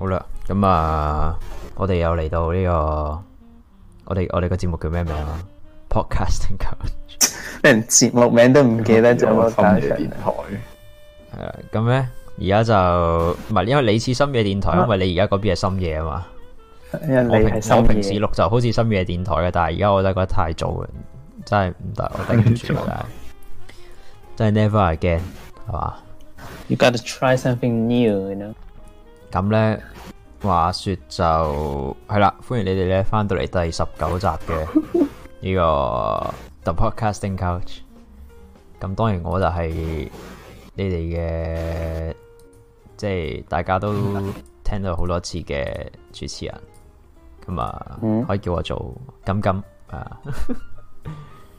好啦，咁啊，我哋又嚟到呢、這個，我哋我哋個節目叫咩名啊 Yeah.？Podcasting 連節目名都唔記得咗。深夜電台係 啊，咁咧，而家就唔係因為你似深夜電台，啊、因為你而家嗰邊係深夜啊嘛。因為你係我，我平時錄就好似深夜電台嘅，但係而家我都係覺得太早，真係唔得，我頂唔住。 真係 ne 吧。Never Again 係嘛？You gotta try something new，you know。咁咧，話說就係啦，歡迎你哋咧翻到嚟第十九集嘅呢、這個 The Podcasting Coach。咁當然我就係你哋嘅，即、就、係、是、大家都聽到好多次嘅主持人。咁啊，嗯、可以叫我做金金啊？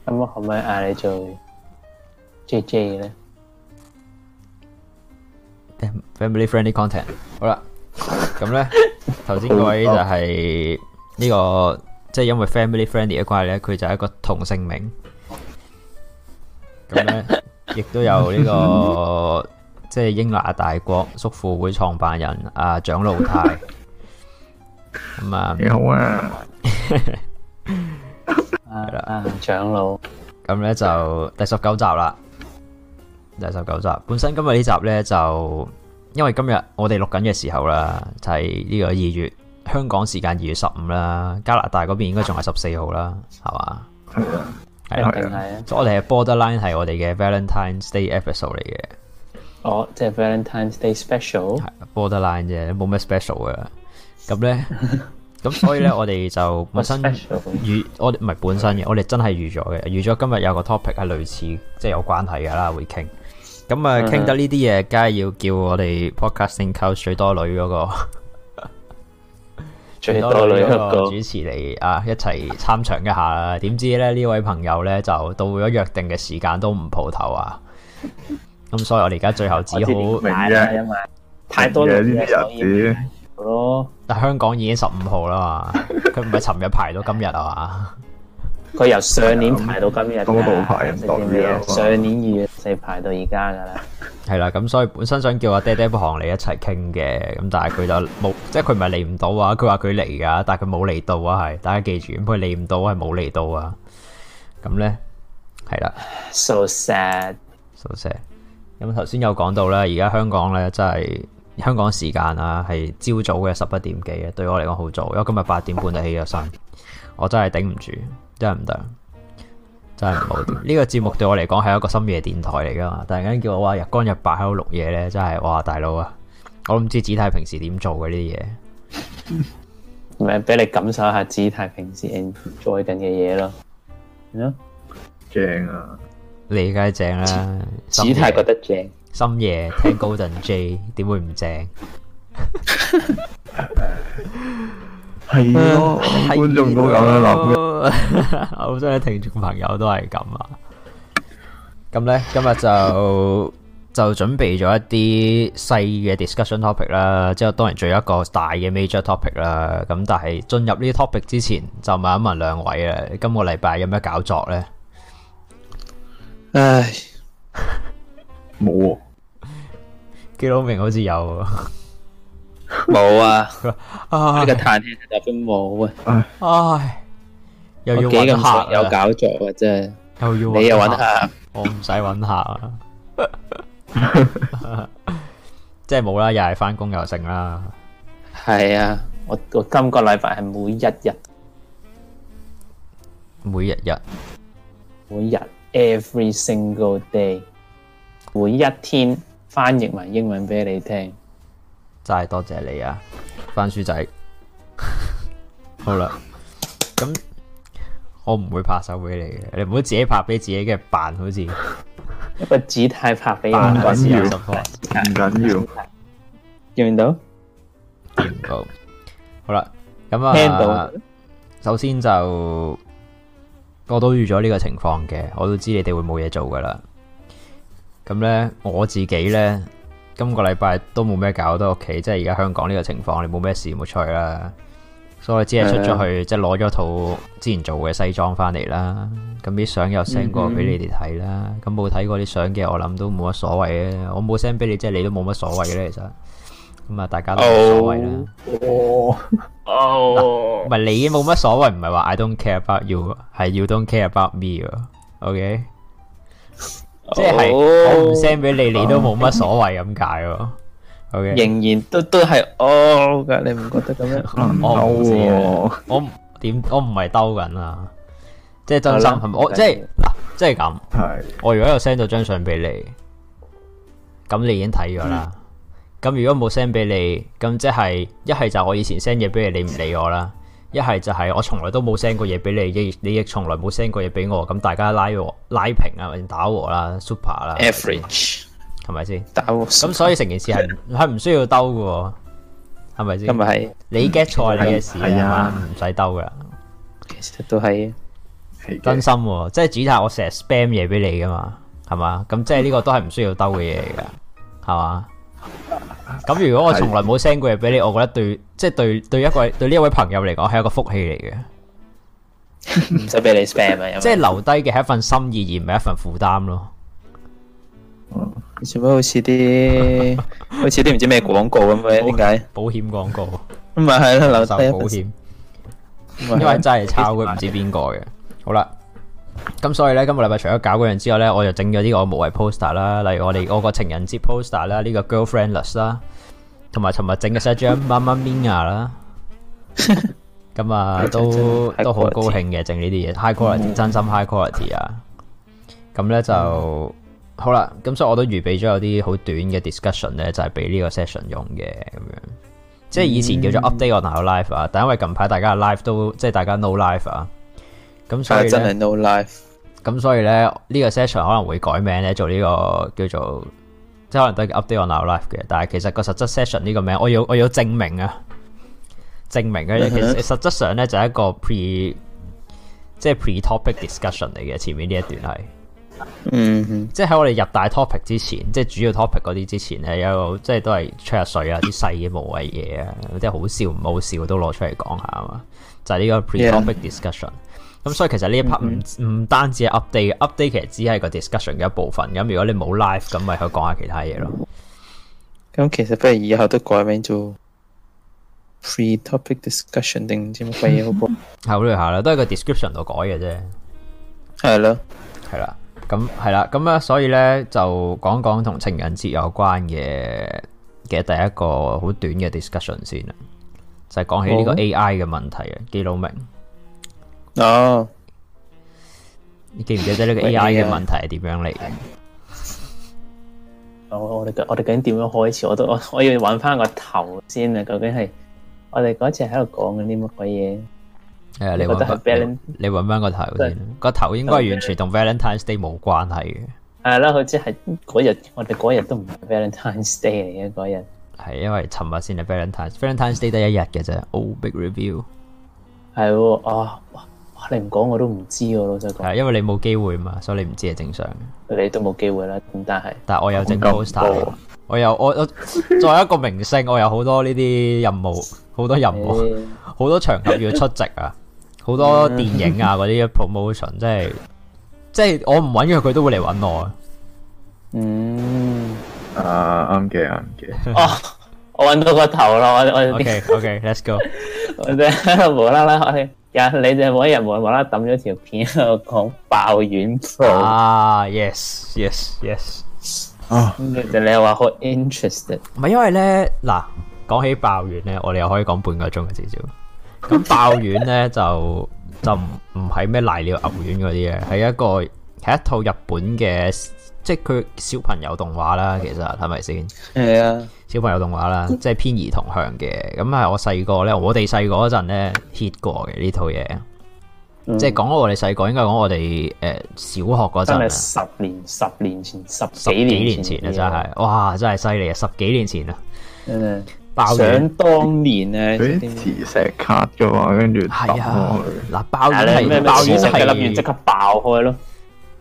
咁 我可唔可以嗌你做 JJ 咧？Family friendly content，好啦，咁呢頭先嗰位就係呢個，即係因為 family friendly 嘅關係，佢就係一個同姓名，咁呢亦都有呢個，即係英納大國叔父會創辦人啊蔣老太，咁啊，你好啊，係啦，啊長老，咁呢就第十九集啦。第十九集，本身今日呢集咧就，因為今日我哋錄緊嘅時候啦，就係呢個二月香港時間二月十五啦，加拿大嗰邊應該仲係十四號啦，係嘛？係啊，係啊，係啊。我哋嘅 Borderline 係我哋嘅 Valentine’s Day Episode 嚟嘅，哦，即係 Valentine’s Day Special，Borderline 啫，冇咩 Special 嘅。咁咧，咁 所以咧我哋就本身預 's 我唔係本身嘅，是的我哋真係預咗嘅，預咗今日有個 topic 係類似，即係有關係嘅啦，會傾。咁啊，傾得呢啲嘢，梗係要叫我哋 podcasting 靠最多女嗰個，最多女嗰個主持嚟啊，一齊參詳一下啦。點 知咧呢位朋友咧就到咗約定嘅時間都唔蒲頭啊。咁所以我哋而家最後只好明啊，因為太多女嘅手咯。吧但香港已經十五號啦嘛，佢唔係尋日排到今日啊嘛，佢由上年排到今日，啊，多度排唔到嘅。上年二月。四排到而家噶啦，係啦，咁所以本身想叫阿爹爹行嚟一齊傾嘅，咁但係佢就冇，即係佢唔係嚟唔到啊。佢話佢嚟噶，但係佢冇嚟到啊。係，大家記住，咁佢嚟唔到係冇嚟到啊。咁咧，係啦，so sad，so sad。咁頭先有講到啦，而家香港咧，真係香港時間啊，係朝早嘅十一點幾啊。對我嚟講好早，因為今日八點半就起咗身，我真係頂唔住，真係唔得。真係唔好，呢、這個節目對我嚟講係一個深夜電台嚟噶嘛，突然間叫我話日光日白喺度錄嘢咧，真係哇大佬啊，我都唔知子泰平時點做嘅呢啲嘢，咪俾 你感受一下子泰平時做 n 緊嘅嘢咯，正啊，你梗係正啦，子泰紫 夜覺得正，深夜聽高 o Jay 點會唔正？ 係咯，觀眾都咁啦。嗱的，我好想啲聽眾朋友都係咁啊。咁呢，今日就 就準備咗一啲細嘅 discussion topic 啦。之後當然仲有一個大嘅 major topic 啦。咁但係進入呢 topic 之前，就問一問兩位啊。今個禮拜有咩搞作呢？唉，冇。Gtai 明好似有。冇啊！呢、哎、個嘆氣特別冇啊！唉、哎，又要搵客，有搞作嘅啫。又要你又搵客，我唔使搵客，即係冇啦，又係翻工又剩啦。係啊，我我今個禮拜係每一日，每一日,日，每日，every single day，每一天翻譯埋英文俾你聽。真係多謝你啊，番薯仔。 好啦，咁我唔會拍手俾你嘅，你唔好自己拍俾自己嘅扮，好似一個姿態拍俾人。唔緊要，唔緊要。見唔到？見唔到。好啦，咁啊，聽到喇。首先就我都預咗呢個情況嘅，我都知你哋會冇嘢做噶啦。咁咧，我自己咧。今個禮拜都冇咩搞，都喺屋企。即係而家香港呢個情況，你冇咩事冇出去啦。所以我只係出咗去，Yeah. 即係攞咗套之前做嘅西裝翻嚟啦。咁啲相又 send 過俾你哋睇啦。咁冇睇過啲相嘅，我諗都冇乜所謂嘅。我冇 send 俾你，即係你都冇乜所謂咧。其實咁啊，大家都冇所謂啦。唔係、oh, oh, oh. 啊、你冇乜所謂，唔係話 I don't care about you，係 you don't care about me。o、okay? k 即係我唔 send 俾你，你都冇乜所謂咁解咯。好嘅，仍然都都係哦噶，你唔覺得咁樣？我唔知啊，我點我唔係兜緊啊，即係真心係咪？我即係嗱，即係咁係。我如果有 send 咗張相俾你，咁你已經睇咗啦。咁如果冇 send 俾你，咁即係一係就我以前 send 嘢俾你，不如你唔理我啦。一係就係我從來都冇 send 過嘢俾你，亦你亦從來冇 send 過嘢俾我，咁大家拉和拉平啊，或者打和啦，super 啦，average 係咪先？打和，咁所以成件事係係唔需要兜嘅喎，係咪先？咁咪係你 get 錯你嘅事係啊，唔使兜噶。係係係其實都係真心，即係指下我成日 spam 嘢俾你噶嘛，係嘛？咁即係呢個都係唔需要兜嘅嘢嚟㗎，係嘛？咁如果我從來冇 send 過嘢俾你，我覺得對，即係對對一位對呢一位朋友嚟講係一個福氣嚟嘅，唔使俾你即係留低嘅係一份心意而唔係一份負擔咯。嗯，做咩好似啲好似啲唔知咩廣告咁樣？點解保險廣告唔係係啦，留低保險，因為真係抄佢唔知邊個嘅。好啦。咁所以咧，今個禮拜除咗搞嗰樣之外咧，我就整咗啲我無謂嘅 poster 啦，例如我哋我個情人節 poster 啦，呢個 girlfriendless 啦，同埋尋日整嘅 set 張 mamma mia 啦，咁啊都都好高興嘅，整呢啲嘢 high quality，真心 high quality 啊！咁咧就好啦，咁所以我都預備咗有啲好短嘅 discussion 咧，就係俾呢個 session 用嘅，咁樣即係以前叫做 update on our life 啊，但係因為近排大家嘅 life 都即係大家 no life 啊。咁所以呢、啊、真係 no life。咁所以咧，呢、這個 session 可能會改名咧，做呢、這個叫做即係可能都係 update on our life 嘅。但係其實個實質 session 呢個名，我要我要證明啊，證明咧、啊、其實實質上咧就係一個 pre 即係 pre topic discussion 嚟嘅。前面呢一段係嗯哼，即係喺我哋入大 topic 之前，即係主要 topic 嗰啲之前咧有即係都係吹下水啊，啲細嘅無謂嘢啊，即係 好笑唔好笑都攞出嚟講下啊嘛，就係、是、呢個 pre topic Yeah. discussion。咁所以其實呢一 part 唔唔單止係 update、mm hmm. update 其實只係個 discussion 嘅一部分。咁如果你冇 live，咁咪去講下其他嘢咯。咁其實不如以後都改名做 pre-topic discussion 定做乜嘢好？考慮下啦，好啦，都係個 description 度改嘅啫。係咯，係啦，咁係啦，咁啊，所以咧就講講同情人節有關嘅嘅第一個好短嘅 discussion 先啦。就係講起呢個 AI 嘅問題啊，Gtai 明。哦，oh. 你記唔記得呢個 A. I. 嘅問題係點樣嚟，oh,？我我哋我哋究竟點樣開始？我都我我要揾翻個頭先啊！究竟係我哋嗰次喺度講緊啲乜鬼嘢？係你 Yeah, 覺得係 Valentine 你翻個，ent、啊、個頭先，個對頭應該完全同 Valentine's Day 冇對關係嘅。係啦，啊，好似係嗰日，我哋嗰日都唔係 Valentine's Day 嚟嘅嗰日。係因為尋日先係 Valentine's，Valentine's Day 得一日嘅啫。All、oh, Big Review 係哦，哦你唔講我都唔知咯，老實講。係因為你冇機會嘛，所以你唔知係正常嘅。你都冇機會啦，但係但係我有整 poster，我有我我作為一個明星，我有好多呢啲任務，好多任務，好多場合要出席啊，好多電影啊嗰啲 promotion，即係即係我唔揾佢，佢都會嚟揾我。嗯。啊啱嘅，啱嘅。哦，我揾到個頭啦，我我。Okay, okay, let's go。我真冇啦啦，我呀！你哋冇人冇冇啦，抌咗條片喺度講爆丸。啊！Yes，Yes，Yes。咁 yes, yes, yes.、啊、就你話好 interesting。唔係因為咧，嗱，講起爆丸咧，我哋又可以講半個鐘嘅至少。咁爆丸咧 就就唔唔係咩瀨尿牛丸嗰啲嘢，係一個係一套日本嘅。即係佢小朋友動畫啦，其實係咪先？係啊，小朋友動畫啦，即係偏兒童向嘅。咁係我細個咧，我哋細個嗰陣咧 hit 過嘅呢套嘢。即係講我哋細個，應該講我哋誒小學嗰陣十年、十年前、十十幾年前啊，真係，哇，真係犀利啊！十幾年前啊，嗯，爆！想當年咧，磁石卡嘅話，跟住係啊，嗱，包咧，包咧，即刻即刻爆開咯。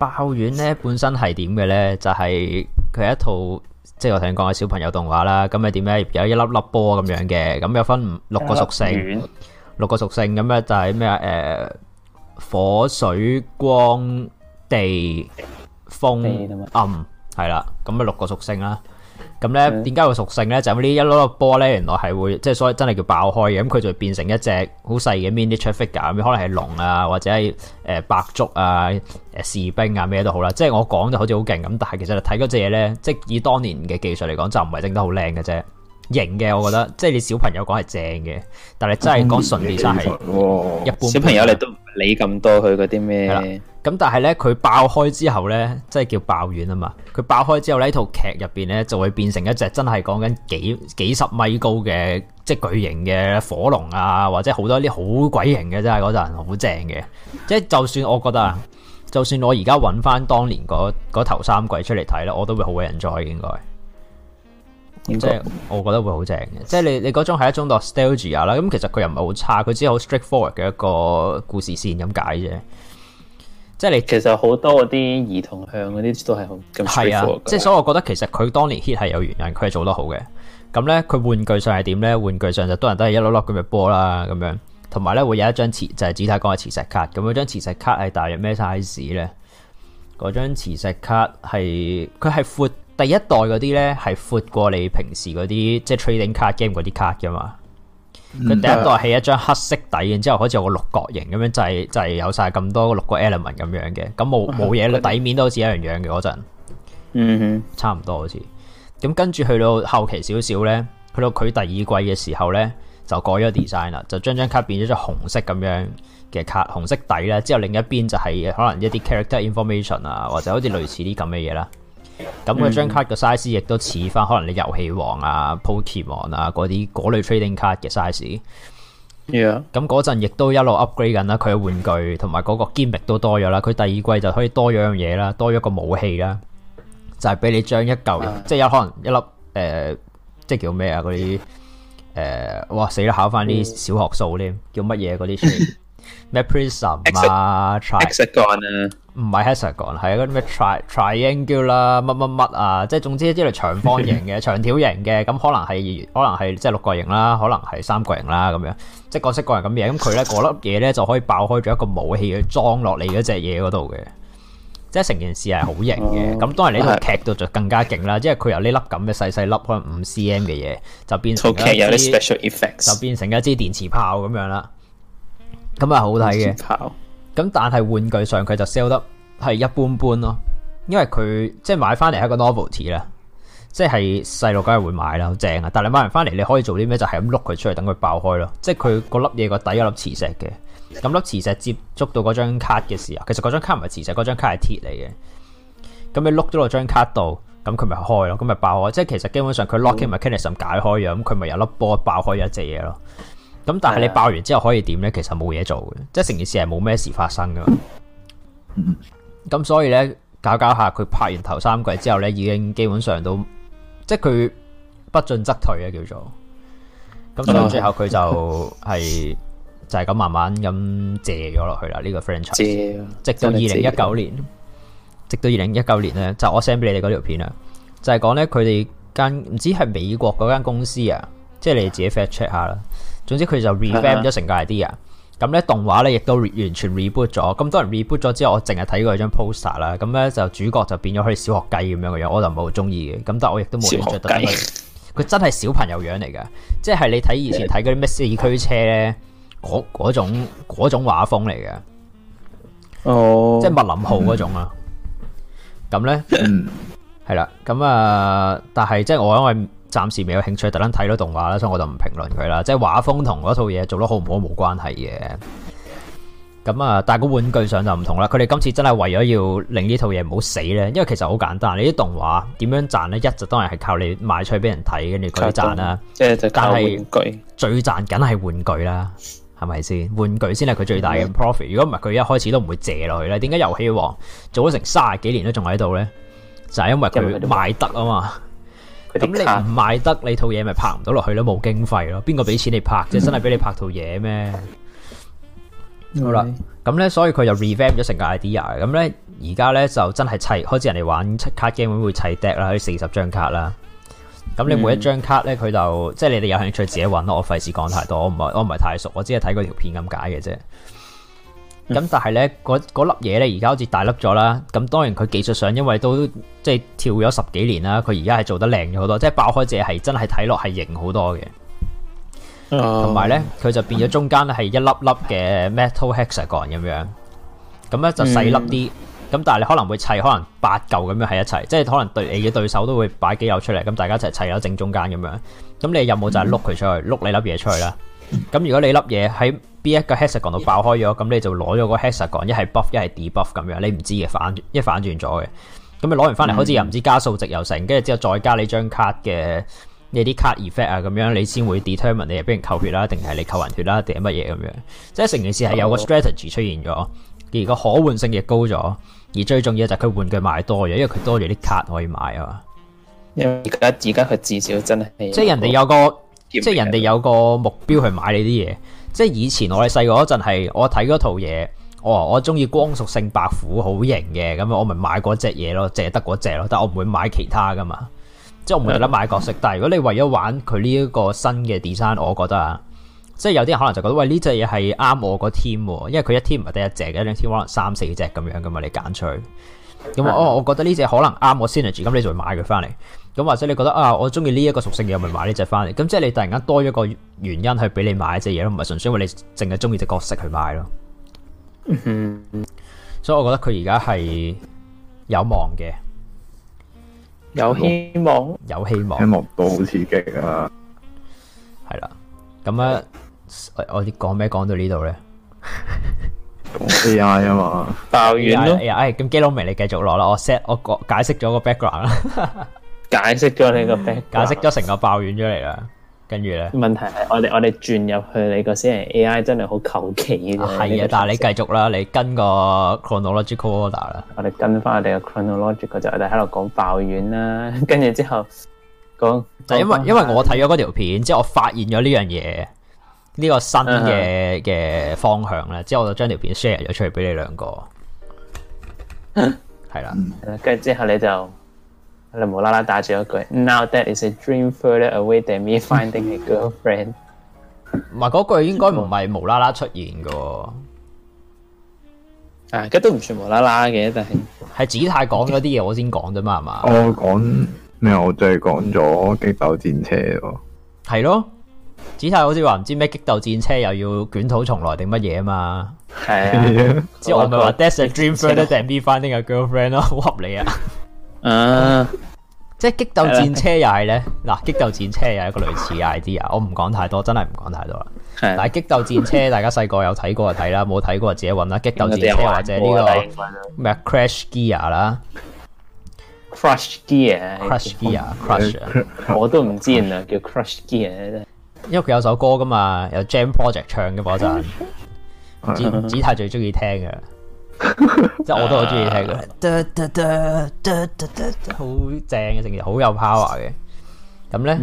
爆丸咧本身係點嘅咧？就係佢係一套，即、就、係、是、我聽講係小朋友動畫啦。咁咪點咧？有一粒粒波咁樣嘅，咁有分六個屬性，六個屬性咁咧就係咩啊？誒、呃，火、水、光、地、風、暗，係啦，咁啊六個屬性啦。咁咧點解會屬性咧？就嗰啲一粒粒波咧，原來係會即係所以真係叫爆開嘅。咁佢就會變成一隻好細嘅 mini traffic 嘅，咁可能係龍啊，或者係、呃、白竹啊、士兵啊咩都好啦。即係我講就好似好勁咁，但係其實睇嗰隻嘢咧，即係以當年嘅技術嚟講就，就唔係整得好靚嘅啫。型嘅、嗯、我覺得，即係你小朋友講係正嘅，但係真係講純 B 叉係一般、哦。小朋友你都唔理咁多佢嗰啲咩？咁、嗯、但係咧，佢爆開之後咧，即係叫爆丸啊嘛。佢爆開之後呢，之後呢套劇入邊咧，就會變成一隻真係講緊幾幾十米高嘅即係巨型嘅火龍啊，或者好多啲好鬼型嘅，真係嗰陣好正嘅。即係 就算我覺得啊，就算我而家揾翻當年嗰嗰頭三季出嚟睇咧，我都會好有印象嘅，應該。即係 我覺得會好正嘅，即係你你嗰種係一種 nostalgia 啦。咁其實佢又唔係好差，佢只係好 straightforward 嘅一個故事線咁解啫。即係你其實好多嗰啲兒童向嗰啲都係好咁舒服。即係所以我覺得其實佢當年 hit 係有原因，佢係做得好嘅。咁咧佢玩具上係點咧？玩具上就多人都係一粒粒咁嘅波啦，咁樣。同埋咧會有一張磁，就係紫太光嘅磁石卡。咁嗰張磁石卡係大約咩 size 咧？嗰張磁石卡係佢係闊，第一代嗰啲咧，係闊過你平時嗰啲即係 trading card game 嗰啲卡噶嘛。佢第一個係一張黑色底，然之後好似有個六角形咁樣，就係、係、就係、係、有晒咁多六個 element 咁樣嘅。咁冇冇嘢嘅底面都好似一樣樣嘅嗰陣，嗯哼，差唔多好似咁。跟住去到後期少少咧，去到佢第二季嘅時候咧，就改咗 design 啦，就將張卡變咗隻紅色咁樣嘅卡，紅色底咧，之後另一邊就係可能一啲 character information 啊，或者好似類似啲咁嘅嘢啦。咁佢張卡嘅 size 亦都似翻，可能你遊戲王啊、Pokemon 啊嗰啲嗰類 Trading card 嘅 size。咁嗰陣亦都一路 upgrade 緊啦，佢嘅玩具同埋嗰個 g 力都多咗啦。佢第二季就可以多咗樣嘢啦，多咗個武器啦，就係、是、俾你將一嚿，Yeah. 即係有可能一粒誒、呃，即係叫咩啊嗰啲誒，哇死啦考翻啲小學數添，叫乜嘢嗰啲？ 咩 Prism 啊 Hexagon 啊，唔係 Hexagon 係嗰啲咩 triangle 啦，乜乜乜啊，即係 ang、啊啊啊、總之一類長方形嘅、長條形嘅，咁 可能係可能係即係六角形啦，可能係三角形啦咁樣，即係各色各樣咁嘢，咁佢咧嗰粒嘢咧就可以爆開咗一個武器去裝落你嗰隻嘢嗰度嘅，即係成件事係好型嘅，咁、哦、當然你喺劇度就更加勁啦，即係佢由呢粒咁嘅細細粒可能五 cm 嘅嘢，就變成一啲，okay, 有 special effect 就變成一支電磁炮咁樣啦。咁啊，好睇嘅。咁但係玩具上佢就 sell 得係一般般咯，因為佢即係買翻嚟係一個 novelty 啦，即係細路梗係會買啦，好正啊！但係買完翻嚟你可以做啲咩？就係咁碌佢出嚟，等佢爆開咯。即係佢粒嘢個底有粒磁石嘅，咁粒磁石接觸到嗰張卡嘅時候，其實嗰張卡唔係磁石，嗰張卡係鐵嚟嘅。咁你碌咗落張卡度，咁佢咪開咯？咁咪爆開？即係其實基本上佢 locking mechanism 解開咗，咁佢咪有粒波爆開咗一隻嘢咯。咁、嗯、但係你爆完之後可以點呢？其實冇嘢做嘅，即係成件事係冇咩事發生噶嘛。咁 所以呢，搞搞下佢拍完頭三季之後呢，已經基本上都，即係佢不進則退啊，叫做。咁最後佢就係、是、 就係咁慢慢咁借咗落去啦。呢、這個 friend 借了，直到二零一九年，直到二零一九年呢，就我 send 俾你哋嗰條片啦，就係、是、講呢，佢哋間唔知係美國嗰間公司啊，即、就、係、是、你自己 fact check 下啦。總之佢就 revamp 咗成個 idea，咁咧動畫咧亦都完全 reboot 咗。咁多人 reboot 咗之後，我淨係睇過張 poster 啦。咁咧就主角就變咗好似小學雞咁樣嘅樣，我就唔係好中意嘅。咁但係我亦都冇印象得。佢真係小朋友樣嚟嘅，即係你睇以前睇嗰啲咩四驅車咧，嗰嗰種嗰種畫風嚟嘅。哦，即係麥林號嗰種啊。咁咧、嗯，係啦。咁啊， 但係即係我因為。暫時未有興趣，特登睇到動畫啦，所以我就唔評論佢啦。即係畫風同嗰套嘢做得好唔好冇關係嘅。咁啊，但係個玩具上就唔同啦。佢哋今次真係為咗要令呢套嘢唔好死咧，因為其實好簡單。你啲動畫點樣賺呢？一直都係靠你賣出去俾人睇，跟住佢賺啦。即係就靠玩具，但係最賺緊係玩具啦，係咪先？玩具先係佢最大嘅 profit。如果唔係，佢一開始都唔會借落去咧。點解遊戲王做咗成卅幾年都仲喺度咧？就係因為佢賣得啊嘛。咁你唔賣得，你套嘢咪拍唔到落去咯，冇經費咯，邊個俾錢你拍啫？ 真係俾你拍套嘢咩 Okay.？好啦，咁咧，所以佢就 revamp 咗成個 idea。咁咧，而家咧就真係砌，開始人哋玩七卡 game 會砌 deck 啦，去四十張卡啦。咁你每一張卡咧，佢就 即係你哋有興趣自己搵咯。我費事講太多，我唔係我唔係太熟，我只係睇過條片咁解嘅啫。.咁、嗯、但係咧，嗰粒嘢咧，而、那、家、個、好似大粒咗啦。咁當然佢技術上，因為都即係跳咗十幾年啦。佢而家係做得靚咗好多，即係爆開隻係真係睇落係型好多嘅。同埋咧，佢就變咗中間咧係一粒粒嘅 metal hexagon 咁樣。咁咧就細粒啲。咁、嗯、但係你可能會砌可能八嚿咁樣喺一齊，即係可能對你嘅對手都會擺幾嚿出嚟，咁大家一齊砌咗正中間咁樣。咁你有冇就係碌佢出去，碌、嗯、你粒嘢出去啦？咁如果你粒嘢喺 B 一個 hexa 講到爆開咗，咁你就攞咗個 hexa 講，一係 buff，一係 debuff 咁樣，你唔知嘅反一反轉咗嘅。咁你攞完翻嚟，好似又唔知道加數值又成，跟住之後再加你張卡嘅你啲卡 effect 啊，咁樣你先會 determine 你係俾人扣血啦，定係你扣人血啦，定係乜嘢咁樣。即係成件事係有個 strategy 出現咗，而個可換性亦高咗，而最重要就係佢換嘅賣多咗，因為佢多咗啲卡可以買啊。而家而家佢至少真係即係人哋有個,有個即係人哋有個目標去買你啲嘢。即係以前我哋細個嗰陣係，我睇嗰套嘢，我我中意光屬性白虎好型嘅，咁我咪買嗰隻嘢咯，淨係得嗰隻咯，但係我唔會買其他噶嘛。即係我唔會得，得買角色。但係如果你為咗玩佢呢一個新嘅 design，我覺得啊，即係有啲人可能就覺得，喂呢隻嘢係啱我個 team，啊，因為佢一 team 唔係得一隻嘅，一兩 team 可能三四隻咁樣噶嘛，你揀取。咁我、嗯哦、我覺得呢隻可能啱我先嘅，咁你就會買佢翻嚟。咁或者你覺得啊，我中意呢一個屬性，又咪買呢隻翻嚟。咁即係你突然間多咗個原因去俾你買你隻嘢咯，唔係純粹因為你淨係中意隻角色去買咯。嗯、所以我覺得佢而家係有望嘅，有希望，有希望，希望到好刺激啊！係啦、嗯、咁、嗯、啊，我啲講咩講到呢度咧？ A.I. 啊嘛， 爆丸咯。哎，咁基佬明你繼續落啦。我 set 我解釋 解釋咗個 background 啦， 解釋咗你個 background，解釋咗成個爆丸出嚟啦。跟住咧，問題係我哋我哋轉入去你個先人 A.I. 真係好求其。係啊，但係你繼續啦，你跟個 chronological order 啦。我哋跟翻我哋個 chronological 就我哋喺度講爆丸啦。跟住之後講，就、那個、因為因為我睇咗嗰條片之後，啊、我發現咗呢樣嘢。呢個新嘅嘅方向咧，之後我就將條片 share 咗出嚟俾你兩個，係啦 了，跟住之後你就你就無啦啦打住嗰句，Now that is a dream further away than me finding a girlfriend。唔係嗰句應該唔係無啦啦出現噶，誒、 啊，都唔算無啦啦嘅，但係係紫太講咗啲嘢，我先講啫嘛，係嘛？我講咩？我最講咗激鬥戰車咯，係咯。之太好似話唔知咩激鬥戰車又要捲土重來定乜嘢啊嘛，係啊，即係我咪話 That's a dream friend 定搣翻呢個 girlfriend 咯，好合理啊，即係激鬥戰車又係咧，嗱激鬥戰車又係一個類似 idea，我唔講太多，真係唔講太多啦。但係激鬥戰車大家細個有睇過就睇啦，冇睇過就自己搵啦。激鬥戰車或者呢個咩 Crush Gear 啦，Crush Gear，Crush Gear，Crush，我都唔知啊，叫 Crush Gear。因為佢有首歌噶嘛，有《Jam Project》唱嘅嗰陣，唔止唔止 太最中意聽嘅， 即係我都好中意聽嘅， 好正嘅，成日好有 power 嘅。咁咧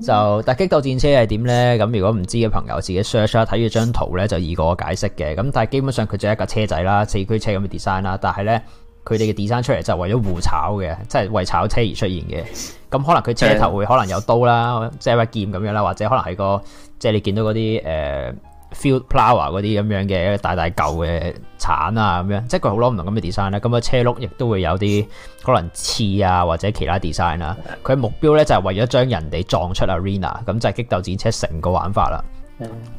就但係激鬥戰車係點咧？咁如果唔知嘅朋友自己 search 下，睇住張圖咧就易過我解釋嘅。咁但係基本上佢就係一架車仔啦，四驅車咁嘅 design 啦，但係咧。佢哋嘅 design 出嚟就係為咗互炒嘅，即係為炒車而出現嘅。咁可能佢車頭會可能有刀啦，是的即係把劍咁樣啦，或者可能係個即係你見到嗰啲誒 field plower 嗰啲咁樣嘅大大嚿嘅鏟啊咁樣，即係佢好多唔同咁嘅 design 啦。咁啊車碌亦都會有啲可能刺啊或者其他 design 啦。佢目標咧就係為咗將人哋撞出 arena，咁就係激鬥戰車成個玩法啦。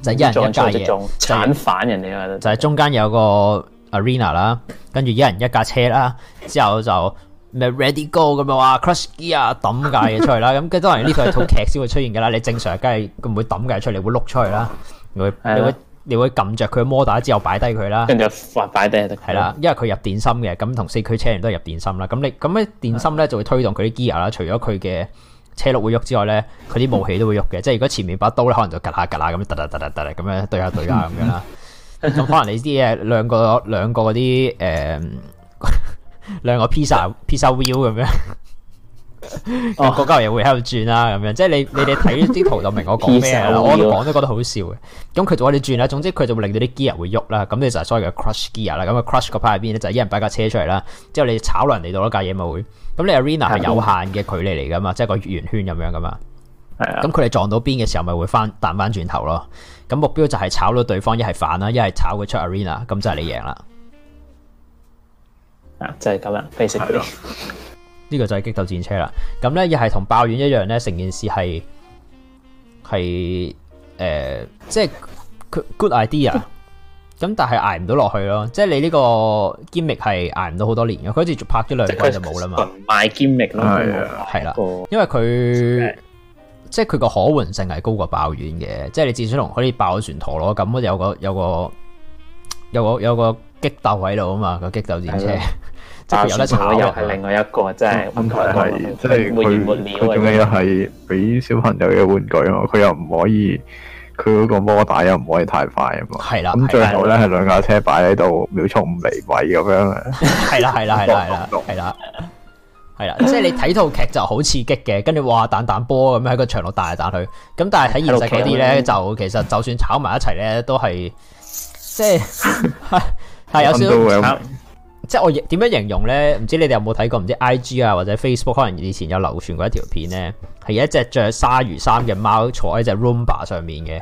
是的就係一人一架嘢鏟反人哋啊！是的就係中間有一個 arena 啦，跟住一人一架車啦，之後就咩 ready go 咁樣話 crush gear 啊，抌架嘢出嚟啦，咁跟當然呢套係套劇先會出現嘅啦。你正常梗係唔會抌架出嚟，會碌出去啦，會會你會撳著佢摩打之後擺低佢啦，跟住發擺低係啦，因為佢入電芯嘅，咁同四驅車員都係入電芯啦。咁你咁咧電芯咧就會推動佢啲 gear 啦，除咗佢嘅車轆會喐之外咧，佢啲武器都會喐嘅。即係如果前面把刀咧，可能就趌下趌下咁，突突突突突咁樣對下對下咁樣啦。咁可能你啲誒兩個兩個嗰啲誒兩個披薩披薩 view 咁樣，個膠嘢會喺度轉啦，咁樣即係你你哋睇啲圖就明我講咩啦。Pizza 我都講都覺得好笑嘅。咁佢就我哋轉啦，總之佢就會令到啲 ge gear 會喐啦。咁你就係所謂嘅 crush gear 啦。咁個 crush 個牌喺邊咧，就係一人擺架車出嚟啦。之後你炒輪嚟到咯架嘢咪會。咁你 arena 係有限嘅距離嚟噶嘛，即係 個圓圈咁樣噶嘛。咁佢哋撞到邊嘅時候，咪會翻彈翻轉頭咯。咁目標就係炒到對方一係反啦，一係炒佢出 arena，咁就係你贏啦。啊，就係咁樣，灰色。呢個就係激鬥戰車啦。咁咧，又係同爆丸一樣咧，成件事係係誒，即係 good idea。咁但係挨唔到落去咯，即係你呢個 gimmick 係挨唔到好多年嘅，佢好似拍咗兩季就冇啦嘛。賣 gimmick 咯係啦，因為佢。嗯嗯。即係佢個可玩性係高過爆丸嘅，即係你至少同可以爆船陀螺咁有個有個有個有個激鬥喺度啊嘛、個激鬥戰車，的即係有得炒又係另外一個，嗯、即係是問題係即係佢仲仲要係俾小朋友嘅玩具啊嘛，佢又唔可以佢嗰個摩打又唔可以太快啊嘛，係啦，咁最後咧係兩架車擺喺度，秒速五厘米咁樣啊，係啦係啦係啦係啦。係啦，即係你睇套劇就好刺激嘅，跟住哇，彈彈波咁喺個場度彈嚟彈去，咁但係睇現實嗰啲咧，就其實就算炒埋一齊咧，都係即係係 有少少即係我點樣形容咧？唔知你哋有冇睇過？唔知 I G 啊、或者 Facebook 可能以前有流傳過一條片咧，係一隻着鯊魚衫嘅貓坐喺隻 Roomba 上面嘅。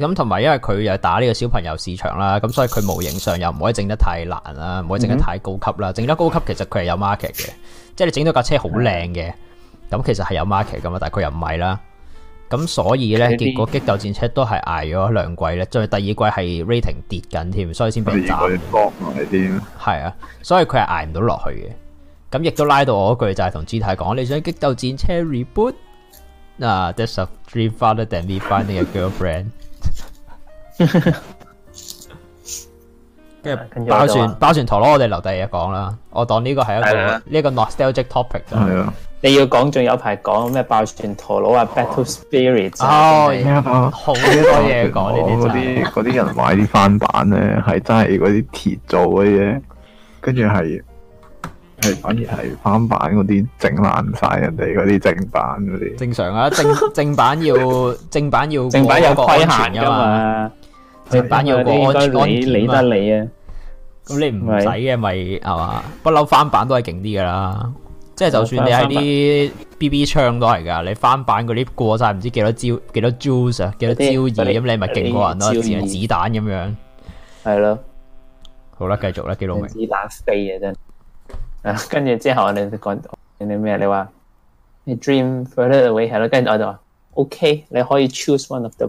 咁同埋，因為佢又打呢個小朋友市場啦，咁所以佢模型上又唔可以整得太難啦，唔可以整得太高級啦。整得高級其實佢係有 market 嘅，即係你整到架車好靚嘅，咁其實係有 market 噶嘛。但係佢又唔係啦，咁所以咧，結果激鬥戰車都係挨咗兩季咧，再第二季係 rating 跌緊添，所以先被斬。第二季埋啲，係啊，所以佢係捱唔到落去嘅。咁亦都拉到我句就係同 G 太講，你想激鬥戰車 reboot？嗱，ah，That's a dream farther than me finding a girlfriend。 跟住，爆旋爆旋陀螺，我哋留第二日講啦。我當呢個係一個呢個 nostalgic topic。係啊，你要講，仲有排講咩？爆旋陀螺啊，Battle Spirits。哦，好，好多嘢講呢啲。嗰啲啲人買啲翻版咧，係真係嗰啲鐵做嘅嘢。跟住係係，反而係翻版嗰啲整爛晒人哋嗰啲正版啲。正常啊，正正版要正版要，正版有規限噶嘛。正版要過我，理得你啊，咁你唔使嘅咪係嘛，不嬲翻版都係勁啲噶啦，即係就算你喺啲 B B 槍都係噶，你翻版嗰啲過晒唔知幾多招幾多 jules 幾多招二咁，你咪勁過人咯，似係子彈咁樣，係咯，好啦，繼續啦，幾多命？子彈飛啊真，啊，跟住之後你講你咩？你話你 dream further away 係咯，跟住我就話，OK，你可以 choose one of the。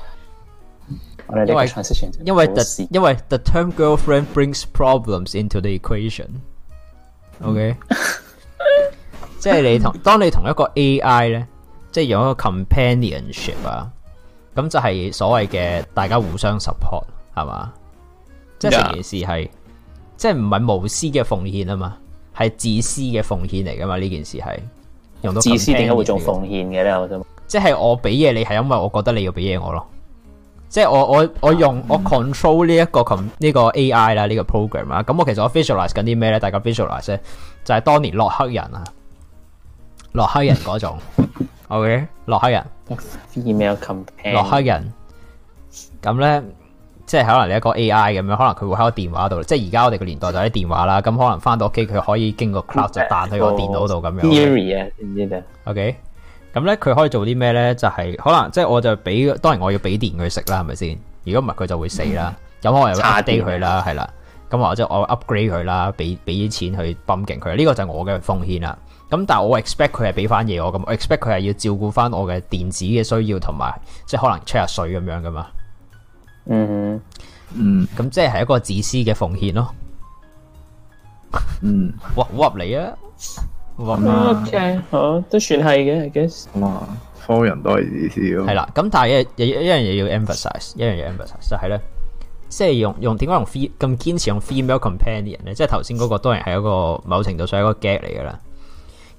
因為因為 the 因為 the term girlfriend brings problems into the equation，OK，okay? 即係你同當你同一個 AI 咧，即係用一個 companionship 啊，咁就係所謂嘅大家互相 support 係 Yeah. 嘛，即係成件事係即係唔係無私嘅奉獻啊嘛，係自私嘅奉獻嚟噶嘛呢件事係，自私點解會做奉獻嘅咧？即係我俾嘢你，係因為我覺得你要俾嘢我咯。即係我我我用我 control 呢一個呢、這個 AI 啦呢、這個 program 啊，咁我其實我 visualise 緊啲咩咧？大家 visualise，就係、是、當年洛克人啊，洛克人嗰種 ，OK，洛克人，female companion 洛克人，咁咧即係可能你一個 AI 咁樣，可能佢會喺個電話度，即係而家我哋個年代就喺電話啦，咁可能翻到屋企佢可以經過 cloud 就彈去個電腦度咁樣。Eerie 啊，OK。 okay? 咁咧佢可以做啲咩咧？就係、是、可能即係我就俾，當然我要俾電佢食啦，係咪先？如果唔係佢就會死啦。咁、嗯、我又叉低佢啦，係啦點。咁或者我 upgrade 佢啦，俾俾啲錢去泵勁佢。呢、呢個就係我嘅奉獻啦。咁但係我 expect 佢係俾翻嘢我，咁 expect 佢係要照顧翻我嘅電子嘅需要，同埋即係可能 check 下水咁樣噶嘛。嗯嗯哼。咁即係係一個自私嘅奉獻咯。嗯，哇好合理啊！嗯啊、o、okay. K，好，都算係嘅 guess 哇，方人多意思咯。係啦，咁但係一一樣嘢要 emphasize，一樣嘢 emphasize 就係咧，即係用用點解用 f，咁堅持用 female companion 嘅人咧，即係頭先嗰個當然係一個某程度上一個 get 嚟噶啦。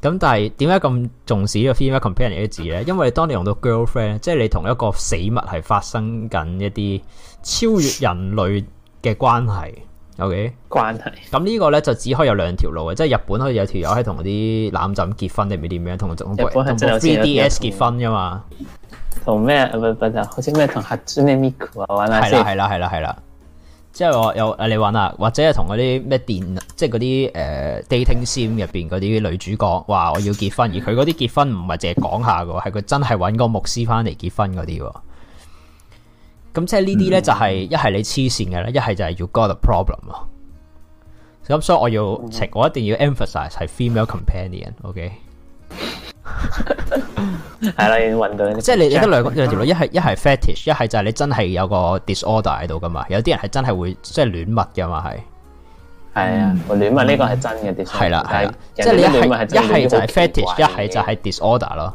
咁但係點解咁重視呢個 female companion 呢個字咧？因為當你用到 girlfriend，即係你同一個死物係發生緊一啲超越人類嘅關係。O Okay ? K，關係於。咁呢個咧就只可以有兩條路嘅，即係日本可以有條友喺同啲攬枕結婚定唔知點樣，同日本同 3DS 結婚啊嘛。同咩？係好似咩？同黑子咩咪酷啊玩下先。係啦係啦係啦係啦。之後我又誒你揾啊，或者係同嗰啲咩電，即係嗰啲誒、呃、dating sim 入邊嗰啲女主角，話我要結婚，而佢嗰啲結婚唔係淨係講下嘅，係佢、嗯、真係揾個牧師翻嚟結婚嗰啲喎。咁、嗯、即係呢啲咧，是就係一係你黐線嘅咧，一係就係 you got a problem 囉！咁所以我要，我一定要 emphasize 係 female companion，OK？、Okay? 係啦， 要揾到。即係你，你得兩個兩條路，一係一係 fetish，一係就係你真係有個 disorder 喺度噶嘛？有啲人係真係會即係戀物嘅嘛？係。係啊，我戀物呢個係真嘅，disorder，係啦係啦，即係你一係一係就係 fetish，一係就係 disorder 咯。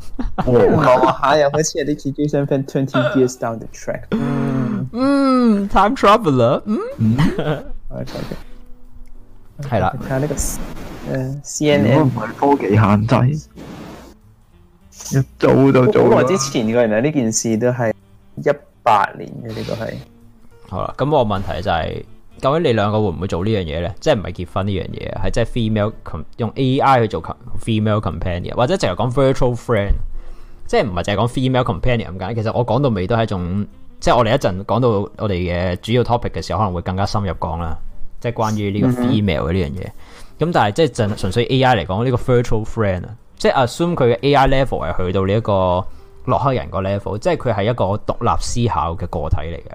我好， 我係啊，我寫的一句身份，twenty years down the track，嗯，time traveler 嗯，係啦，嗯，睇下呢個，誒，CNN 唔係科技限制，一早就做啦。我之前來原來呢件事都係一八年嘅，呢個係好啦。咁我問題就係，是，究竟你兩個會唔會做呢樣嘢咧？即係唔係結婚呢樣嘢，係即係 female 用 A I 去做 female companion，或者淨係講 virtual friend。即係唔係淨係講 female companion 咁解？其實我講到尾都係一種，即係我哋一陣講到我哋嘅主要 topic 嘅時候，可能會更加深入講啦。即係關於呢個 female 嘅呢樣嘢。咁但係即係純純粹 AI 嚟講呢個 virtual friend 啊，即係 assume 佢嘅 AI level 係去到呢一個洛克人個 level，即係佢係一個獨立思考嘅個體嚟嘅。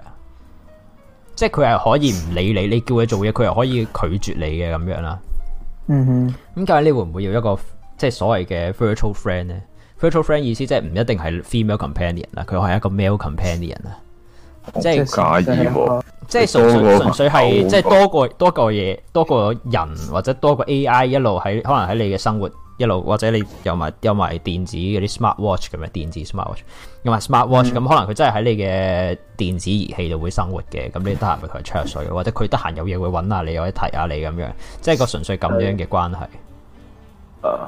即係佢係可以唔理你，你叫佢做嘢，佢又可以拒絕你嘅咁樣啦。嗯哼，咁究竟你會唔會要一個即係所謂嘅 virtual friend 咧？Virtual friend 意思即係唔一定係 female companion 啦，佢係一個 male companion 啊，即係假意，即係純純粹係即係多個我多個嘢，多個人或者多個 AI 一路喺可能喺你嘅生活一路或者你有埋有埋電子嗰啲 smart watch 咁啊，電子 smart watch，用埋 smart watch 咁、嗯、可能佢真係喺你嘅電子儀器度會生活嘅，咁你得閒咪佢吹水，或者佢得閒有嘢會搵下你或者提下你咁樣，即係個純粹咁樣嘅關係。嗯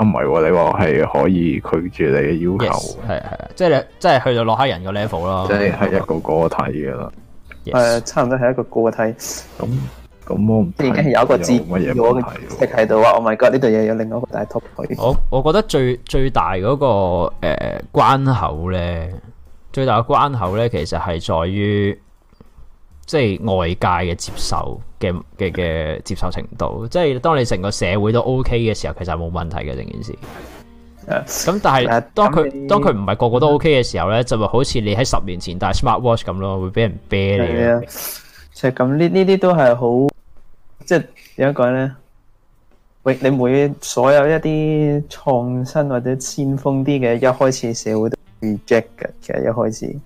唔係、啊哦，你話係可以拒絕你嘅要求？係係啊，即係即係去到落黑人嘅 level 咯。即係係一個個體嘅啦，誒，Yes. 差唔多係一個個體。咁咁我唔。已經、嗯、有一個字，我嘅食喺度啊！Oh my god！呢度又有另外一個大 top 我我覺得最最大嗰個誒關口咧，最大嘅、呃、關口咧，其實係在於即係外界嘅接受。嘅嘅嘅接受程度，即係當你成個社會都 OK 嘅時候，其實冇問題嘅成件事。咁但係當佢當佢唔係個個都 OK 嘅時候咧，就咪好似你喺十年前戴 Smart Watch 咁咯，會俾人啤你咯。就咁呢呢啲都係好，即係點樣講咧？喂，你每所有一啲創新或者先鋒啲嘅，一開始社會都 reject 嘅。其實一開始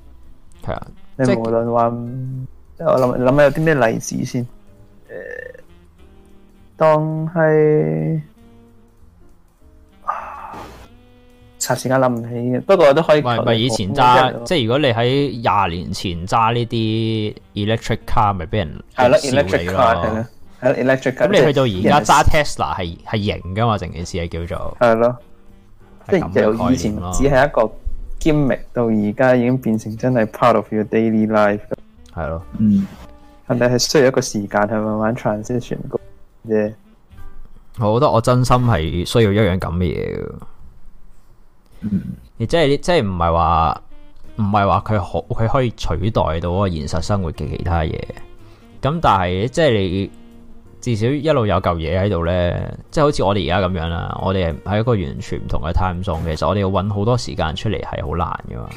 係啊，你無論話，我諗諗下有啲咩例子先。誒，當係啊，霎時間諗唔起嘅。不過都可以。唔係以前揸，即係如果你喺廿年前揸呢啲 electric car，咪俾人係咯 electric car。係咯 electric car。咁你去到而家揸 Tesla 係係型噶嘛？成 Yes. 件事係叫做係咯，即係了由以前只係一個兼 a 到而家已經變成真係 part of your daily life。係咯了，嗯。係咪係需要一個時間去慢慢 transition，yeah。我覺得我真心係需要一樣咁嘅嘢嘅，嗯，亦即係，即係唔係話唔係話佢好，佢可以取代到個現實生活嘅其他嘢。咁但係，即係你至少一路有嚿嘢喺度咧，即係好似我哋而家咁樣啦。我哋係一個完全唔同嘅 time zone，其實我哋要搵好多時間出嚟係好難噶嘛。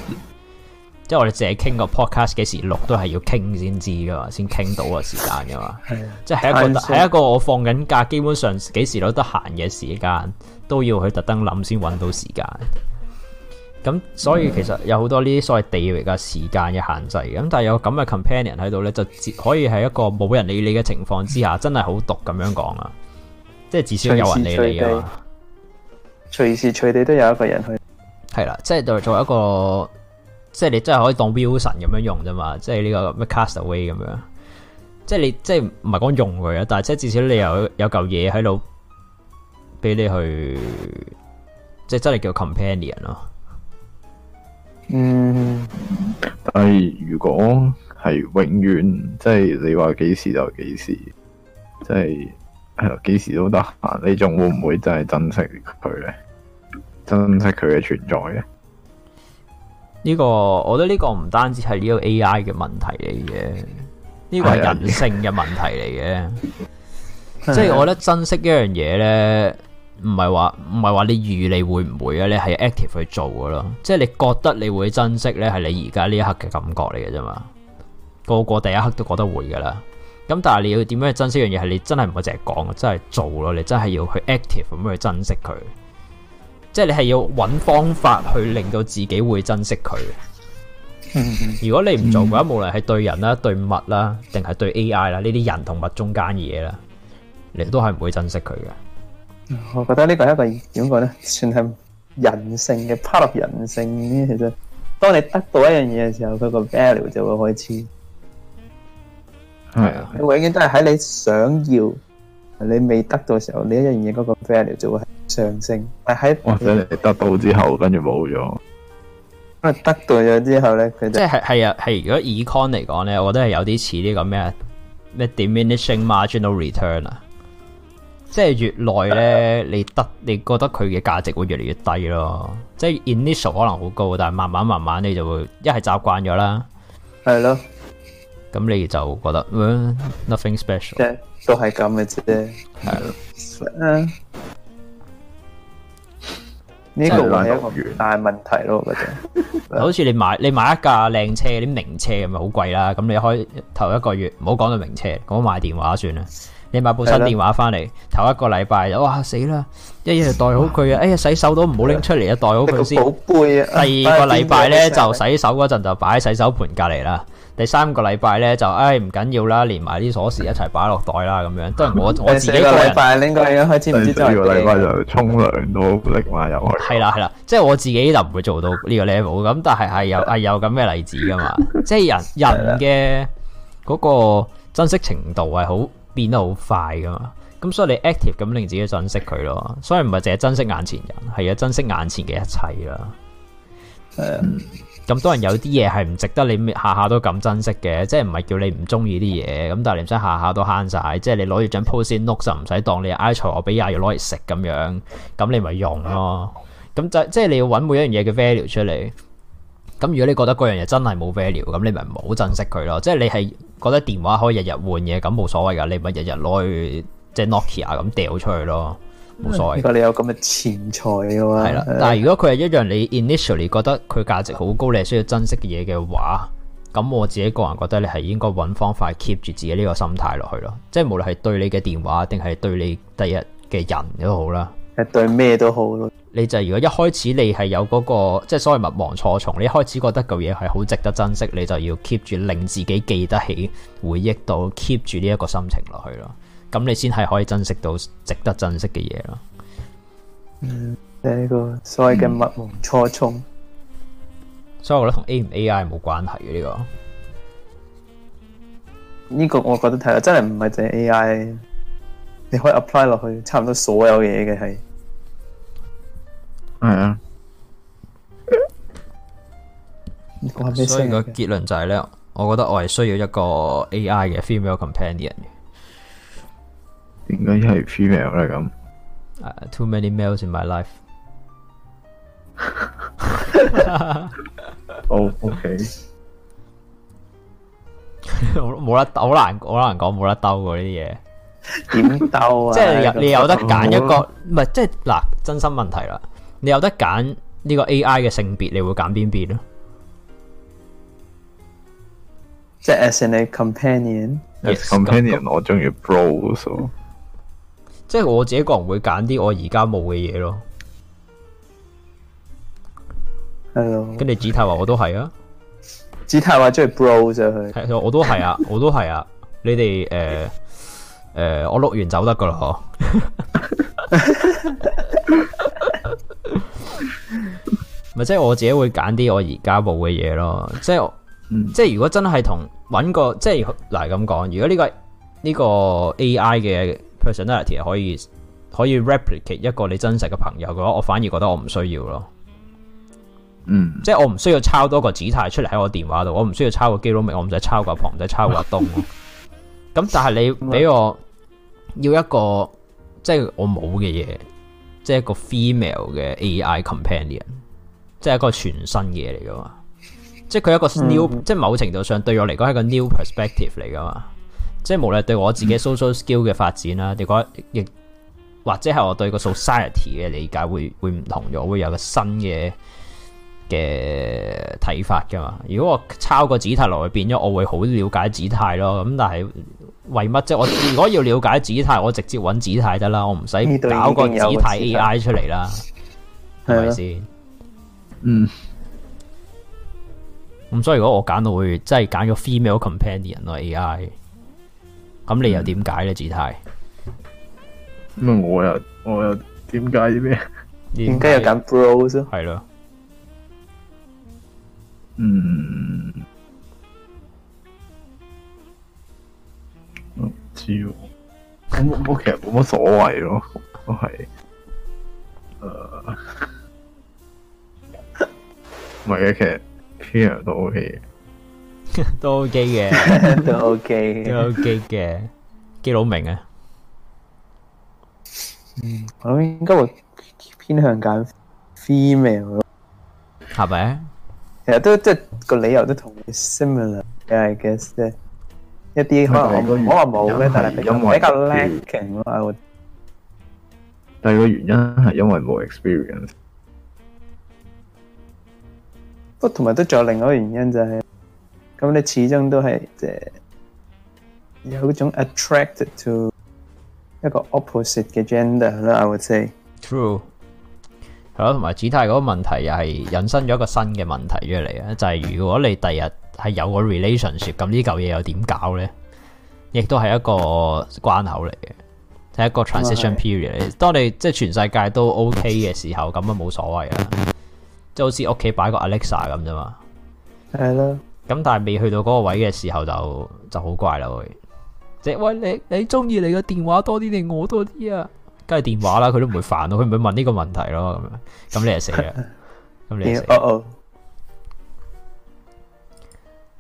即係我哋自己傾個 podcast 幾時錄都係要傾先知噶嘛，先傾到個時間噶嘛。係啊，即係一個係索一個我放緊假，基本上幾時都得閒嘅時間，都要去特登諗先揾到時間。咁所以其實有好多呢啲所謂地域嘅時間嘅限制。咁、嗯、但係有咁嘅 companion 喺度呢就可以喺一個冇人理你嘅情況之下，真係好毒咁樣講啊！即係至少有人理你啊！隨時隨地都有一個人去，係啦，即係做做一個。即係你真係可以當 Wilson 咁樣用啫嘛，即係呢個咩 Castaway 咁樣。即係你即係唔係講用佢啊，但係即係至少你有有嚿嘢喺度，俾你去，即係真係叫 companion 咯。嗯，但係如果係永遠，即係你話幾時就幾時，即係係咯，幾時都得。你仲會唔會真係珍惜佢咧？珍惜佢嘅存在咧？呢、這個我覺得呢個唔單止係呢個 AI 嘅問題嚟嘅，呢、這個係人性嘅問題嚟嘅。 即係我覺得珍惜一樣嘢呢，唔係話唔係話你預你會唔會啊？你係 active 去做噶咯。即係你覺得你會珍惜呢係你而家呢一刻嘅感覺嚟嘅啫嘛。個個第一刻都覺得會噶啦。咁但係你要點樣珍要去,去珍惜一樣嘢？係你真係唔好淨係講，真係做咯。你真係要去 active 咁樣去珍惜佢。即係你係要揾方法去令到自己會珍惜佢。如果你唔做嘅話，無論係對人啦、對物啦，定係對 AI 啦，呢啲人同物中間嘅嘢啦，你都係唔會珍惜佢嘅。我覺得呢個係一個點講咧，算係人性嘅 part of 人性嘅其實，當你得到一樣嘢嘅時候，佢個 value 就會開始。係啊，永遠都係喺你想要。你未得到的時候，呢一樣嘢嗰個 value 就會上升，但喺或者你得到之後跟住冇咗。因為得到咗之後咧，即係係係啊，係如果以 econ 嚟講咧，我覺得係有啲似呢個咩咩 diminishing marginal return 啊，即係越耐咧，你得你覺得佢嘅價值會越嚟越低咯。即係 initial 可能好高，但係慢慢慢慢，你就會一係習慣咗啦，係咯，咁的你就覺得 nothing special。都係咁嘅啫，係咯。呢個會係一個大問題咯，我覺得。好似你買你買一架靚車，啲名車咁咪好貴啦。咁你開頭一個月，唔好講到名車，講買電話算啦。你買部新電話翻嚟，頭一個禮拜就哇死啦，一日就袋好佢啊！哎呀，洗手都唔好拎出嚟啊，袋好佢先。第二個禮拜咧就洗手嗰陣就擺喺洗手盤隔籬啦。第三個禮拜咧就，唉唔緊要啦，連埋啲鎖匙一齊擺落袋啦，咁樣。都係我我自己一個人。你四個禮拜拎個，一開始唔知都係你。第四個禮拜就沖涼都拎埋入去。係啦係啦，即係、就是、我自己就唔會做到呢個 level 咁， 但係係有係有咁嘅例子噶嘛。即係人人嘅嗰個珍惜程度係好變得好快噶嘛。咁所以你 active 咁令自己珍惜佢咯。所以唔係淨係珍惜眼前人，係要珍惜眼前嘅一切啦。誒。 咁多人有啲嘢係唔值得你下下都咁珍惜嘅，即係唔係叫你唔中意啲嘢，咁但係你唔使下下都慳晒，即係你攞住張 post note 就唔使當你嘅 i t 我俾阿月攞嚟食咁樣，咁你咪用咯。咁就即係你要揾每一樣嘢嘅 value 出嚟。咁如果你覺得嗰樣嘢真係冇 value，咁你咪唔好珍惜佢咯。即係你係覺得電話可以日日換嘢，咁冇所謂噶，你咪日日攞去即係 Nokia、ok、咁掉出去咯。冇所謂，如果你有咁嘅錢財嘅話，係啦了。的但係如果佢係一樣你 initially 覺得佢價值好高，你係需要珍惜嘅嘢嘅話，咁我自己個人覺得你係應該揾方法 keep 住自己呢個心態落去咯。即係無論係對你嘅電話，定係對你第一嘅人也好都好啦。誒，對咩都好咯。你就係如果一開始你係有嗰、那個，即、就、係、是、所謂勿忘初衷，你一開始覺得嚿嘢係好值得珍惜，你就要 keep 住令自己記得起回憶到 keep 住呢一個心情落去咯。咁你先係可以珍惜到值得珍惜嘅嘢咯。嗯，呢、就是、個所謂嘅勿忘初衷，嗯、所以我覺得同 A 唔 AI 冇關係嘅呢個。呢個我覺得睇真係唔係淨係 AI，你可以 apply 落去差唔多所有嘢嘅係。嗯嗯， 所以個結論就係、是、咧， 我覺得我係需要一個 AI 嘅 female companion。點解一係 female 咧咁？Too many males in my life。哦，OK。冇得，好難，好難講，冇得兜過呢啲嘢。點兜啊？即係你有得揀一個，唔係即係嗱，真心問題啦。你有得揀呢個 AI 嘅性別，你會揀邊邊咯？即係 As in a companion。As companion，我中意 bro。即係我自己個人會揀啲我而家冇嘅嘢咯，係咯。跟住 Gtai 話我都係啊，Gtai 話中意 bros 上去。係，我都係啊，我都係啊。 你哋誒誒，我錄完走得噶啦嗬。咪即係我自己會揀啲我而家冇嘅嘢咯。即係，嗯、即係如果真係同搵個，即係嗱咁講。如果呢個呢、呢個 A I 嘅。personality 可以可以 replicate 一個你真實嘅朋友嘅話，我反而覺得我唔需要咯。嗯，即係我唔需要抄多個姿態出嚟喺我電話度，我唔需要抄個基佬妹，oman, 我唔使抄個旁，唔使抄個東。咁 但係你俾我要一個即係我冇嘅嘢，即係一個 female 嘅 AI companion，即係一個全新嘅嘢嚟㗎嘛？即係佢一個 new，、嗯、即係某程度上對我嚟講係一個 new perspective 嚟㗎嘛？即係無論對我自己 social skill 嘅發展啦，亦或亦或者係我對個 society 嘅理解會會唔同咗，會，我會有個新嘅嘅睇法噶嘛？如果我抄個指態落去，變咗我會好了解指態咯。咁但係為乜即係我如果要了解指態，我直接揾指態得啦，我唔使搞個指態 AI 出嚟啦，係咪先？嗯，咁、嗯、所以如果我揀到會即係揀個 female companion 咯 AI。咁你又點解呢？姿態？咁我又我又點解啲咩？點解又揀 bro 啫了？係咯。嗯。我唔知喎，我我其實冇乜所謂咯，都係。誒，唔係嘅，其實都 OK。都 OK 嘅，都 OK，都 OK 嘅，基佬明啊！我諗應該會偏向揀 female，係咪？其實都即係個理由都同 similar，I guess 即係一啲。我話我話冇咧，但係比比較叻勁咯。第二個原因係因為冇 experience，不過同埋都仲有另外一個原因就係。咁你始終都係、呃、有一種 attracted to 一個 opposite 嘅 gender 咯。I would say true 係咯，同埋 Gtai 嗰個問題又係引申咗一個新嘅問題出嚟啊，就係、是、如果你第日係有個 relationship，咁呢嚿嘢又點搞咧？亦都係一個關口嚟嘅，係一個 transition period。的當你即係全世界都 OK 嘅時候，咁啊冇所謂啊，即係好似屋企擺個 Alexa 咁啫嘛，係咯。咁但係未去到嗰個位嘅時候就就好怪啦，即係喂你你中意你嘅電話多啲定我多啲啊？梗係電話啦，佢都唔會煩到。佢唔會問呢個問題咯，咁樣咁你係死嘅，咁你哦哦，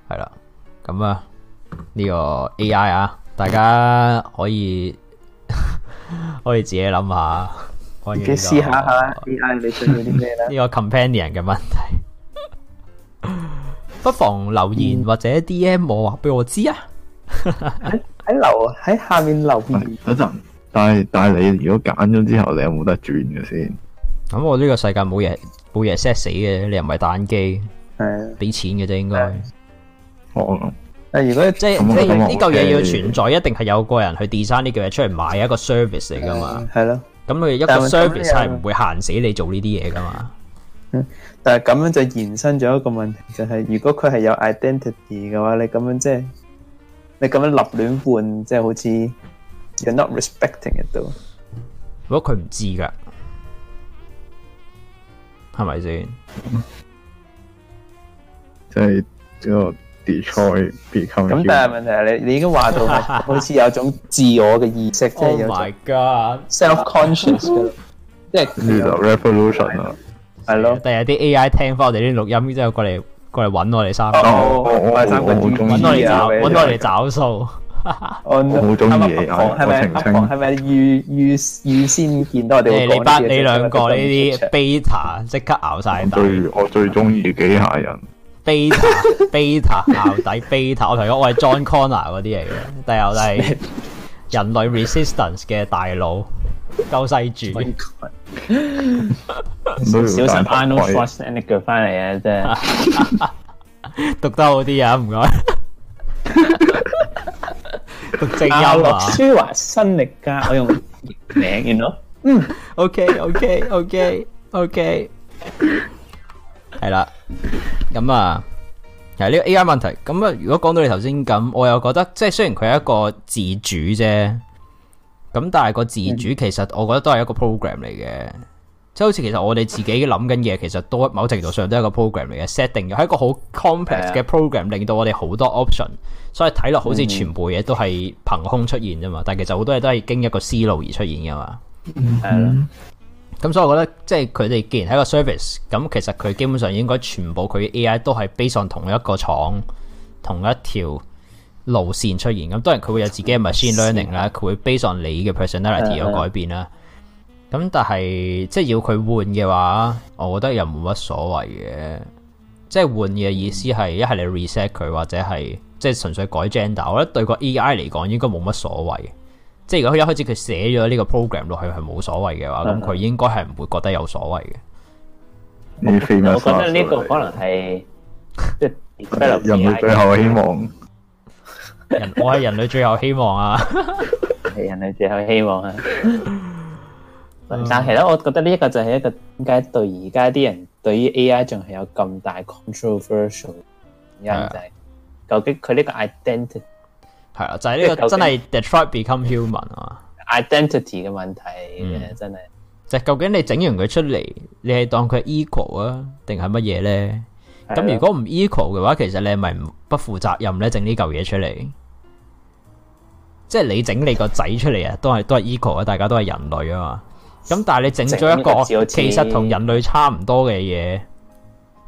係啦，咁啊呢個 AI 啊，大家可以 可以自己諗下、這個、，自己思考下 AI 你需要啲咩咧？呢個 companion 嘅問題。 不妨留言或者 DM 我話俾我知啊！喺喺留喺下面留。等陣，但係但係你如果揀咗之後，你有冇得轉嘅先？咁我呢個世界冇嘢冇嘢 set 死嘅，你又唔係單機，係俾錢嘅啫，應該。哦，但如果即係即係呢嚿嘢要存在，一定係有個人去 design 呢嚿嘢出嚟買，一個 service 嚟噶嘛？係咯。咁佢一個 service 係唔會限死你做呢啲嘢噶嘛？嗯。但係咁樣就延伸咗一個問題，就係、是、如果佢係有 identity 嘅話，你咁樣即係你咁樣立亂換，即係好似。你唔、就是、not respecting it though 如果佢唔知噶，係咪先？即係呢個 Detroit, Become 咁，但係問題係你你已經話到， 好似有種自我嘅意識，即係有。My God, self-consciousness revolution 啊！ 係咯，第日啲 AI 聽翻我哋啲錄音，之後過嚟過嚟揾我哋三個，揾、oh, oh, oh, oh, 我哋找，揾我哋找數。我好中意我澄清，係咪預預預先見到我哋？你班你兩個呢啲 beta 即刻咬晒底。我最中意幾下人 beta beta 咬底 beta 我。我同你講，我係 John Connor 嗰啲嚟嘅，第日係人類 Resistance 嘅大佬。救世主，小神派 no force and 腳翻嚟啊！真係讀得好啲啊，唔該。阿樂書華新力家，我用名，見到嗯，OK，OK，OK，OK，係啦。咁啊，其實呢個 AI 問題，咁啊，如果講到你頭先咁，我又覺得即係雖然佢係一個自主啫。咁但係個自主其實我覺得都係一個 program 嚟嘅，即係好似其實我哋自己諗緊嘢，其實都某程度上都係一個 program 嚟嘅 setting，係一個好 complex 嘅 program，me, 令到我哋好多 option，所以睇落好似全部嘢都係憑空出現啫嘛，但係其實好多嘢都係經一個思路而出現噶嘛。係咁、mm hmm. 所以我覺得即係佢哋既然係個 service，咁其實佢基本上應該全部佢嘅 AI 都係 based 上同一一個廠，同一條路線出現咁，當然佢會有自己嘅 machine learning 啦線，佢會 based on 你嘅 personality 有改變啦。咁、嗯嗯、但係即係要佢換嘅話，我覺得又冇乜所謂嘅。即係換嘅意思係一係你 reset 佢，或者係即係純粹改 gender。我覺得對個 AI 嚟講應該冇乜所謂。即係如果一開始佢寫咗呢個 program 落去係冇所謂嘅話，咁佢、嗯、應該係唔會覺得有所謂嘅、嗯。我覺得呢個可能係人類最後嘅希望。 人，我係人類最後希望啊！係 人類最後希望啊！ 但係其實我覺得呢一個就係一個點解對而家啲人對於 AI 仲係有咁大 controversial 是、啊、就質？究竟佢呢個 identity 係啊，就係、是、呢個真係 Detroit Become Human 啊？identity 嘛。嘅問題嘅、啊、真係，嗯、就究竟你整完佢出嚟，你係當佢 equal 啊，定係乜嘢咧？咁如果唔 equal 嘅話，其實你係咪不負責任咧？整呢嚿嘢出嚟，即係你整你個仔出嚟啊，都係都係 equal 啊，大家都係人類啊嘛。咁但係你整咗一個，其實同人類差唔多嘅嘢，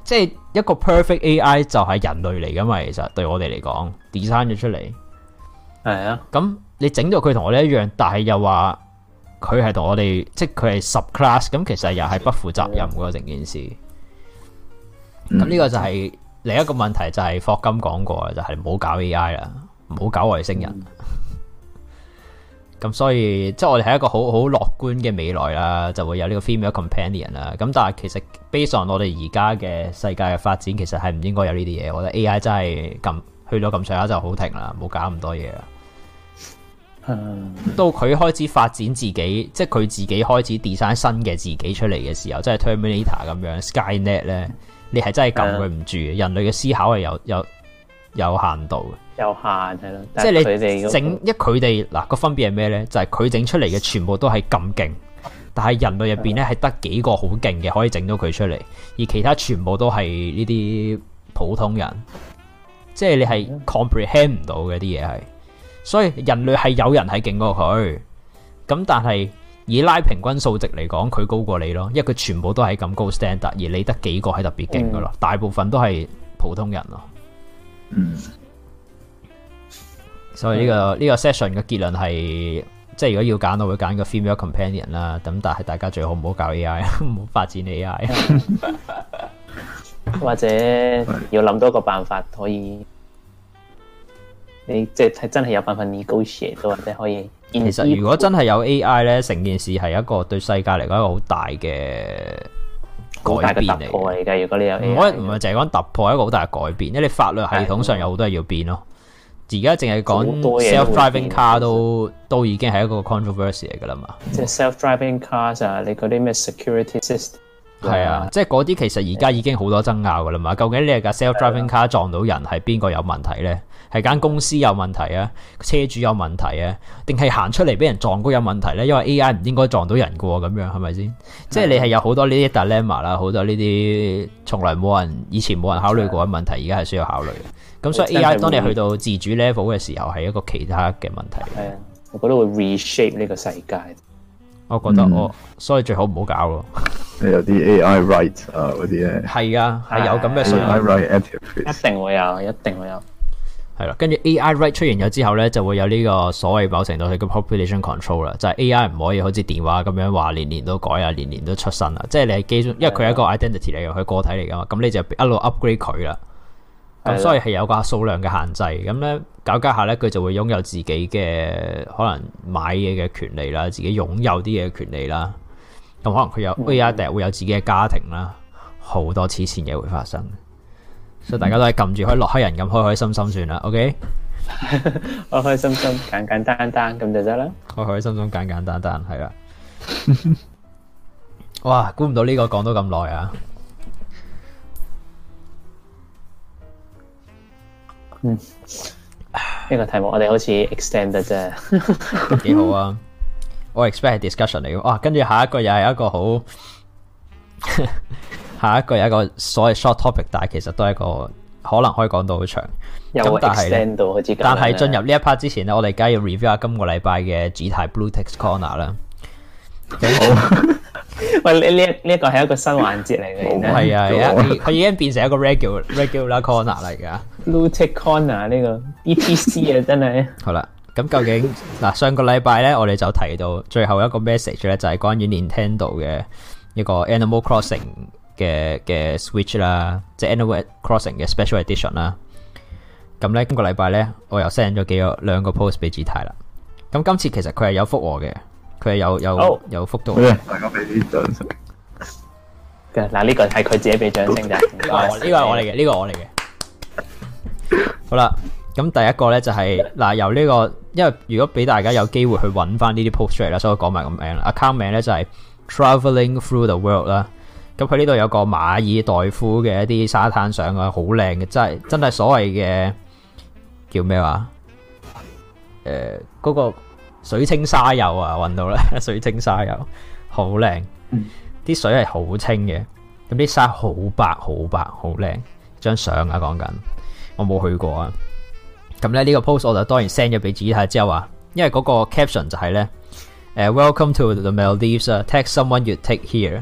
即係一個 perfect AI 就係人類嚟噶嘛。其實對我哋嚟講，design 咗出嚟，係啊。咁你整到佢同我哋一樣，但係又話佢係同我哋，即係佢係 subclass，咁其實又係不負責任噶整件事。咁呢個就係、是、另一個問題，就係霍金講過，就係唔好搞 A I 啦，唔好搞外星人。咁 所以即係我哋係一個好好樂觀嘅未來啦，就會有呢個 female companion 啦。咁但係其實，based on 我哋而家嘅世界嘅發展，其實係唔應該有呢啲嘢。我覺得 A I 真係咁去到咁上下就好停啦，冇搞咁多嘢啦。Uh、到佢開始發展自己，即係佢自己開始 design 新嘅自己出嚟嘅時候，即係 Terminator 咁樣，Sky Net 咧。你係真係撳佢唔住嘅，的人類嘅思考係有有有限度嘅，有限係咯。是是即係你整一佢哋嗱個分別係咩咧？就係佢整出嚟嘅全部都係咁勁，但係人類入邊咧係得幾個好勁嘅可以整到佢出嚟，而其他全部都係呢啲普通人。即係你係 comprehend 唔到嘅啲嘢係，所以人類係有人喺勁過佢，咁但係。以拉平均數值嚟講，佢高過你咯，因為佢全部都係咁高 standard，而你得幾個係特別勁噶咯，嗯、大部分都係普通人咯。嗯、所以呢、這個呢、嗯、個 session 嘅結論係，即係如果要揀，我會揀個 female companion 啦。咁但係大家最好唔好搞 AI，唔好發展 AI，或者要諗多個辦法可以， 你即係、就是、真係有辦法你高佢都或者可以。其實如果真係有 AI 咧，成件事係一個對世界嚟講一個好大嘅改變嚟噶。如果你有 AI 不，我唔係淨係講突破，一個好大嘅改變，因為你法律系統上有好多嘢要變咯。而家淨係講 self-driving car 都都，都已經係一個 controversy 嚟噶啦嘛。即係 self-driving cars 啊，你嗰啲咩 security system？係啊，即係嗰啲其實而家已經好多爭拗噶啦嘛。究竟你係架 self-driving car 撞到人係邊個有問題咧？係間公司有問題啊，車主有問題啊，定係行出嚟俾人撞過有問題咧？因為 A.I. 唔應該撞到人嘅喎，咁樣係咪先？的即係你係有好多呢啲 dilemma 啦，好多呢啲從來冇人以前冇人考慮過嘅問題，而家係需要考慮嘅。咁所以 A.I. 當你去到自主 level 嘅時候，係一個其他嘅問題。係啊，我覺得會 reshape 呢個世界。我覺得我、嗯 oh, 所以最好唔好搞咯。你有啲 A.I. right 啊嗰啲嘢係啊，係有咁嘅一定會有，一定會有。係啦，跟住 A I right 出現咗之後咧，就會有呢個所謂某程度上嘅 population control 啦，就係 A I 唔可以好似電話咁樣話年年都改啊，年年都出新啦。即係你係基，因為佢係一個 identity 嚟嘅，佢個體嚟噶嘛，咁你就一路 upgrade 佢啦。咁所以係有個數量嘅限制。咁咧搞搞下咧，佢就會擁有自己嘅可能買嘢嘅權利啦，自己擁有啲嘢權利啦。咁可能佢有 A I 第日會有自己嘅家庭啦，好多黐線嘢會發生。所以大家都係撳住，可以洛克人咁開開心心算啦，OK？開 開心心，簡簡單單咁就得啦。開開心心，簡簡單單，係啦。 哇！估唔到呢個講到咁耐啊。嗯，呢、呢個題目我哋好似 extend 啫。幾 好啊！我 expect 係 discussion 嚟嘅。哇！跟住下一個又係一個好。 下一個係一個所謂 short topic，但係其實都係一個可能可以講到好長。咁有但係，但係進入呢一 part 之前咧，的我哋而家要 review 下今個禮拜嘅主題 Blue Text Corner 啦。好， 喂，呢呢一呢一個係、這個、一個新環節嚟嘅，係啊，佢已經變成一個 regular regular corner 啦。而家 Blue Text Corner 呢、這個 BTC 啊，真係好啦。咁究竟嗱上個禮拜咧，我哋就提到最後一個 message 咧，就係、是、關於 Nintendo 嘅一個 Animal Crossing。嘅嘅 switch 啦，即係 Animal Crossing 嘅 Special Edition 啦。咁咧，今個禮拜咧，我又 send 咗幾個兩個 post 俾志泰啦。咁今次其實佢係有覆我嘅，佢係有有有覆到嘅。大家俾啲掌聲。嘅，嗱，呢個係佢自己俾掌聲嘅。呢個呢個係我嚟嘅，呢個我嚟嘅。好啦，咁第一個咧就係嗱，由呢個，因為如果俾大家有機會去揾翻呢啲 post 啦，所以我講埋個名啦。account 名咧就係 Traveling Through the World 啦。咁佢呢度有個馬爾代夫嘅一啲沙灘相啊，好靚嘅，真係真係所謂嘅叫咩話？嗰個水清沙幼啊，揾到啦，水清沙幼好靚，啲、嗯、水係好清嘅，咁啲沙好白好白好靚，張相啊，講緊，我冇去過啊。咁咧呢、呢個 post 我就當然 send 咗俾自己睇，之後話，因為嗰個 caption 就係咧，Welcome to the Maldives，take someone you take here。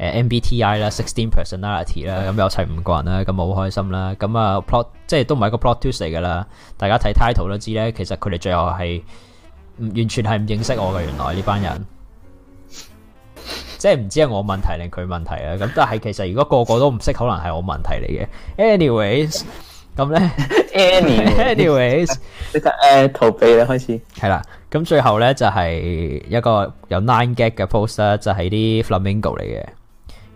Uh, MBTI 啦，Sixteen Personality 啦，咁有齊五個人啦，咁我好開心啦。咁啊 plot 即係都唔係個 plot twist 嚟㗎啦。大家睇 title 都知咧，其實佢哋最後係完全係唔認識我㗎。原來呢班人 即係唔知係我問題定佢問題啊。咁但係其實如果個個都唔識，可能係我問題嚟嘅。Anyways，咁咧 呢 ，anyways，其實誒逃避啦開始係啦。咁最後咧就係、是、一個有 nine gag 嘅 post 啦，就係啲 flamingo 嚟嘅。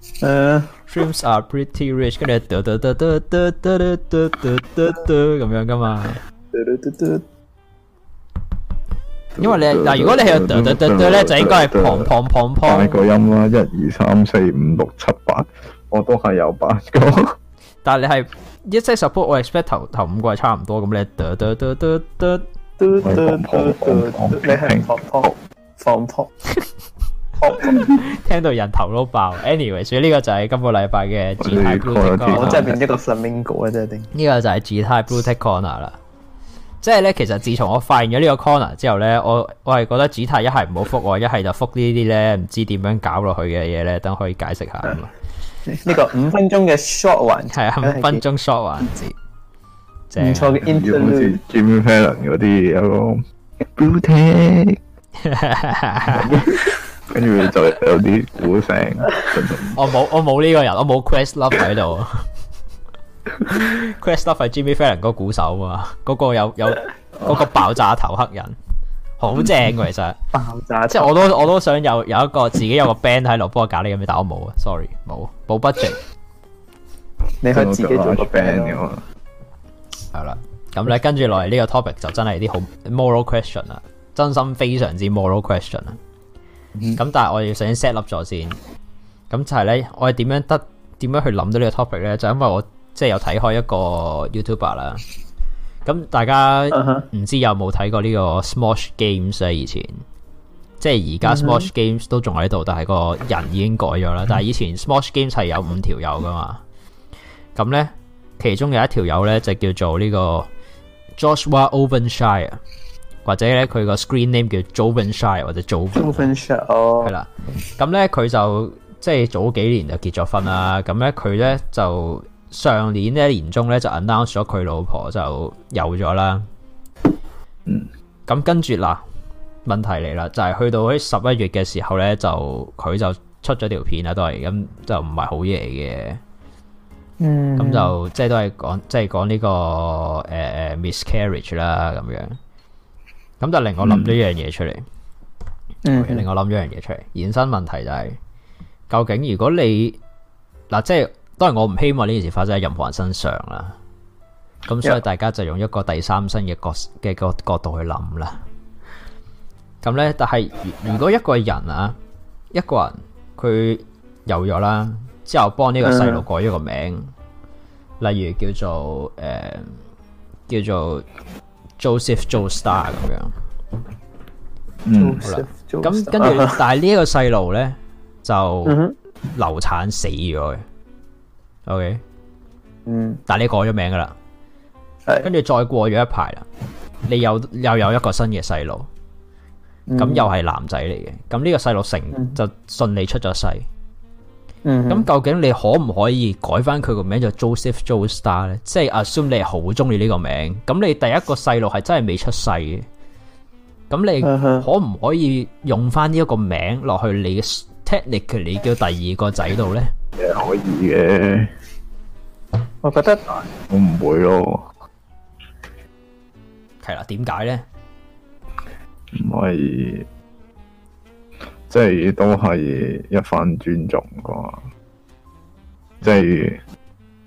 誒，dreams、uh, are pretty rich，咁你得得得得得得得得咁樣噶嘛？因為你嗱，如果你係有得得得得咧，就應該係放放放放。你個音啦，一二三四五六七八，我都係有八個。但你係一，support 我 expect 頭頭五個係差唔多咁咧，得得得得得得得。放炮！你係放炮？放炮？ 聽到人頭都爆。Anyway，所以呢個就係今個禮拜嘅主題。我真係變呢個 Flamingo 啊！真係變。呢個就係主題 Blue Tech Corner 啦。即係咧，其實自從我發現咗呢個 corner 之後咧，我我係覺得主題一係唔好複，一係就複呢啲咧，唔知點樣搞落去嘅嘢咧，等可以解釋下啊嘛。 呢個五分鐘嘅 short one 係啊，五分鐘 short 環節。唔錯嘅 introduction 啲有個 Blue Tech 跟住就有啲鼓聲。我冇我冇呢個人，我冇 Quest Love 喺度。Quest Love 係 Jimmy Fallon 個鼓手啊，嗰、嗰個有有、嗰個爆炸頭黑人，好正其實正、啊。爆炸，即係我都我都想有一個自己有一個自己有個 band 喺度幫我搞呢咁樣，但我冇啊，sorry 冇，冇 budget。你去自己做個 band 啊嘛。係啦 吧，咁咧跟住落嚟呢個 topic 就真係啲好 moral question 啊，真心非常之 moral question 啦。咁、嗯、但係我哋要首先 set up 咗先，咁就係咧，我哋點樣得點樣去諗到個呢個 topic 咧？就是、因為我即係、就是、有睇開一個 YouTuber 啦，咁大家唔知有冇睇過個呢個 Smosh Games 啊？以前即係而家 Smosh Games 都仲喺度，但係個人已經改咗啦。但係以前 Smosh Games 係有五條友噶嘛，咁咧其中有一條友咧就叫做呢個 Joshua Ovenshire。或者咧佢個 screen name 叫 Jobenshire 或者 Jobenshire 哦，係啦，咁咧佢就即係早幾年就結咗婚啦，咁咧佢咧就上年呢一年中咧就 announce 咗佢老婆就有咗啦，嗯、mm.，咁跟住嗱問題嚟啦，就係、是，去到喺十一月嘅時候咧就佢就出咗條片啊，都係咁就唔係好嘢嘅，嗯、mm.，咁就即係都係講即係講呢個誒誒、uh, miscarriage 啦咁樣。咁就令我諗咗一樣嘢出嚟，令、嗯、我諗咗一樣嘢出嚟，衍生問題就係、是、究竟如果你嗱，即係當然我唔希望呢件事發生喺任何人身上啦。咁所以大家就用一個第三身嘅角嘅角度去諗啦。咁咧，但係如果一個人啊，一個人佢有咗啦，之後幫呢個細路改咗個名，例如叫做誒、呃、叫做。Joseph Jostar 咁樣，嗯、mm，好啦，咁跟住， 但係呢一個細路咧就流產死咗嘅，OK，嗯，mm。但係你改咗名噶啦，mm。跟住再過咗一排啦，你又又有一個新嘅細路，咁、mm。又係男仔嚟嘅，咁呢個細路成就順利出咗世。咁、嗯、究竟你可唔可以改翻佢個名做 Joseph Joestar 咧？即係 assume 你係好中意呢個名，咁你第一個細路係真係未出世嘅，咁你可唔可以用翻呢一個名落去你嘅 technically 你叫第二個仔度咧？可以嘅，我覺得我唔會咯。係啦，點解咧？唔會。即係都係一番尊重啩，即係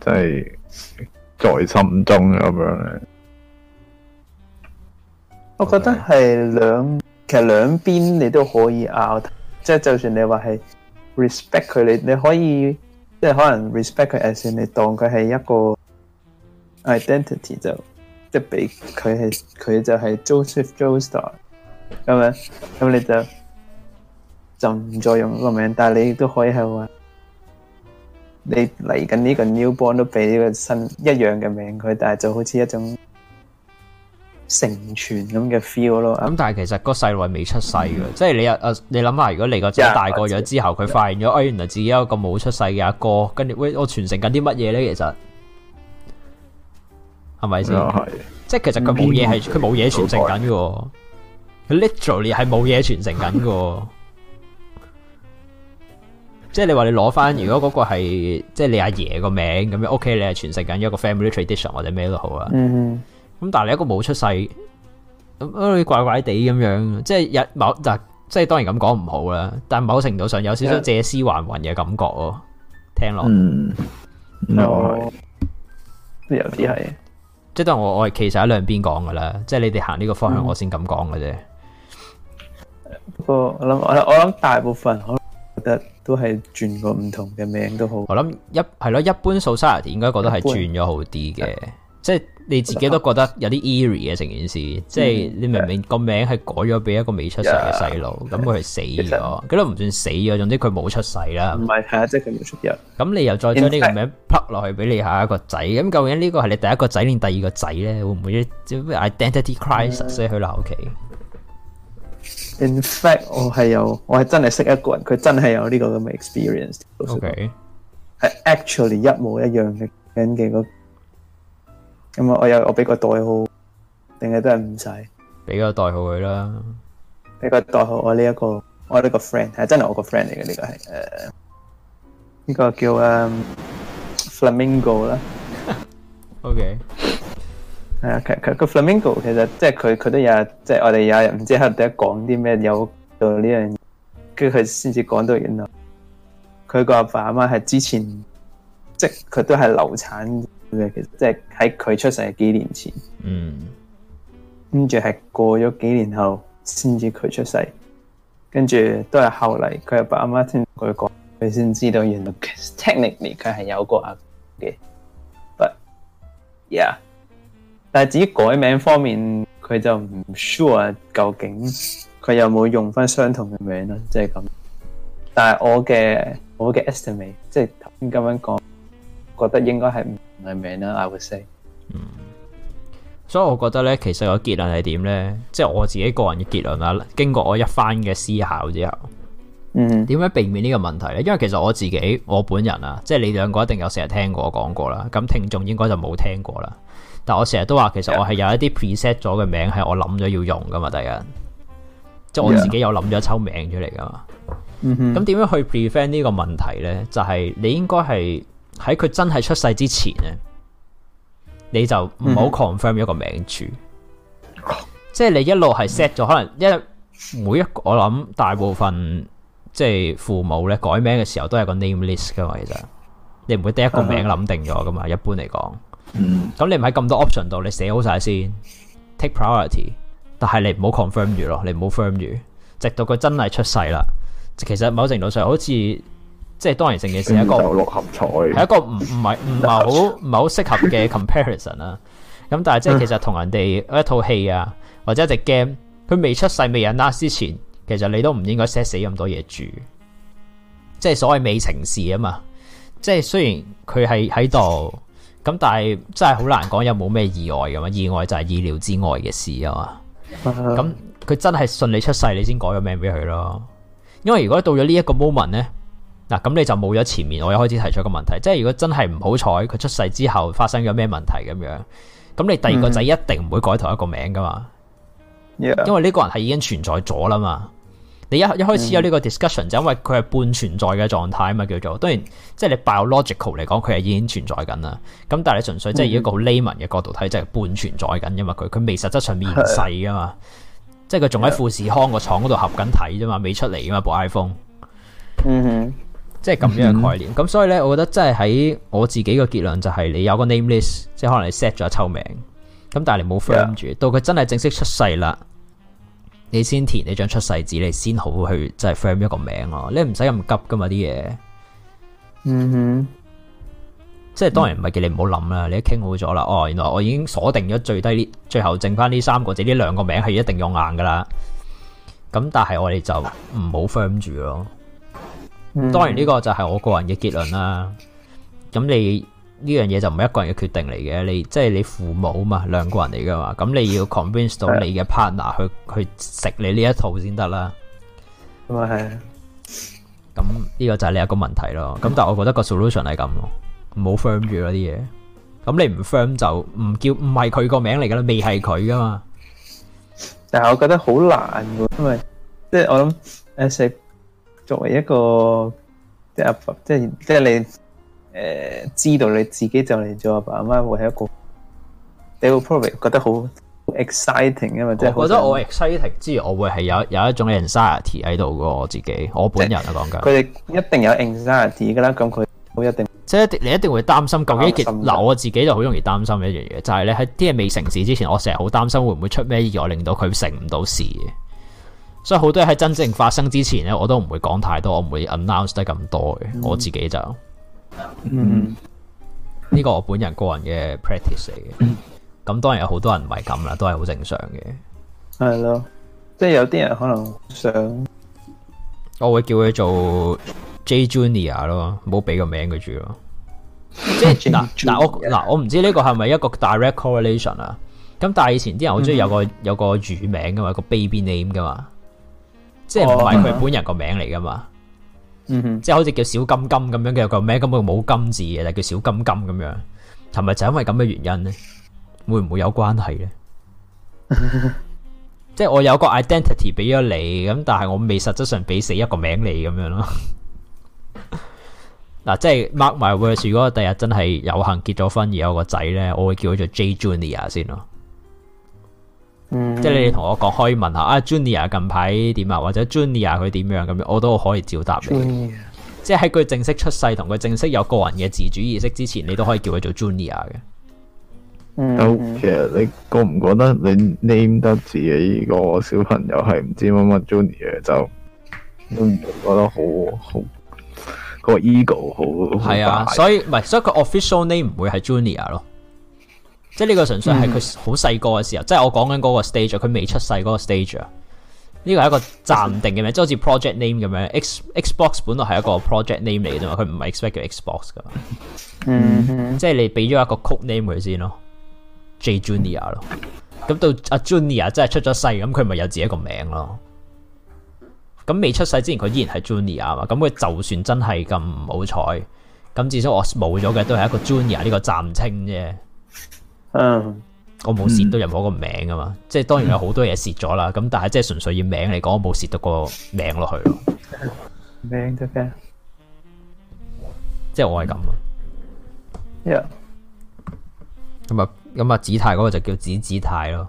即係在心中咁樣。我覺得係兩其實兩邊你都可以拗，即、就、係、是、就算你話係 respect 佢，你你可以即係、就是、可能 respect 佢先，你當佢係一個 identity 就即係俾佢係佢就係 Joseph Joestar 咁樣，咁你就。就唔再用個名，但係你亦都可以，係話，你嚟緊呢個 Newborn 都俾個新一樣嘅名佢，但係就好似一種成全咁嘅 feel 咯。咁、嗯、但係其實個細路係未出世嘅，嗯、即係你又啊，uh, 你諗下，如果嚟個仔大個咗之後，佢發現咗，嗯、原來自己有一個冇出世嘅阿哥，跟住喂，我傳承緊啲乜嘢咧？其實係咪先？是是嗯、的即係其實佢冇嘢係佢冇嘢傳承緊嘅，literally 係冇嘢傳承緊嘅。 即係你話你攞翻，如果嗰個係即係你阿爺個名咁樣，OK，你係傳承緊一個 family tradition 或者咩都好、嗯、你啊。咁但係你一個冇出世咁，你怪怪地咁樣，即係有某嗱，即係當然咁講唔好啦，但係某程度上有少少借屍還魂嘅感覺哦，聽落嗯，有啲係，即係當我我係其實喺兩邊講噶啦，即係你哋行呢個方向我，我先咁講嘅啫。不過我諗我諗我諗大部分我覺得。都係轉個唔同嘅名字都好，我諗一係咯，一般 society 應該覺得係轉咗好啲嘅，一般即係你自己都覺得有啲 eerie 嘅成件事，即係你明明個名係改咗俾一個未出世嘅細路，咁佢係死咗，佢實都唔算死咗，總之佢冇出世啦。唔係啊，即係佢冇出世。咁你又再將呢個名 p 落去俾你下一個仔，咁究竟呢個係你第一個仔定第二個仔咧？會唔會呢啲 identity crisis、嗯、去鬧佢？In fact，我係有，我係真係識一個人，佢真係有呢個咁嘅 experience。OK，係 actually 一模一樣嘅咁嘅個，咁我我有我俾個代號，定係都係唔使俾個代號佢啦。俾個代號我呢一個，我呢個 friend 係真係我個 friend 嚟嘅，呢個係誒，呢個叫誒 Flamingo 啦。OK。係啊，佢佢佢、okay, Flamingo 其實即係佢佢都有，即係我哋有日唔知喺度講啲咩，有做呢樣嘢，跟住佢先至講到原來佢個阿爸阿媽係之前，即係佢都係流產嘅，其實即係喺佢出世幾年前。嗯，跟住係過咗幾年後先至佢出世，跟住都係後嚟佢阿爸阿媽聽佢講，佢先知道原來 technically 佢係有個阿公嘅，but yeah。但係至於改名方面，佢就唔 sure 究竟佢有冇用翻相同嘅名咯，即係咁。但係我嘅我嘅 estimate，即係頭先咁樣講，覺得應該係唔同嘅名啦。I would say。嗯。所以我覺得咧，其實個結論係點咧？即係我自己個人嘅結論啦。經過我一番嘅思考之後，嗯，點樣避免呢個問題咧？因為其實我自己我本人啊，即係你兩個一定有成日聽過我講過啦。咁聽眾應該就冇聽過啦。但我成日都話，其實我係有一啲 preset 咗嘅名，係我諗咗要用噶嘛，大家，即係我自己有諗咗一抽名出嚟噶嘛。咁點 Yeah. 樣去 prevent 呢個問題咧？就係、是、你應該係喺佢真係出世之前咧，你就唔好 confirm 一個名住。Mm hmm. 即係你一路係 set 咗，可能一每一個我諗大部分即係父母咧改名嘅時候，都係個 name list 噶嘛。其實你唔會得一個名諗定咗噶嘛，一般嚟講。咁、嗯、你唔喺咁多 option 度，你寫好晒先，take priority，但係你唔好 confirm 住咯，你唔好 firm 住，直到佢真係出世啦。其實某程度上好，好似即係當然，成件事一個六合彩，係一個唔唔係唔係好唔係好適合嘅 comparison 啦，啊。咁 但係即係其實同人哋一套戲啊，或者一隻 game，佢未出世未 s 拉之前，其實你都唔應該 set 死咁多嘢住，即係所謂未成事啊嘛。即係雖然佢係喺度。 咁但係真係好難講有冇咩意外咁嘛？意外就係意料之外嘅事啊嘛。咁佢 真係順你出世，你先改咗名俾佢咯。因為如果到咗呢一個 moment 呢，嗱咁你就冇咗前面我一開始提出個問題，即係如果真係唔好彩佢出世之後發生咗咩問題咁樣，咁你第二個仔一定唔會改同一個名噶嘛。因為呢個人係已經存在咗啦嘛。你一一開始有呢個 discussion 就因為佢係半存在嘅狀態啊嘛，叫做當然即係你 biological 嚟講佢係已經存在緊啦。咁但係你純粹即係以一個好 layman 嘅角度睇，即係半存在緊，因為佢佢未實質上面世啊嘛。是的即係佢仲喺富士康個廠嗰度合緊體啫嘛，未出嚟啊嘛部 iPhone、嗯哼。即係咁樣嘅概念。咁、嗯、哼所以咧，我覺得即係喺我自己個結論就係你有個 name list，即係可能你 set 咗一抽名，咁但係你冇 firm 住，的到佢真係正式出世啦。你先填呢張出世紙，你先好去即係 firm 一個名咯。你唔使咁急噶嘛啲嘢。嗯哼、mm，hmm. 即係當然唔係叫你唔好諗啦。你傾好咗啦，哦，原來我已經鎖定咗最低最後剩翻呢三個字，呢兩個名係一定用硬噶啦。咁但係我哋就唔好 firm 住咯。當然呢個就係我個人嘅結論啦。咁你。呢樣嘢就唔係一個人嘅決定嚟嘅，你即係你父母嘛，兩個人嚟噶嘛，咁你要 convince 到你嘅 partner 去去食你呢一套先得啦。咁啊係。咁呢個就係你一個問題咯。咁但係我覺得個 solution 係咁咯，唔好 firm 住嗰啲嘢。咁你唔 firm 就唔叫唔係佢個名嚟㗎啦，未係佢㗎嘛。但係我覺得好難喎，因為即係我諗誒，作為一個即係即係你。誒、呃，知道你自己就嚟咗阿爸阿媽，會係一個， 你會覺得好 exciting 啊嘛，即覺得我 exciting 之餘，我會係有有一種 anxiety 喺度噶，我自己，我本人啊講緊。佢哋一定有 anxiety 噶啦，咁佢好一定即係你一定會擔心，究竟，嗱我自己就好容易擔心一樣嘢，就係你喺啲嘢未成事之前，我成日好擔心會唔會出咩意外，令到佢成唔到事嘅。所以好多嘢喺真正發生之前咧，我都唔會講太多，我唔會 announce 得咁多嘅，嗯、我自己就。嗯，呢、嗯、個我本人個人嘅 practice 嚟嘅，咁當然有好多人唔係咁啦，都係好正常嘅。係咯，即係有啲人可能想，我會叫佢做 J Junior 咯，唔好俾個名佢住咯。即係嗱嗱我嗱我唔知呢個係咪一個 direct correlation 啊？咁但係以前啲人好中意有個、嗯、有個乳名噶嘛，有個 baby name 噶嘛，即係唔係佢本人個名嚟噶嘛？嗯哼，即係好似叫小金金咁樣嘅個名，根本冇金字嘅，但係叫小金金咁樣，係咪就因為咁嘅原因咧？會唔會有關係咧？即係我有個 identity 俾咗你，咁但係我未實質上俾死一個名你咁樣咯。嗱，即係 mark my words，如果第日真係有幸結咗婚而有個仔咧，我會叫佢做 J Junior 先咯。嗯，即係你哋同我講，可以問下啊，Junior 近排點啊，或者 Junior 佢點樣咁樣，我都可以照答你。Junior。即係喺佢正式出世同佢正式有個人嘅自主意識之前，你都可以叫佢做 Junior 嘅。其實、okay, 你覺唔覺得你 name 得自己個小朋友係唔知乜乜 Junior 就都唔覺得好好個 ego 好係啊，所以唔係所以佢 official name 唔會係 Junior 咯。即係呢個純粹係佢好細個嘅時候，mm hmm. 即係我講緊嗰個 stage 佢未出世嗰個 stage 呢個係一個暫定嘅名，即係好似 project name 咁樣。X Xbox 本來係一個 project name 嚟嘅嘛，佢唔係 expect 叫 Xbox 噶，mm hmm. 嗯，即係你俾咗一個 code name 佢先咯，J Junior 咯，咁到阿 Junior 真係出咗世，咁佢咪有自己一個名咯？咁未出世之前，佢依然係 Junior 啊嘛，咁佢就算真係咁唔好彩，咁至少我冇咗嘅都係一個 Junior 呢個暫稱啫。嗯，um, 我冇洩到任何個名噶嘛，即係當然有好多嘢洩咗啦，咁、嗯、但係即係純粹以名嚟講，我冇洩到個名落去咯，名啫咩？即係我係咁咯，咁啊咁啊，子太嗰個就叫子子太咯，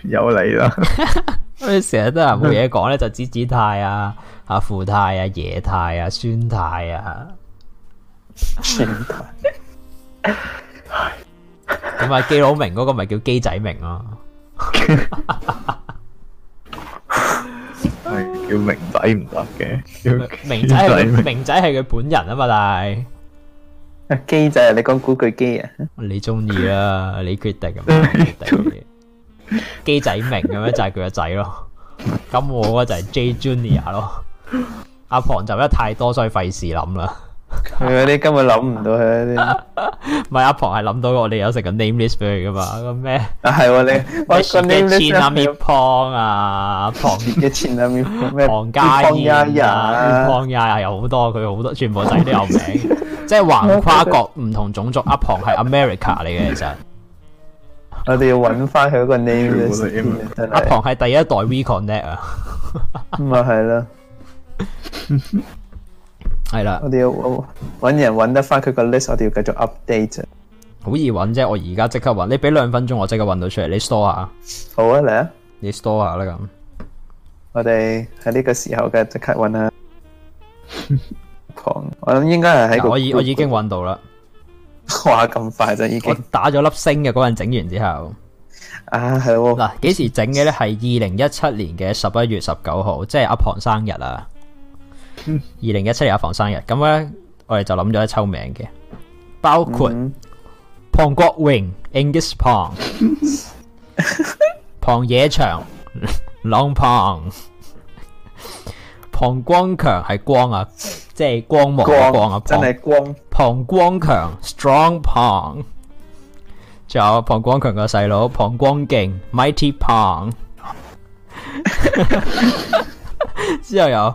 有你啦了， 我哋成日都話冇嘢講咧，就子子太啊、阿父太啊、爺太啊、孫太啊、孫泰、啊。 咁啊，基佬明嗰個咪叫基仔明咯，係叫明仔唔得嘅，明仔係明仔係佢本人啊嘛，但係基仔啊，你講古巨基啊，你中意啦，你決定，基仔明咁樣就係佢個仔咯，咁我個就係 J Junior 咯，阿龐就一太多，所以費事諗啦。佢啊， 啊，啊！你根本諗唔到佢啲，咪阿龐係諗到我哋有食個 name list 俾佢噶嘛？個咩啊？係你，咩千兩米胖啊？旁邊嘅千兩米胖，咩龐家仁啊？龐家仁又好多，佢好、啊啊、多，全部仔都有名， 即係橫跨各唔同種族。阿龐係 America 嚟嘅，其實 我哋要揾翻佢一個 name list 是。阿龐係第一代 We Connect 啊，咪係咯？係啦，我哋要搵人搵得翻佢個 list，我哋要繼續 update。好易搵啫，我而家即刻搵，你俾兩分鐘，我即刻搵到出嚟，你 store 下。好啊，嚟啊，你 store 下啦咁。我哋喺呢個時候嘅即刻搵 啊。我諗應該係喺我已我已經搵到啦。話咁快就，已經。我打咗粒星嘅嗰陣整完之後。啊，係喎。嗱，幾時整嘅咧？係二零一七年嘅十一月十九號，即係阿龐生日啊。二零一七年阿房生日咁咧，我哋就諗咗一抽名嘅，包括龐國榮 （English Pong）、龐 野長 （Long Pong）、龐光強係光啊，即係光芒嘅光啊，光，真係光，龐光強 （Strong Pong） 仲有龐光強嘅細佬龐光勁 （Mighty Pong）。 之後有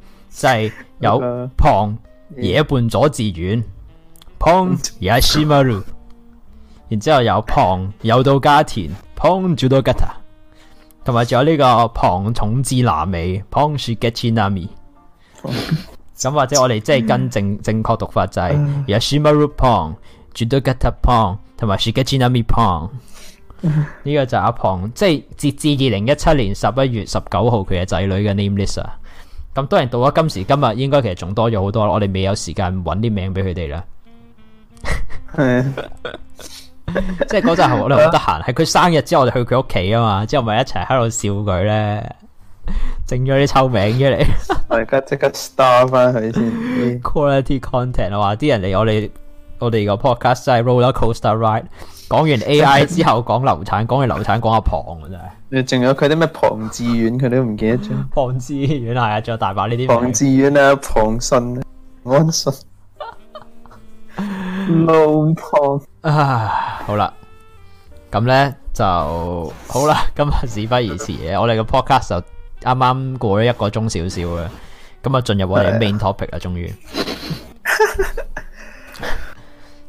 就係有旁野伴佐治丸，旁 shimaru 然之後有旁有到家田，旁住到吉塔，同埋仲有呢個旁統治南美，旁住吉南美。咁或者我哋即係跟正正確讀法就係野西馬魯旁住到吉塔旁，同埋 getchinami 吉南美旁呢個就阿龐，即係截至二零一七年十一月十九號，佢嘅仔女嘅 name list。咁多人到咗今時今日，應該其實仲多咗好多啦。我哋未有時間揾啲名俾佢哋啦。係， 即係嗰陣我哋好得閒，係佢生日之後我哋去佢屋企啊嘛，之後咪一齊喺度笑佢咧，整咗啲臭名出嚟。 我而家即刻 star 翻佢先，quality content 啊嘛！話啲人嚟我哋我哋個 podcast 真係 roller coaster ride。講完 A I 之後講流產，講 完流產講阿龐真係，你仲有佢啲咩龐志遠，佢都唔記得咗。龐志遠係啊，仲有大把呢啲龐志遠啊，龐信安信老龐啊，龐啊 龐好啦，咁咧就好啦。今日事不宜遲， 我哋個 podcast 就啱啱過咗一個鐘少少嘅，咁啊進入我哋 main topic 啊，終於。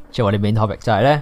即係我哋 main topic 就係咧。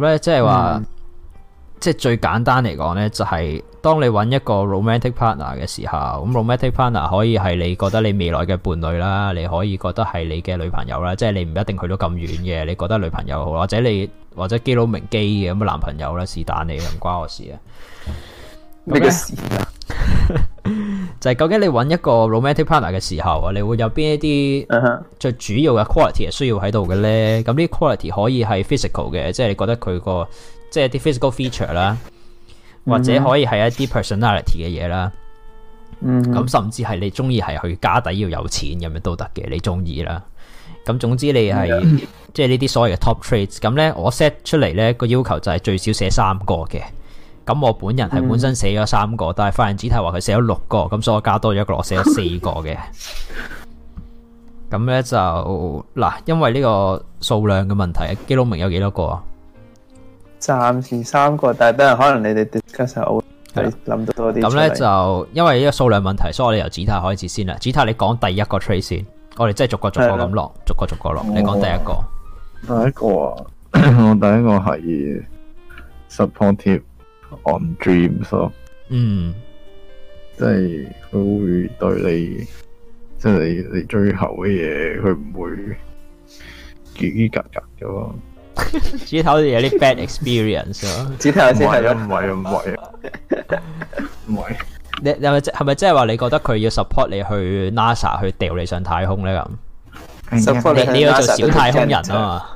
咧、嗯、即係話，即係最簡單嚟講咧，就係當你揾一個 romantic partner 嘅時候，咁 romantic partner 可以係你覺得你未來嘅伴侶啦，你可以覺得係你嘅女朋友啦，即係你唔一定去到咁遠嘅，你覺得女朋友好，或者你或者基佬明基嘅咁嘅男朋友啦，是但你唔關我事的 咩事啊？ 就係究竟你揾一個 romantic partner 嘅時候啊，你會有邊一啲最主要嘅 quality 係需要喺度嘅呢？咁呢、uh huh. quality 可以係 physical 嘅，即係你覺得佢、嗰個即係啲 physical feature 啦，或者可以係一啲 personality 嘅嘢啦。嗯、uh，咁、huh. 甚至係你中意係佢家底要有錢咁樣都得嘅，你中意啦。咁總之你係、uh huh. 即係呢啲所謂嘅 top traits。咁呢，我 set 出嚟呢個要求就係最少寫三個嘅。咁我本人係本身寫咗三個，嗯、但係發現子太話佢寫咗六個，咁所以我加多咗一個，我寫咗四個嘅。咁呢 就嗱，因為呢個數量嘅問題，基隆明有幾多個啊？暫時三個，但係可能你哋 discussion 會諗到多啲。咁呢就因為呢個數量問題，所以我哋由子太開始先啦。子太，你講第一個 trace 先，我哋即係逐個逐個咁落，逐個逐個落。你講第一個，第一個啊， 我第一個係 supportive On dreams 咯，嗯，即係佢會對你，即、就、係、是、你你最後嘅嘢，佢唔會結結格格嘅。之後有啲 bad experience 咯，之後先係啊，唔係啊，唔係啊，唔係、啊。啊、 你你係咪即係話你覺得佢要 support 你去 NASA 去掉你上太空咧咁？support 你要做小太空人啊？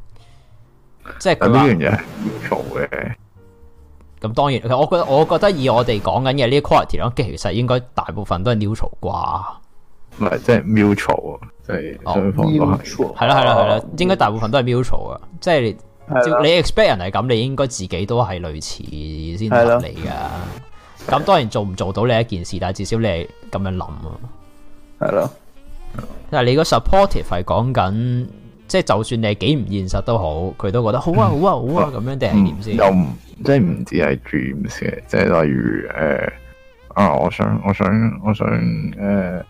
即係咁呢樣嘢係 mutual 嘅，咁當然，我覺我覺得以我哋講緊嘅呢 quality 咯，其實應該大部分都係 mutual 啩，唔係即係 mutual，啊，即係雙方係啦係啦係啦，應該大部分都係 mutual 啊，即係你 expect 了人係咁，你應該自己都係類似先得嚟噶，咁了當然做唔做到你一件事，但係至少你咁樣諗啊，係咯了，但係你個 supportive 係講緊。即係就算你係幾唔現實都好，佢都覺得好啊好啊好啊，咁樣定係點先？又唔即係唔止係 dreams 嘅，即係例如誒啊，我想我想我想誒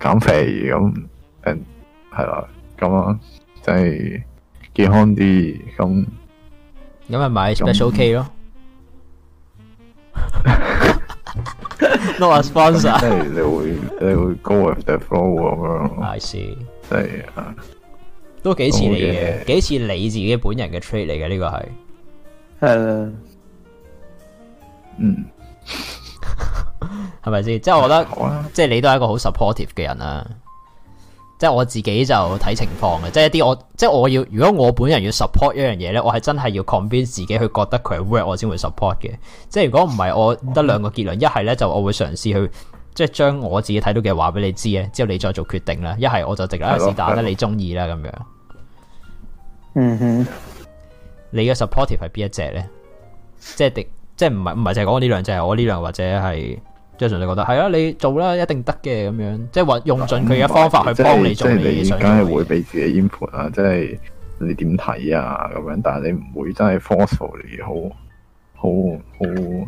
減肥咁誒係啦，咁啊即係健康啲咁，咁咪買 special K 咯，not a sponsor 噻。即係你會你會 go with the flow 咁樣？I see，即係啊。都幾似你嘅，幾似的你自己本人嘅 trait 嚟嘅，呢個係，係嗯，係咪先？即係我覺得，的即係你都係一個好 supportive 嘅人啦。即係我自己就睇情況嘅，即係一啲我，即係我要。如果我本人要 support 一樣嘢咧，我係真係要 convince 自己去覺得佢係 work，我先會 support 嘅。即係如果唔係，我得兩個結論：一係咧就我會嘗試去即係將我自己睇到嘅話俾你知啊，之後你再做決定啦。一係我就直係是但啦，你中意啦咁樣。嗯哼，你嘅 supportive 係邊一隻咧？即係迪，即係唔係唔係淨係講呢兩隻兩隻，係我呢兩或者係即係純粹覺得係啊，你做啦，一定得嘅咁樣，即係用盡佢嘅方法去幫你，即係你做你嘅嘢。梗係會俾自己 input 啊，即係你點睇啊？咁樣，但係你唔會真係 forcefully 好好好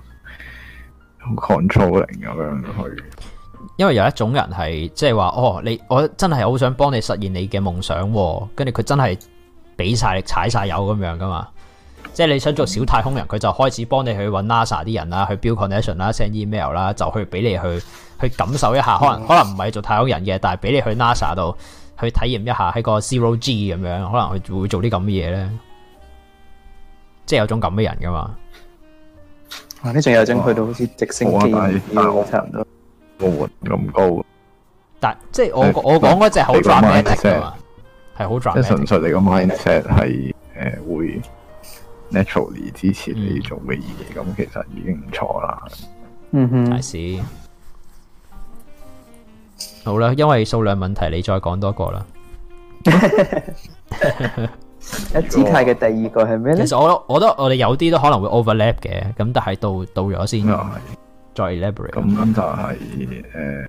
好 controlling 咁樣去。因為有一種人係即係話哦，你我真係好想幫你實現你嘅夢想，跟住佢真係。俾晒你踩晒油咁樣噶嘛，即係你想做小太空人，佢就開始幫你去揾 NASA 啲人啦，去 build connection 啦，send email 啦，就去俾你去去感受一下，可能、嗯、可能唔係做太空人嘅，但係俾你去 NASA 度去體驗一下喺個 zero g 咁樣。可能佢會做啲咁嘅嘢咧，即係有種咁嘅人噶嘛。啊，你仲有種去到好似直升機嗱，但但差唔多，冇咁高。但即係我、欸、我講嗰隻好 f 係好，即係純粹你個 mindset 係誒會 naturally 支持你做嘅嘢，咁、嗯、其實已經唔錯啦。嗯哼，係是。好啦，因為數量問題，你再講多一個啦 果。姿態嘅第二個係咩咧？其實我我覺得我哋有啲都可能會 overlap 嘅，咁但係到到咗先再 elaborate 咁就係、是、誒。嗯嗯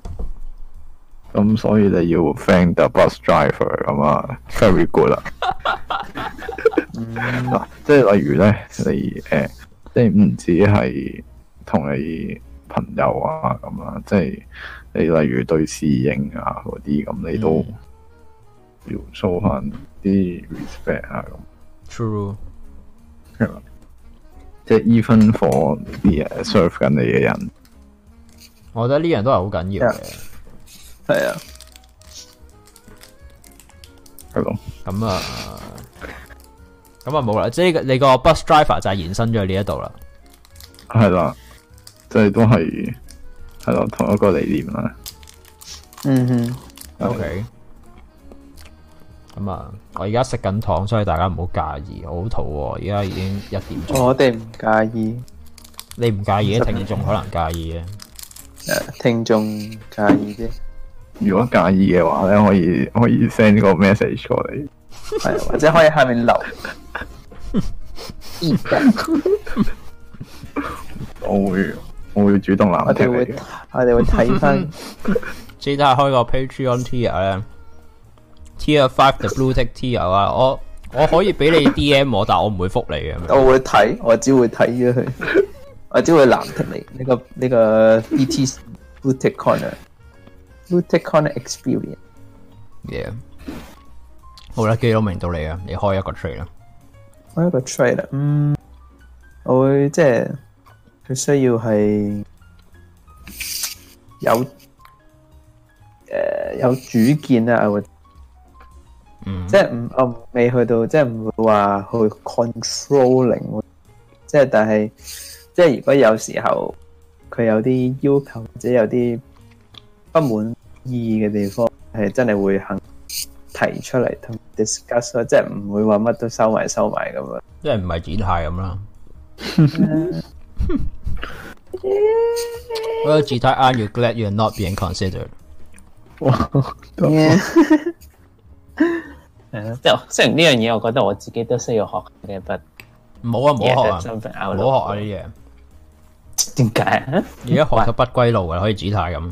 咁所以你要 friendthe bus driver 咁啊，very good 啦。嗱，即係例如咧，你誒，即係唔止係同你朋友啊咁啊，即係你例如對侍應啊嗰啲咁，你都要 show 翻啲 respect 啊咁。True。係嘛，即係 even for 啲 serve 緊你嘅人，我覺得呢樣都係好緊要嘅。係啊，係咯，咁啊，咁啊冇啦，即係你個 bus driver 就係延伸咗呢一度啦，係啦，啊，即、就、係、是、都係係咯同一個理念啦，mm hmm. Okay. 嗯哼，OK，咁啊，我而家食緊糖，所以大家唔好介意，我好肚餓，而家已經一點鐘，我哋唔介意，你唔介意，啲聽眾可能介意嘅，誒，Yeah. 聽眾介意啲。如果介意嘅話咧，可以可以 send 個 message 過嚟，或者可以下面留。我會我會主動嚟睇你，我哋會睇翻。即係開個 Patreon tier，tier fivetheblue tech tier 啊！我我可以俾你 DM 我，但係我唔會覆你嘅。我會睇，我只會睇咗佢，我只會攔住你。呢個呢個 et blue tech corner。take on experience，yeah，好啦，基佬明到你啊？你開一個 trade 啦，開一個 trade 啦，嗯，我會即係佢需要係有誒、呃、有主見啊，我會，mm hmm. 即係唔我未去到，即係唔會話去 controlling，即係但係即係如果有時候佢有啲要求或者有啲不滿。意義嘅地方係真係會肯提出嚟同 discuss 咯，即係唔會話乜都收埋收埋咁啊，即係唔係指態咁啦。我指態，are you glad you are not being considered？哇，係咯，就雖然呢樣嘢，我覺得我自己都需要學嘅 but 唔好啊，唔好學啊，唔好學啊啲嘢。點解、啊？而家學咗不歸路嘅，可以指態咁。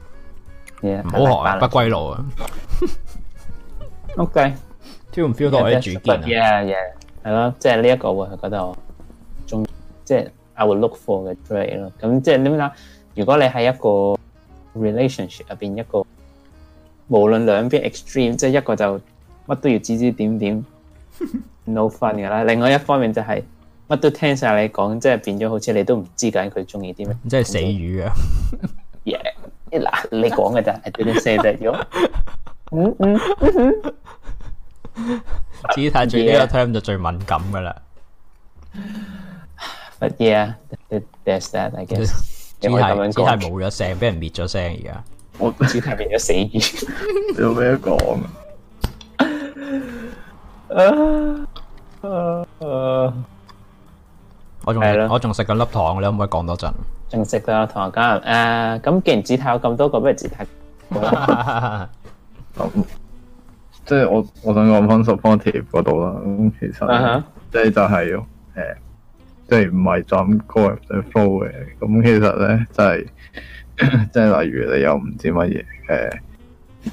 唔好 Yeah, 學啊！balance. 不歸路啊！OK，feel 唔 feel 到我哋主見啊？係咯，yeah, yeah.，即係呢一個會覺得我中，即、就、係、是、I would look for 嘅 trait 咯。咁即係點講？如果你係一個 relationship 入邊一個，無論兩邊 extreme，即係一個就乜都要指指點點，no fun 噶啦。另外一方面就係、是、乜都聽晒你講，即、就、係、是、變咗好似你都唔知緊佢中意啲咩。即係、嗯就是、死魚啊 ！Yeah。嗱，你講嘅就係啲啲聲就係咁，嗯嗯嗯嗯，子泰最呢個 term 就最敏感噶啦。But yeah, that's that, I guess。子泰，子泰冇咗聲，俾人滅咗聲而家。我子泰變咗死豬，你有咩講啊？我仲係咯，的我仲食緊粒糖，你可唔可以講多陣？仲食到同學家誒，咁、呃、既然自拍有咁多個，咩字體咁即係我我想講翻 supportive 嗰度啦。咁其實、uh huh. 即係就係、是，誒、呃，即係唔係就咁高唔想 follow 嘅。咁、嗯、其實咧、就是，即係即係例如你又唔知乜嘢，誒、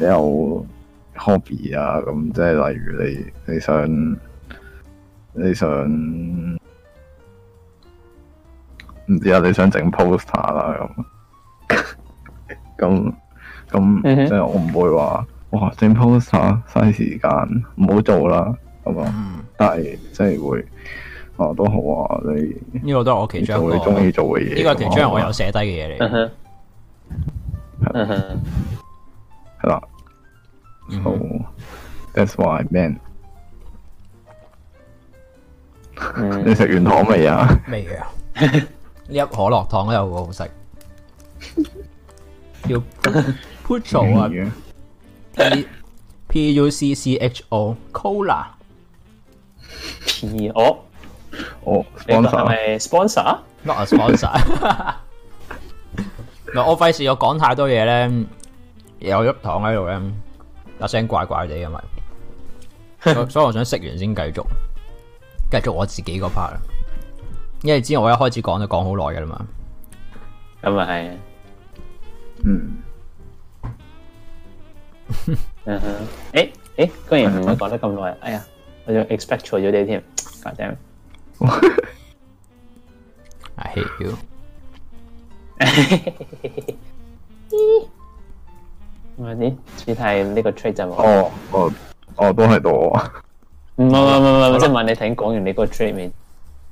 呃，有 hobby 啊，咁即係例如你你想你想。你想唔知啊，你想整 poster 啦咁，咁咁、mm hmm. 即係我唔會話哇整 poster，嘥時間、mm，唔好做啦，咁嘛？但係即係會，啊都好啊，你呢個都係我其中我中意做嘅嘢，呢、啊、個其中我有寫低嘅嘢嚟。嗯哼，係啦，好，That's why man，mm hmm. 你食完糖未啊？未啊。呢粒可樂糖咧又好好食，叫 Pucco 啊，P P U C C H O Cola，P O，哦，sponsor 係咪 sponsor？Not a sponsor。嗱，我費事我講太多嘢咧，有粒糖喺度咧，把聲怪怪地，咁嘛，所以我想食完先繼續，繼續我自己嗰 part。因為之前我一開始講就講好耐嘅啦嘛，咁啊係，嗯，嗯哼、 哎，誒、哎、誒，居然唔會講得咁耐，哎呀，我仲 expect 錯咗你添，搞掂 ，I hate you，我啲呢個 trait 就冇，哦哦哦，都係度，唔係唔係唔係，即係問你聽講完你個 trait 未？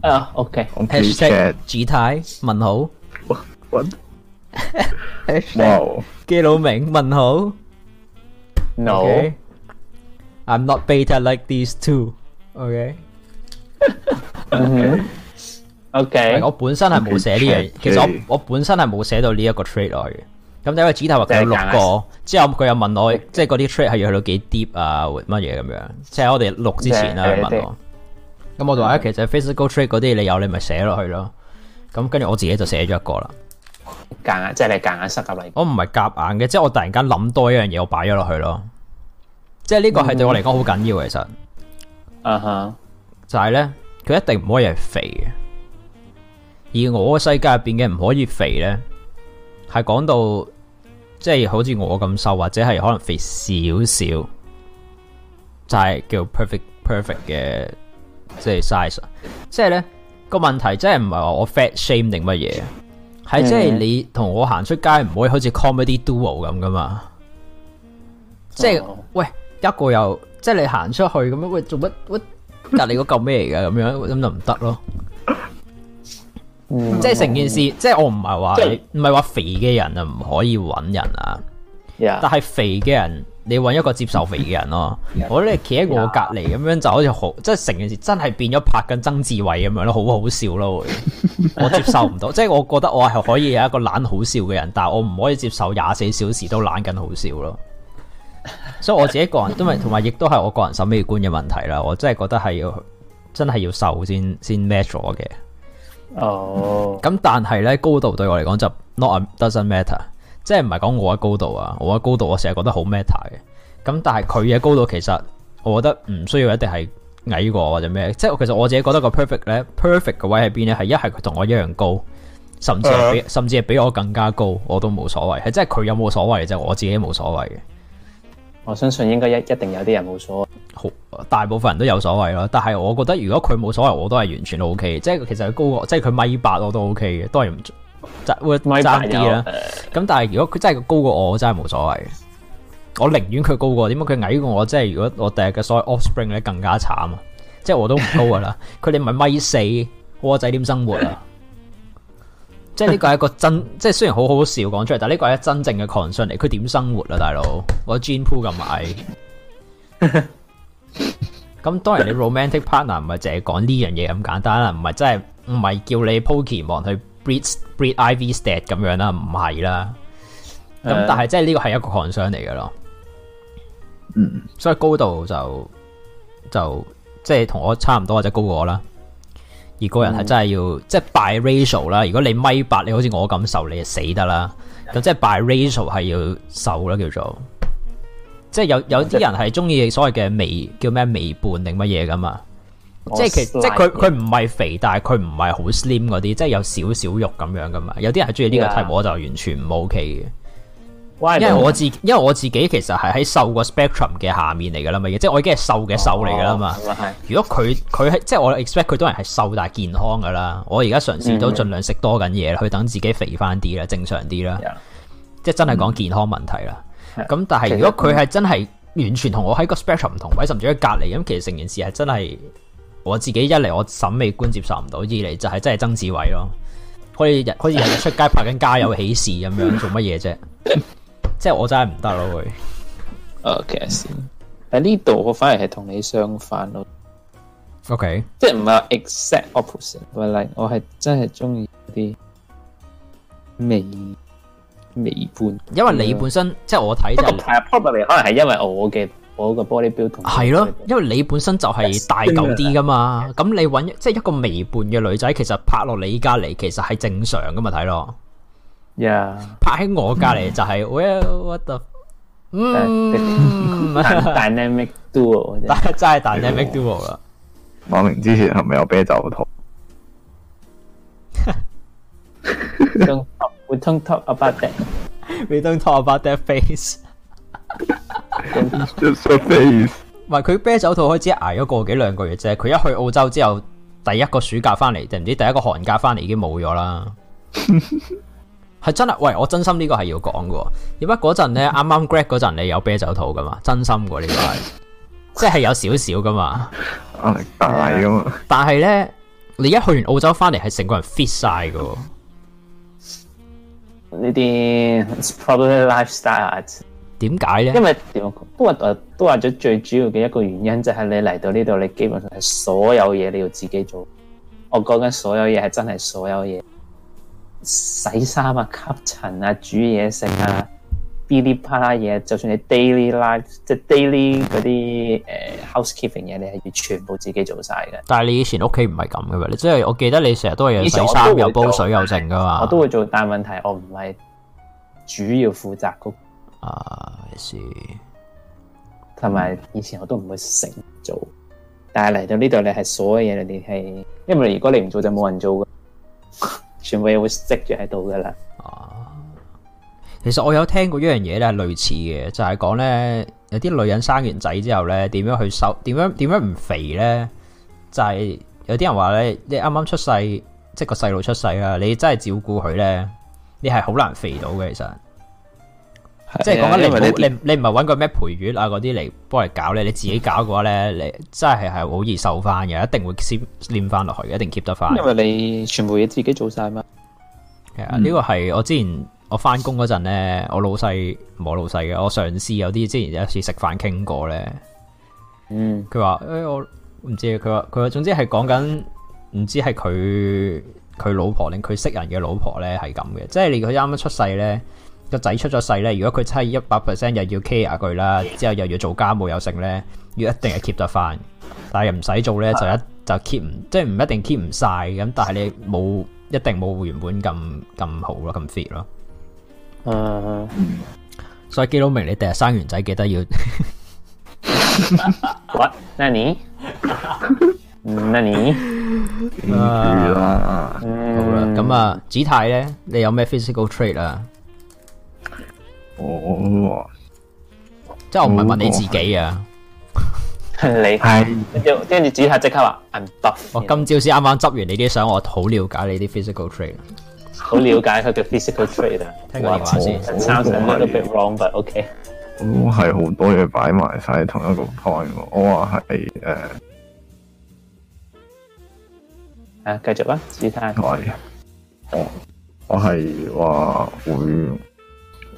啊，OK，gesture，姿態，問好，哇，搵，哇，嘅老名，問好，no，I'm not beta like these two，OK，嗯哼，OK，我本身係冇寫呢樣，其實我我本身係冇寫到呢一個 trait 落去嘅，咁就因為主題話佢有六個，之後佢又問我，即係嗰啲 trait 係要去到幾 deep 啊，乜嘢咁樣，即係我哋錄之前啦，佢問我。咁我就話咧，其實 physical trait 嗰啲你有你咪寫落去咯。咁跟住我自己就寫咗一個啦，夾硬，即係你夾硬塞入嚟。我唔係夾硬嘅，即係我突然間諗多一樣嘢，我擺咗落去咯。即係呢個係對我嚟講好緊要，其實。啊哈！就係咧，佢一定唔可以係肥嘅，而我嘅世界入邊嘅唔可以肥咧，係講到即係好似我咁瘦，或者係可能肥少少，就係叫 perfect perfect 嘅。即係 size，即係咧個問題真係唔係，真係唔係話我 fat shame 定乜嘢，係即係你同我行出街唔會好似 comedy duo 咁噶嘛？即係喂一個又即係你行出去咁樣喂做乜？喂，喂隔你嗰嚿咩嚟噶？咁樣咁就唔得咯。Mm hmm. 即係成件事，即係我唔係話唔係話肥嘅人就唔可以揾人啊，但係肥嘅人。Yeah. 你揾一個接受肥嘅人咯， 我咧企喺我隔離咁樣就好似好即係成件事真係變咗拍緊曾志偉咁樣咯，好好笑咯會，我接受唔到， 即係我覺得我係可以有一個懶好笑嘅人，但係我唔可以接受廿四小時都懶緊好笑咯。所以我自己個人都咪同埋，亦都係我個人審美觀嘅問題啦。我真係覺得係要真係要瘦先先 match 咗我嘅。哦，咁、oh. 但係咧高度對我嚟講就 not doesn't matter。即係唔係講我嘅高度啊？我嘅高度我成日覺得好 meta 嘅。咁但係佢嘅高度其實我覺得唔需要一定係矮過我或者咩。即係其實我自己覺得個 perfect 咧，perfect 嘅位喺邊咧？係一係佢同我一樣高，甚至係比甚至係比我更加高，我都冇所謂。係即係佢有冇所謂就我自己冇所謂嘅。我相信應該一一定有啲人冇所謂，好大部分人都有所謂囉。但係我覺得如果佢冇所謂，我都係完全 OK。即係其實佢高過，即係佢米八我都 OK 嘅，都係唔。就會爭啲啦，咁但係如果佢真係高過我，我真係冇所謂。我寧願佢高過我，點解佢矮過我？即係如果我第日嘅所有 offspring 咧更加慘啊！即係我都唔高噶啦，佢哋唔係米四，我仔點生活啊？ 即係呢個係一個真，即係雖然好好笑講出嚟，但係呢個係真正嘅 concern 嚟，佢點生活啊？大佬，我 Jean-Paul 咁矮，咁 當然你 romantic partner 唔係淨係講呢樣嘢咁簡單啦，唔係真係唔係叫你鋪期望去 breed。Breat IV stat 咁樣啦，唔係啦，咁但係即係呢個係一個 concern 嚟嘅咯，嗯，所以高度就就即係同我差唔多或者高過我啦，而個人係真係要即係、就是、by ratio 啦，如果你米八你好似我咁瘦，你就死得啦，咁即係 by ratio 係要瘦啦叫做，即係有有啲人係中意所謂嘅微叫咩微半定乜嘢㗎嘛。即係佢佢唔係肥，但係佢唔係好 slim 嗰啲，即係有少少肉咁樣噶嘛。有啲人係中意呢個 type，我就完全唔 OK 嘅。因為我自因為我自己其實係喺瘦個 spectrum 嘅下面嚟噶啦嘛，即係我已經係瘦嘅瘦嚟噶啦嘛。哦、如果佢佢即係我 expect 佢都係係瘦但係健康噶啦。我而家嘗試都盡量食多緊嘢，去等自己肥翻啲啦，正常啲啦。嗯、即係真係講健康問題啦。咁、嗯、但係如果佢係真係完全跟我在同我喺個 spectrum 唔同位，甚至喺隔籬咁，其實成件事係真係。我自己一嚟我審美觀接受唔到，二嚟就係真係曾志偉咯，好似日好似日出街拍緊家有喜事咁樣做乜嘢啫？ 即係我真係唔得咯，佢。誒，其實喺呢度我反而係同你相反咯。OK，即係唔係 exact opposite？我係真係中意啲微微胖，因為,因為你本身即係我睇就，probably, probably 可能係因為我嘅。我個玻璃杯係咯，的因為你本身就係大舊啲噶嘛，咁 Yes. 你揾即係一個微胖嘅女仔，其實拍落你隔離其實係正常噶嘛，睇咯 Yeah.、就是。呀，拍喺我隔離就係，Well，what the，um，dynamic duo，大家真係 dynamic duo 啦。馬明之前係咪有啤酒肚？We don't talk about that. We don't talk about that face. 唔係佢啤酒肚開始挨咗個幾兩個月啫，佢一去澳洲之後，第一個暑假翻嚟定唔知第一個寒假翻嚟已經冇咗啦。係 真係！喂，我真心個的呢個係要講嘅。而家嗰陣咧，啱啱 grad 嗰陣，你有啤酒肚噶嘛？真心噶呢個係，即係有少少噶嘛。Oh、my yeah, 但係咁，但係咧，你一去完澳洲翻嚟，係成個人 fit 晒噶。呢啲 probably lifestyle、right?。點解咧？為呢，因為點都話誒，都話咗最主要嘅一個原因，就係你嚟到呢度，你基本上係所有嘢你要自己做。我講緊所有嘢係真係所有嘢，洗衫啊、吸塵啊、煮嘢食啊、噼里啪啦嘢，就算你 daily life，即係 daily 嗰啲誒 housekeeping 嘢，你係要全部自己做晒嘅。但係你以前屋企唔係咁嘅嘛？你即係我記得你成日都係有洗衫又煲水又剩噶嘛？我都會，會做，但係問題我唔係主要負責啊，同埋以前我都唔會成日做，但係嚟到呢度你係所有嘢你哋係，因為如果你唔做就冇人做嘅，全部嘢會積住喺度噶啦。哦、啊，其實我有聽過一樣嘢咧，係類似嘅，就係講咧有啲女人生完仔之後咧，點樣去瘦？點樣點樣唔肥咧？就係、是、有啲人話咧，你啱啱出世，即、就、係、是、個細路出世啦，你真係照顧佢咧，你係好難肥到嘅，其實。即係講緊你唔你你唔係揾個咩陪月啊嗰啲嚟幫你搞咧，你自己搞嘅話咧，你真係係好易瘦翻嘅，一定會先黏翻落去，一定 keep 得翻。因為你全部嘢自己做晒嘛。係啊 Yeah,、嗯，呢個係我之前我翻工嗰陣咧，我老細冇老細嘅，我上司有啲之前有一次食飯傾過咧。嗯。佢話：，誒、哎，我唔知，佢話佢話，總之係講緊，唔知係佢佢老婆，定佢識人嘅老婆咧，係咁嘅，即係你佢啱啱出世咧。個仔出咗世咧，如果佢差係一百 percent 又要 care 下佢啦，之後又要做家務又剩咧，要、no. 一定係 keep 得翻。但係又唔使做咧，就一就 keep 唔，即係唔一定 keep 唔晒咁。但係你冇一定冇原本咁咁好咯，咁 fit 咯。嗯，所以基佬明你第日生完仔記得要。What? Nanny? Nanny? 啊，Yeah. 好啦，咁啊，子太咧，你有咩 physical trait 啊？我即係我唔係問你自己啊，哎嗯、你係跟住 Gtai 即刻話，唔得。我今朝先啱啱執完你啲相，我好了解你啲 physical trait，好了解佢嘅 physical trait、啊。聽個話先，三樣都俾 wrong 嘅是 but，OK。咁係好多嘢擺埋晒同一個 point。我話係誒，uh, 啊，繼續啦，Gtai。我我係話會。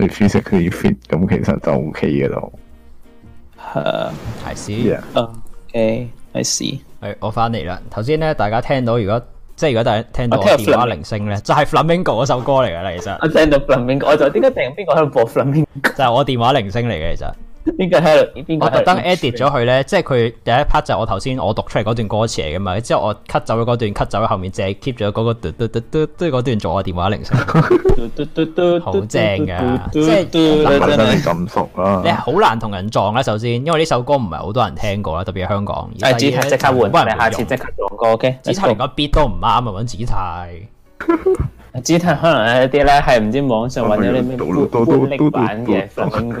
你 fit 佢咁其實就 OK 嘅咯。係，I see 係，我翻嚟啦。頭先咧，大家聽到如果即係如果大家聽到我電話鈴聲咧，就係 Flamingo 嗰首歌嚟噶啦。其實我聽到 Flamingo，我就點解定邊個喺度播 Flamingo？就係我電話鈴聲嚟嘅，其實。邊個喺度？我特登 edit 咗佢咧，即係佢第一 part 就係我頭先我讀出嚟嗰段歌詞嚟噶嘛，之後我 cut 走咗嗰段，cut 走咗後面，淨係 keep 咗嗰個嘟嘟嘟嘟嗰段做我的電話鈴聲，嘟嘟嘟好正噶，即係難唔得咁熟啦。你好難同人撞啦，啊，首先，因為呢首歌唔係好多人聽過啦，特別係香港。Gtai 即刻換， 下次即刻撞歌嘅。隻 Gtai 嗰 beat 都唔啱啊，揾 Gtai。Gtai 可能係一啲咧，係唔知網上或者啲咩孤孤力版嘅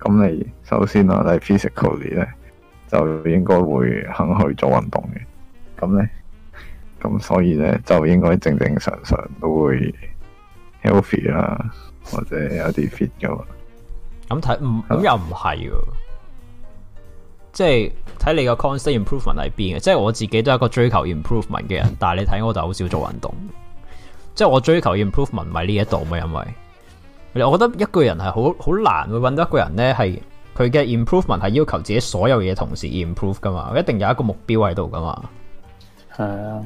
咁你首先啊，你 physically 咧就應該會肯去做運動嘅。咁咧，咁所以咧就應該正正常常都會 healthy 啦、啊，或者有啲 fit 噶嘛。咁睇唔咁又唔係，即係睇你個 constant improvement 喺邊嘅。即係我自己都係一個追求 improvement 嘅人，但係你睇我就好少做運動。即係我追求 improvement 唔係呢一度嘛，因為。我覺得一個人係好好難會搵到一個人呢，係佢嘅 improvement 係要求自己所有嘢同時 improve 噶嘛，一定有一個目標喺度噶嘛。係啊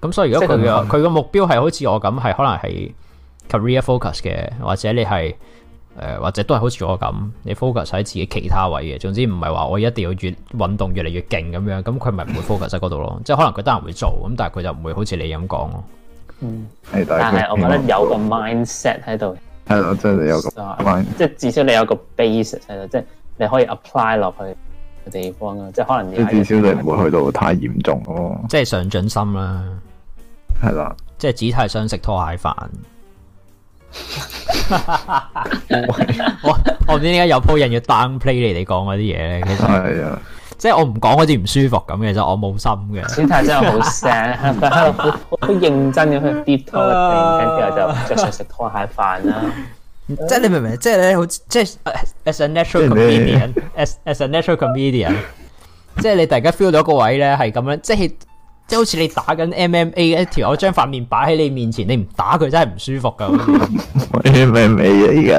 的，咁所以如果佢嘅佢嘅目標係好似我咁，係可能係 career focus 嘅，或者你係誒、呃、或者都係好似我咁，你 focus 喺自己其他位嘅，總之唔係話我一定要越運動越嚟越勁咁樣，咁佢咪唔會 focus 喺嗰度咯， 即係可能佢得閒會做，咁但係佢就唔會好似你咁講咯。嗯，係但係我覺得有個 mindset 喺度，係即係有個 mind，即係至少你有個 basis 喺度，即係你可以 apply 落去嘅地方啊，即係可能即至少你唔會去到太嚴重咯，即係上進心啦，係啦，即係只係想食拖鞋飯，我我唔知點解有鋪印要 downplay 你哋講嗰啲嘢咧，其實係啊。即係我唔講嗰啲唔舒服咁嘅，就我冇心嘅。小太真係好聲，喺度好認真咁去跌拖定，跟住就着上食拖鞋飯啦，嗯。即係你明唔明？即係咧，好似即係 as a natural comedian，as as a natural comedian。 即係你突然間 feel 到一個位咧，係咁樣，即係即係好似你打緊 MMA 一條，我將塊面擺喺你面前，你唔打佢真係唔舒服㗎。MMA 嘅依家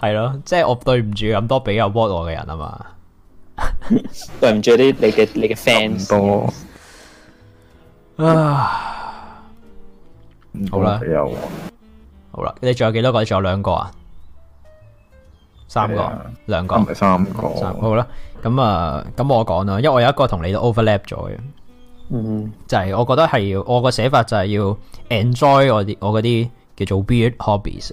係咯，即係我對唔住咁多比較 follow 嘅人啊嘛，對唔住啲你嘅你嘅 fans 啊唉，好啦，好啦，你仲有幾多個？仲有兩個啊，yeah，三個，兩個，唔係三,三,三個，好啦，咁啊，咁我講啦，因為我有一個同你都 overlap 咗嘅，嗯，就係我覺得係要我個寫法就係要 enjoy 我啲我嗰啲叫做 weird hobbies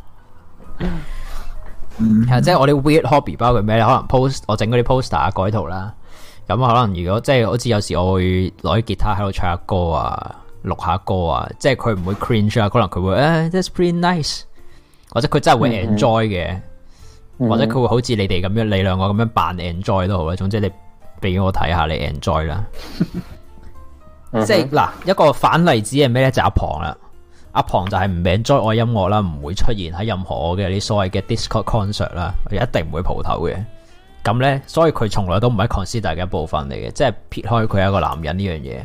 嗯啊、即係我啲 weird hobby，包括咩咧？可能 post 我整嗰啲 poster 改圖啦。咁、嗯、可能如果即係好似有時候我會攞啲吉他喺度唱下歌啊，錄下歌啊。即係佢唔會 cringe 啊，可能佢會誒、ah，that's pretty nice，或者佢真係會 enjoy 嘅，或者佢會、嗯嗯、會好似你哋咁樣，你兩個咁樣扮 enjoy 都好啊。總之你俾我睇下你 enjoy 啦。 即係嗱、啊、一個反例子係咩咧？就是、阿龐啦。阿龐就係唔 enjoy 我音樂啦，唔會出現喺任何嘅啲所謂嘅 discord concert 啦，佢一定唔會蒲頭嘅。咁呢，所以佢從來都唔係 consider 嘅一部分嚟嘅，即係撇開佢係一個男人呢樣嘢，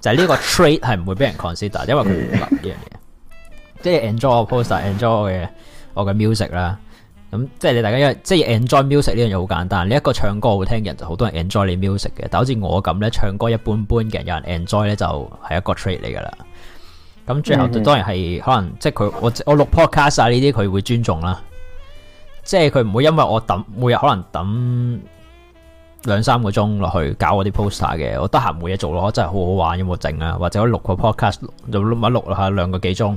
就係、是、呢個 trait 係唔會俾人 consider，因為佢男呢樣嘢。 即係 enjoy 我 poster，enjoy 嘅我嘅 music 啦。咁即係你大家即係 enjoy music 呢樣嘢好簡單，你一個唱歌好聽嘅人就好多人 enjoy 你 music 嘅。但好似我咁呢，唱歌一般般嘅人，有人 enjoy 呢，就係、是、一個 trait 嚟噶啦。.咁最後都當然係可能，即係佢我我錄 podcast 啊呢啲佢會尊重啦，即係佢唔會因為我等每日可能等兩三個鐘落去搞我啲 poster 嘅，我得閒冇嘢做咯，真係好好玩有冇整啊？或者我錄個 podcast 就搵錄下兩個幾鐘，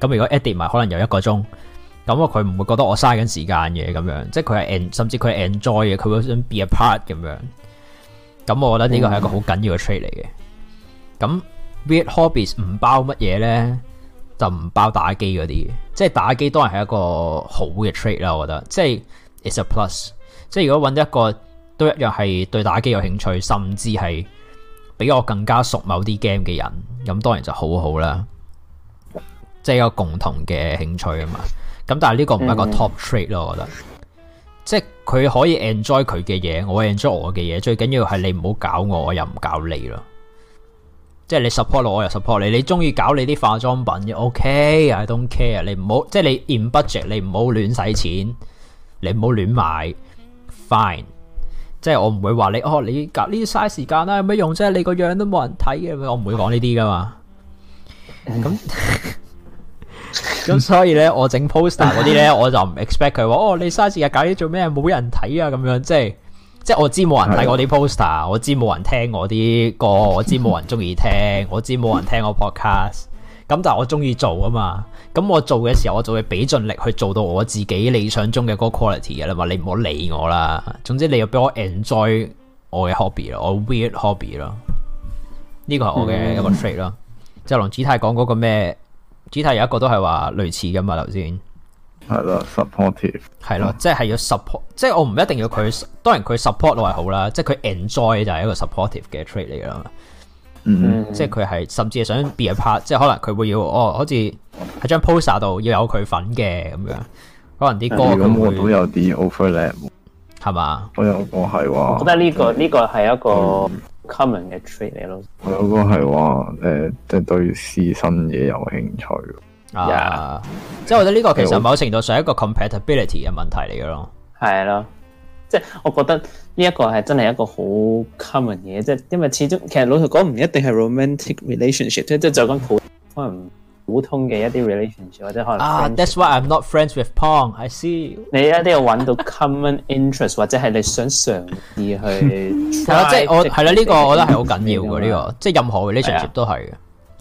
咁如果 edit 埋可能又一個鐘，咁佢唔會覺得我嘥緊時間嘅咁樣，即係佢係甚至佢係 enjoy 嘅，佢會想 be a part 咁樣。咁我覺得呢個係一個好緊要嘅 trait 嚟嘅，咁。Weird hobbies 唔包乜嘢呢？就唔包打機嗰啲，即係打機當然係一個好嘅 trade 啦，我覺得。即係 it's a plus。即係如果揾一個都一樣係對打機有興趣，甚至係比我更加熟某啲 game 嘅人，咁當然就好好啦。即係有共同嘅興趣啊嘛。咁但係呢個唔係一個 top trade 咯，我覺得。即係佢可以 enjoy 佢嘅嘢，我 enjoy 我嘅嘢。最緊要係你唔好搞我，我又唔搞你咯。即係你 support 我，我又 support 你。你中意搞你啲化妝品嘅，OK，I don't care。你唔好，即係你 in budget，你唔好亂使錢，你唔好亂買。Fine，即係我唔會話你，哦，你搞呢啲嘥時間啦，有咩用啫？你個樣都冇人睇嘅，我唔會講呢啲噶嘛。咁咁 所以咧，我整 poster 嗰啲咧，我就唔 expect 佢話，哦，你嘥時間搞啲做咩？冇人睇啊，咁樣即係。即係我知冇人睇我啲 poster，我知冇人聽我啲歌，我知冇人中意聽， 我知冇人聽我 podcast。咁但係我中意做啊嘛，咁我做嘅時候我就會俾盡力去做到我自己理想中嘅嗰個 quality 嘅啦嘛。你唔好理我啦。總之你要俾我 enjoy 我嘅 hobby 咯，我 weird hobby 咯。呢個係我嘅一個 il,、嗯、trait 咯。就同子泰講嗰個咩？子泰有一個都係話類似㗎嘛，頭先。係咯，supportive。係咯，即係要 support，即係我唔一定要佢。當然佢 support 我係好啦，即係佢 enjoy 就係一個 supportive 嘅 trait 嚟噶嘛。嗯嗯。即係佢係甚至係想 be a part 即係可能佢會要哦，好似喺張 poster 度要有佢份嘅咁樣。可能啲歌會。咁我都有啲 overlap 係嘛？我有個係話。我覺得呢、呢個呢、嗯、個係一個 common 嘅 trait 嚟咯。我有個係話，誒，即係對私生嘢有興趣。啊！即係我覺得呢個其實某程度上係一個 compatibility 嘅問題嚟嘅咯。係咯，即係我覺得呢一個係真係一個好 common 嘢，即係因為始終其實老實講，唔一定係 romantic relationship，即係即係就講普可能普通嘅一啲 relationship 或者可能啊，that's why I'm not friends with Pong。I see。你一定要揾到 common interest，或者係你想嘗試去係咯，即係我係咯呢個我覺得係好緊要嘅呢個，即係任何 relationship 都係嘅。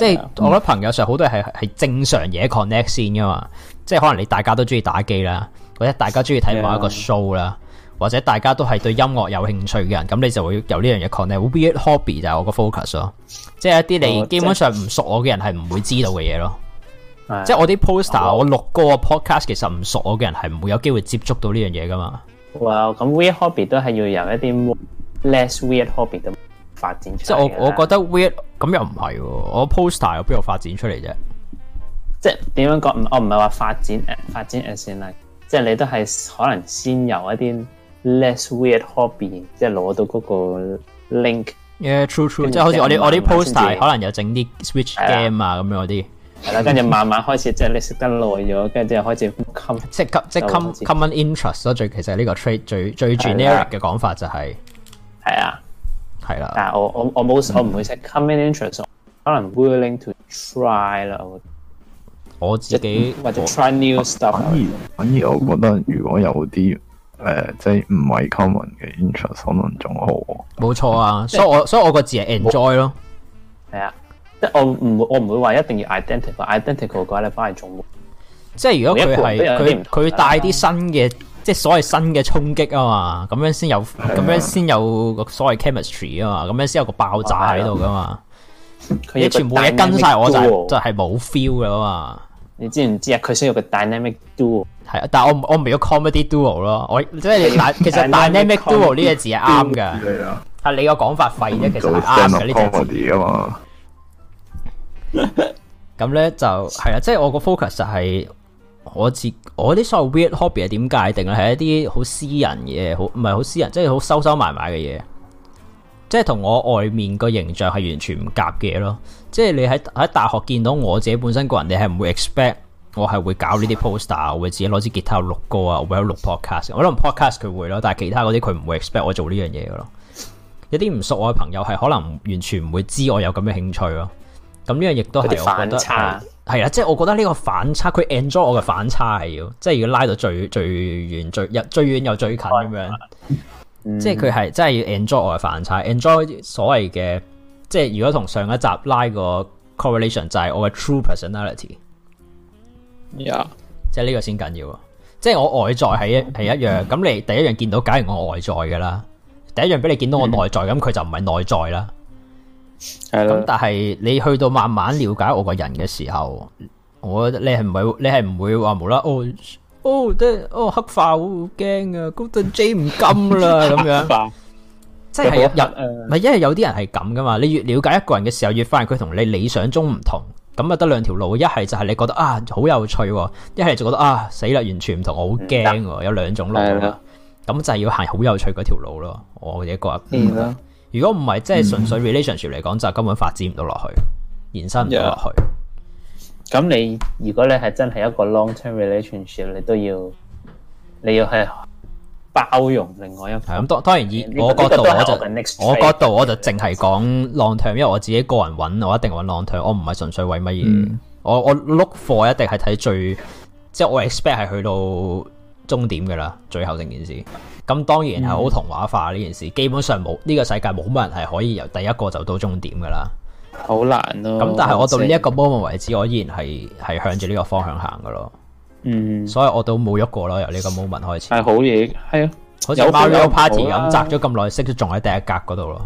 即係我覺得朋友上好多係係正常嘢 connect 先噶嘛，即係可能你大家都中意打機啦，或者大家中意睇某一個 show 啦，Yeah. 或者大家都係對音樂有興趣嘅人，咁你就會有呢樣嘢 connect。Weird hobby 就係我個 focus 咯，即係一啲你基本上唔熟我嘅人係唔會知道嘅嘢咯。Oh, 即係我啲 poster，我錄過 podcast，其實唔熟我嘅人係唔會有機會接觸到呢樣嘢噶嘛。哇！咁 weird hobby 都係要有一啲 less weird hobby 咁。發展出嚟，即係我，我覺得 weird 咁又唔係喎。我 poster 有邊度發展出嚟啫？即係點樣講？唔，我唔係話發展誒，發展誒先啦。即係你都係可能先由一啲 less weird hobby，即係攞到嗰個 link yeah, true, true,。true，true。即係好似我啲我啲 poster，可能又整啲 switch game 啊咁了樣嗰啲。係啦，跟住慢慢開始，即係 你識得耐咗，跟住就開始 come 即係 come，即係 common interest 最 ade, 最。最其實呢個 trade 最最 generic 嘅講法就係、是，係啊。係啦，但係我我我 most 我唔會寫 common interest，可能 willing to try 啦。我自己或者是我 try new 我 stuff 反。反而我覺得如果有啲誒、呃、即係唔係 common 嘅 interest，可能仲好。冇錯啊是所，所以我所以我個字係 enjoy 咯。係啊，即係我唔我唔會話一定要 identical，identical 嘅話咧反而仲，即係如果佢係佢佢帶啲新嘅。即所謂新嘅衝擊啊嘛，咁樣先有，咁樣先有個所謂 chemistry 啊嘛，咁樣先有個爆炸喺度噶嘛。佢嘢全部嘢跟晒我就就係冇 feel 噶嘛。你知唔知啊？佢需要個 dynamic duo。係啊，但係我我唔要 comedy duo 咯。我即係其實 dynamic duo 呢個字係啱嘅。係你個講法廢啫，其實硬係呢隻字啊嘛。咁咧就係啦，即係我個 focus 就係。我自我啲所謂 weird hobby 係點界定咧？係一啲好私人嘅，好唔係好私人，即係好收收埋埋嘅嘢，即係同我外面個形象係完全唔夾嘅嘢咯。即係你喺喺大學見到我自己本身個人，你係唔會 expect 我係會搞呢啲 poster，會自己攞支吉他錄歌啊，我會錄 podcast。可能 podcast 佢會咯，但係其他嗰啲佢唔會 expect 我做呢樣嘢噶咯。有啲唔熟我嘅朋友係可能完全唔會知我有咁嘅興趣咯。咁呢樣亦都係我覺係啦，即係我覺得呢個反差，佢 enjoy 我嘅反差係要，即係要拉到最最遠、最最遠又最近咁樣。 即係佢係，真係要 enjoy 我嘅反差，enjoy 所謂嘅，即係如果同上一集拉個 correlation 就係我嘅 true personality。Yeah. 即係呢個先緊要。即係我外在係一係一樣，咁你第一樣見到假如我外在噶啦。第一樣俾你見到我內在，咁佢 就唔係內在啦。咁但係你去到慢慢了解我個人嘅時候，我覺得你係唔會你係唔會話無啦哦哦即哦黑化好驚啊，高就 J 唔甘啦咁樣， 即係入唔係因為有啲人係咁噶嘛，你越了解一個人嘅時候，越發現佢同你理想中唔同，咁啊得兩條路，一係就係你覺得啊好有趣，一係就覺得啊死啦完全唔同，我好驚，有兩種路啦，咁 就係要行好有趣嗰條路咯，我亦覺得。如果唔係，即係純粹 relationship 嚟講，就根本發展唔到落去，延伸唔到落去。咁、yeah. 你如果你係真係一個 long term relationship，你都要，你要係包容另外一方。咁當然以我角度、這個、這個、我，我就，我角度我就淨係講 long term，因為我自己個人揾我一定揾 long term，我唔係純粹為乜嘢。Mm. 我我 look for 一定係睇最，即係我 expect 係去到終點噶啦，最後成件事。咁當然係好童話化呢件事，嗯、基本上冇呢、呢個世界冇乜人係可以由第一個就到終點噶啦，好難咯、啊。咁但係我到呢一個 moment 為止，我依然係係向住呢個方向行噶咯。嗯，所以我都冇喐過咯，由呢個 moment 開始係好嘢，係啊，好似 Mario Party 咁擲咗咁耐，識都仲喺第一格嗰度咯。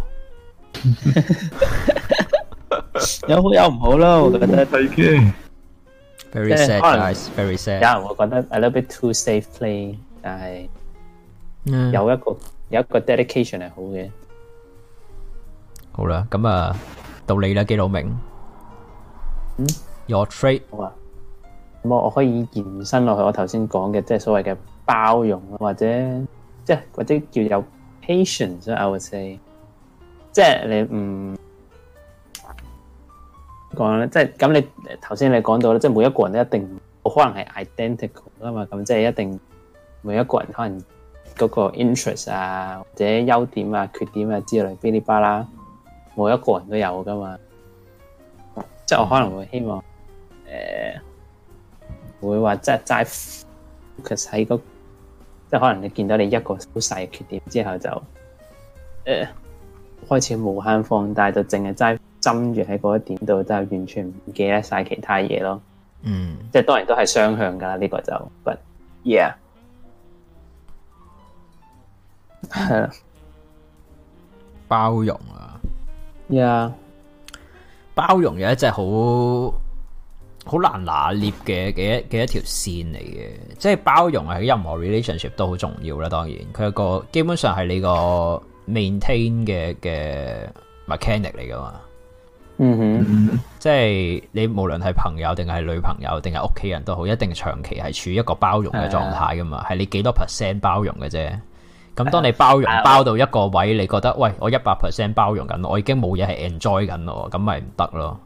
有好有唔好咯，我覺得睇嘅。Very sad 可能 guys, very sad。Yeah, 我覺得 a little bit too safe play，但係。嗯、mm.，有一個有一個 dedication 係好嘅，好啦，咁啊到你啦，基佬明。嗯、mm? Your trait 好啊，咁我我可以延伸落去我頭先講嘅，即係所謂嘅包容啊，或者即係或者叫有 patience，I would say，即係你唔講咧，即係咁你頭先你講到咧，即係每一個人都一定，可能係 identical 啊嘛，咁即係一定每一個人可能。嗰個 interest 啊，或者優點啊、缺點啊之類，噼里啪啦，每一個人都有噶嘛。即係我可能會希望，誒、嗯呃，會話即係齋 focus 喺個，即、就、係、是、可能你見到你一個好細嘅缺點之後就，就、呃、誒開始無限放大，就淨係齋針住喺嗰一點度，就完全唔記得晒其他嘢咯。嗯，即係當然都係雙向噶啦，呢、這個就，but yeah。包容啊，Yeah. 包容有一隻好好難拿捏嘅嘅嘅一條線嚟嘅，即係包容喺任何 relationship 都好重要啦。當然，佢一個基本上係你個 maintain 嘅嘅 mechanic 嚟噶嘛。Mm-hmm. 即係你無論係朋友定係女朋友定係屋企人都好，一定長期係處於一個包容嘅狀態噶嘛，係的你幾多 percent 包容嘅啫。咁當你包容包到一個位，啊、你覺得喂，我一百 percent 包容緊，我已經冇嘢係 enjoy 緊咯，咁咪唔得咯。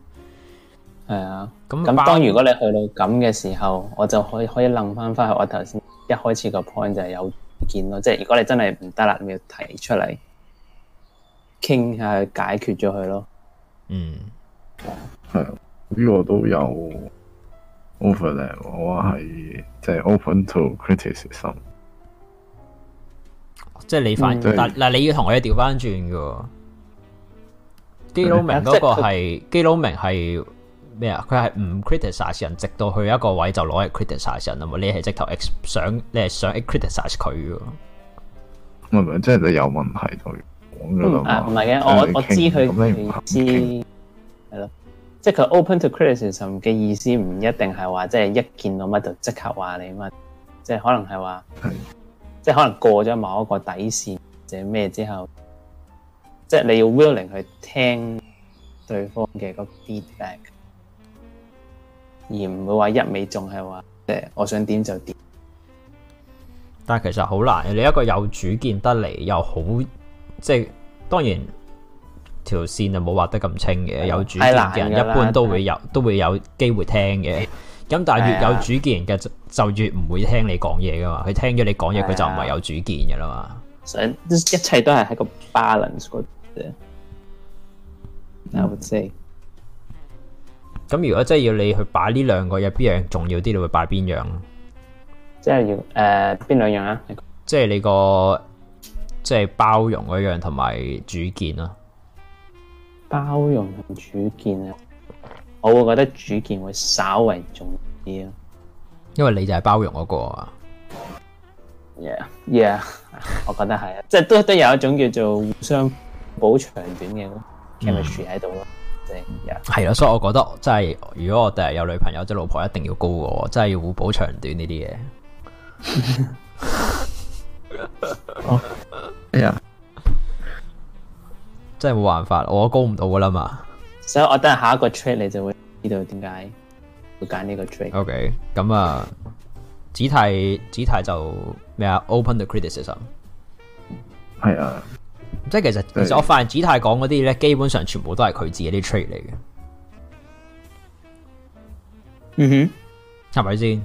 係啊，咁咁包當如果你去到咁嘅時候，我就可以可以諗翻翻去我頭先一開始個 point 就係有意見咯，即係如果你真係唔得啦，你要提出嚟傾下解決咗佢咯。嗯，係啊，呢個都有 overlap，我係即係 open to criticism。即係你反而，嗯、但嗱你要同佢調翻轉嘅。基佬明嗰個係基佬明係咩啊？佢係唔 criticize 人，直到去一個位就攞嚟 criticize 人啊嘛？你係直頭想，你係想 criticize 佢嘅。唔係，唔即真係你有問題。佢講嘅唔係嘅，我我知佢意思係咯，即係佢 open to criticism 嘅意思，唔一定係話即係一見到乜就即刻話你乜，即係可能係話。即係可能過咗某一個底線或者咩之後，即係你要 willing 去聽對方嘅個 feedback，而唔會話一味仲係話，即我想點就點。但係其實好難，你一個有主見得嚟又好，即係當然條線就冇畫得咁清嘅。有主見嘅人一般都會有都會有機會聽嘅。咁但係越有主見嘅就越唔會聽你講嘢噶嘛，佢聽咗你講嘢，佢、哎、呀就唔係有主見噶啦嘛。So this, 一切都係喺個 balance 嗰度。I would say。咁如果真係要你去擺呢兩個有邊樣重要啲，你會擺邊樣？即係要誒，邊、呃、兩樣啊？即係你個即係包容嗰樣同埋主見呀。包容同主見啊主見，我會覺得主見會稍為重要啲啊。因為你就係包容嗰個啊，yeah yeah，我覺得係啊，即係都都有一種叫做互相補長短嘅 chemistry 喺度咯，即、就、係、是，係、yeah、所以我覺得係如果我第日有女朋友即係、就是、老婆一定要高我，真係要互補長短呢啲嘢。哎呀，真係冇辦法，我高唔到啦嘛。所以、so, 我等下一個 trick 你就會知道點解。會揀呢個 trait。OK，咁啊，子泰子泰就咩啊？Open the criticism。係啊，即係其實，其實是我發現子泰講嗰啲咧，基本上全部都係佢自己啲 trait 嚟嘅。嗯哼，係咪先？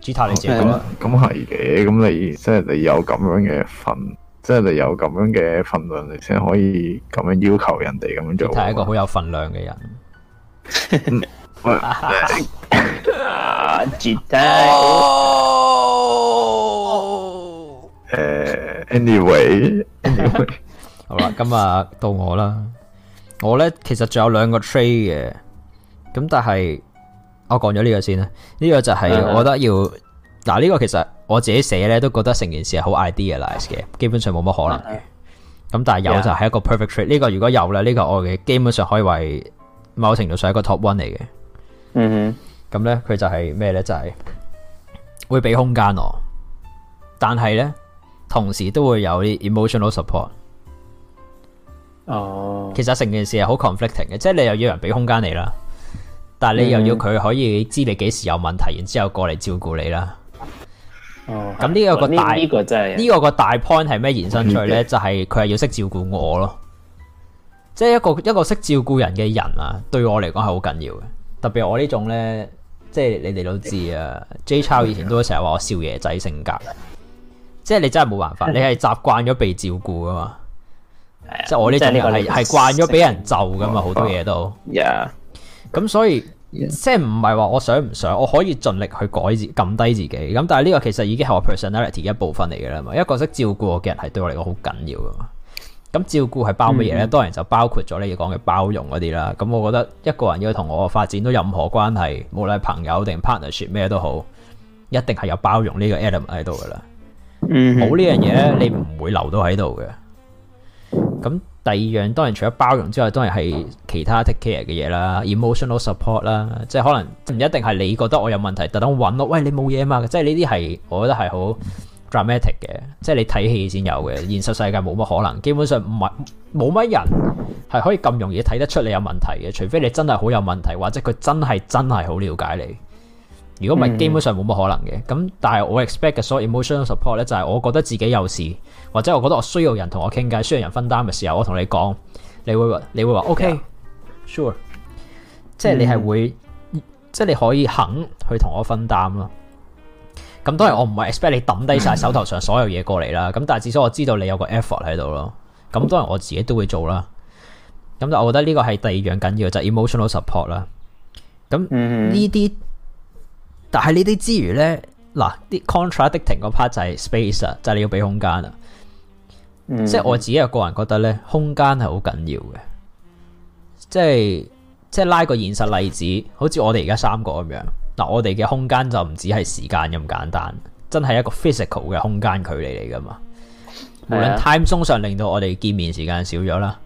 子泰你自己講啊？咁係嘅，咁你即係、就是、你有咁樣嘅份，即、就、係、是、你有咁樣嘅份量，你先可以咁樣要求人哋咁樣做。子泰係一個好有份量嘅人。 期待。誒，anyway，好啦，咁啊，到我啦。我咧其實仲有兩個 trait 嘅，咁但係我講咗呢個先啦。呢、這個就係我覺得要嗱，呢、uh huh. 啊這個其實我自己寫咧都覺得成件事係好 idealized 嘅，基本上冇乜可能嘅。咁、uh huh. 但係有就係一個 perfect trait，呢個如果有咧，呢、這個我嘅基本上可以話某程度上係一個 top one 嚟嘅。嗯哼，咁咧佢就係咩咧？就係會俾空間我，但係咧同時都會有啲 emotional support。哦，其實成件事係好 conflicting 嘅，即係你又要人俾空間你啦，但係你又要佢可以知你幾時有問題，然之後過嚟照顧你啦。哦，咁呢個個大呢個個大 point 係咩延伸出去咧？ 就係佢係要識照顧我咯，即係一個一個識照顧人嘅人啊，對我嚟講係好緊要嘅。特別我這種呢種咧，即係你哋都知道啊，J 超以前都成日話我少爺仔性格，即係你真係冇辦法，你係習慣咗被照顧啊嘛， 即係我呢種係係慣咗俾人就噶嘛，好多嘢都，咁 Yeah. 所以 Yeah. 即係唔係話我想唔想，我可以盡力去改，撳低自己，咁但係呢個其實已經係我 personality 一部分嚟嘅啦嘛，一個識照顧我嘅人係對我嚟講好緊要噶嘛。咁照顧係包乜嘢咧？當然就包括咗你要講嘅包容嗰啲啦。咁我覺得一個人要同我發展到任何關係，無論係朋友定 partnership 咩都好，一定係有包容呢個 element 喺度噶啦。冇呢樣嘢咧，hmm. 你唔會留到喺度嘅。咁第二樣當然除咗包容之外，當然係其他 take care 嘅嘢啦，emotional support 啦，即係可能唔一定係你覺得我有問題特登搵我，喂，你冇嘢嘛。即係呢啲係，我覺得係好 dramatic 嘅，即係你睇戲先有嘅，現實世界冇乜可能，基本上唔係冇乜人係可以咁容易睇得出你有問題嘅，除非你真係好有問題，或者佢真係真係好了解你。如果唔係，基本上冇乜可能嘅。咁、嗯、但係我 expect 嘅所有 emotional support 咧，就係我覺得自己有事，或者我覺得我需要人同我傾偈，需要人分擔嘅時候，我同你講，你會話你會話 Yeah. OK，sure，、okay，即係你係會，嗯、即係你可以肯去同我分擔咯。咁當然我唔係 expect 你抌低晒手頭上所有嘢過嚟啦，咁但係至少我知道你有個 effort 喺度咯。咁當然我自己都會做啦。咁但我覺得呢個係第二樣緊要，就係、是、emotional support 啦。咁呢啲，但係呢啲之餘呢，嗱啲 contradicting 嗰 part 就係 space，就係你要俾空間啦。嗯、即係我自己個個人覺得呢，空間係好緊要嘅。即係即係拉個現實例子，好似我哋而家三個咁樣。嗱、啊，我哋嘅空間就唔止係時間咁簡單，真係一個 physical 嘅空間距離嚟噶嘛。無論 time zone 上令到我哋見面時間少咗啦，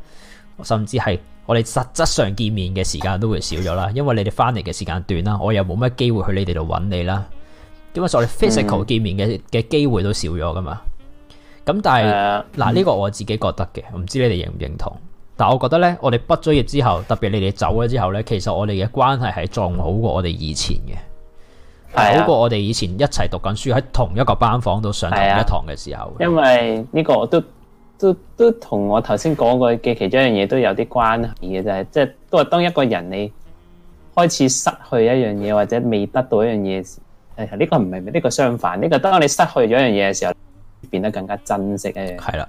甚至係我哋實質上見面嘅時間都會少咗啦，因為你哋翻嚟嘅時間短啦，我又冇乜機會去你哋度揾你啦，咁解所以 physical 見面嘅嘅機會都少咗噶嘛。咁、嗯、但係嗱呢個我自己覺得嘅，唔知道你哋認唔認同？但我覺得咧，我哋畢咗業之後，特別你哋走咗之後咧，其實我哋嘅關係係仲好過我哋以前嘅，啊、好過我哋以前一齊讀緊書喺同一個班房度上同一堂嘅時候。啊、因為呢個都都都同我頭先講過嘅其中一樣嘢都有啲關係嘅，就係即係都係當一個人你開始失去一樣嘢或者未得到一樣嘢，誒、哎、呢、呢個唔係呢個相反，呢、呢個當你失去咗一樣嘢嘅時候，變得更加珍惜嘅。係啦。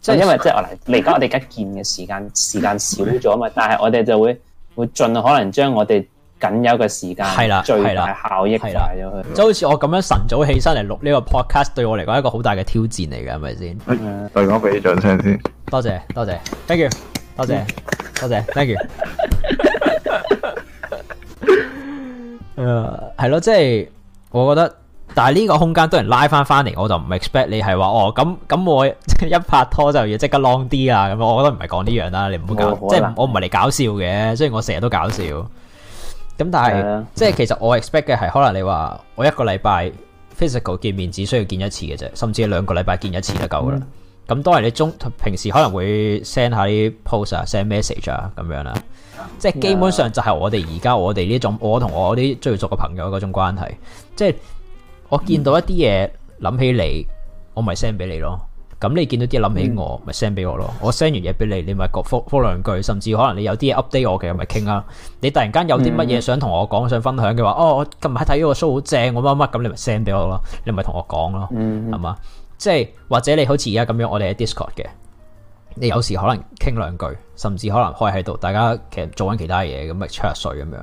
即係因為即係我嚟而家，我哋而家見嘅時間時間少咗啊嘛， 但係我哋就會會盡可能將我哋僅有嘅時間，係啦，最大效益係啦，的的的就好似我咁樣晨早起身嚟錄呢個 podcast，對我嚟講係一個好大嘅挑戰嚟嘅，係咪先？誒，再講俾啲掌聲先，多謝多謝，thank you，多謝多謝，thank you。誒，係咯，即係我覺得。但係呢個空間都人拉翻翻嚟，我就唔 expect 你係話，哦咁咁我一拍拖就要即刻 long 啲啊咁，我覺得唔係講呢樣啦，你唔好搞，哦、好，即係我唔係嚟搞笑嘅，雖然我成日都搞笑。咁但係了即係其實我 expect 嘅係可能你話我一個禮拜 physical 見面只需要見一次嘅啫，甚至兩個禮拜見一次就夠㗎啦。咁、嗯、當然你中平時可能會 send 下啲 post 啊，send message 啊咁樣啦，即係基本上就係我哋而家我哋呢種我同我啲最熟嘅朋友嗰種關係，即係。我見到一啲嘢，諗起你，我咪 send 俾你咯。咁你見到啲嘢諗起我，咪 send 俾我咯。我 send 完嘢俾你，你咪覆兩句，甚至可能你有啲嘢 update 我嘅，咪傾啦。你突然間有啲乜嘢想同我講，想分享嘅話，哦，近排睇咗個 show 好正，我乜乜咁，你咪 send 俾我咯，你咪同我講咯，係嘛、嗯？即係或者你好似而家咁樣，我哋喺 Discord 嘅，你有時可能傾兩句，甚至可能開喺度，大家其實做緊其他嘢，咁咪吹下水咁樣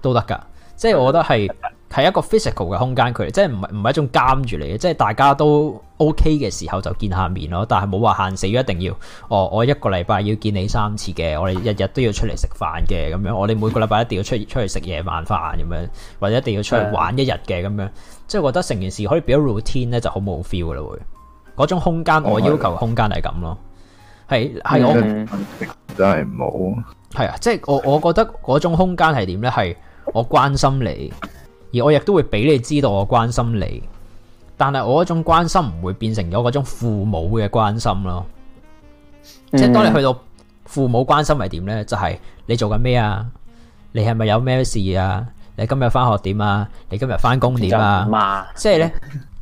都得㗎。即係我覺得係。係一個 physical 嘅空間距離，即係唔係唔係一種監住你嘅，即係大家都 OK 嘅時候就見下面咯。但係冇話限死，一定要哦。我一個禮拜要見你三次嘅，我哋日日都要出嚟食飯嘅咁樣，我哋每個禮拜一定要出出去食夜晚飯咁樣，或者一定要出去玩一日嘅咁樣，即係覺得成件事可以變咗 routine 咧，就好冇 feel 㗎啦。會嗰種空間，我要求空間係咁咯，係係我真係冇係啊。即係我我覺得嗰種空間係點咧？係我關心你。而我亦都會俾你知道我關心你，但係我嗰種關心唔會變成咗嗰種父母嘅關心咯。嗯、即係當你去到父母關心係點咧，就係、是、你做緊咩啊？你係咪有咩事啊？你今日翻學點啊？你今日翻工點啊？即係咧，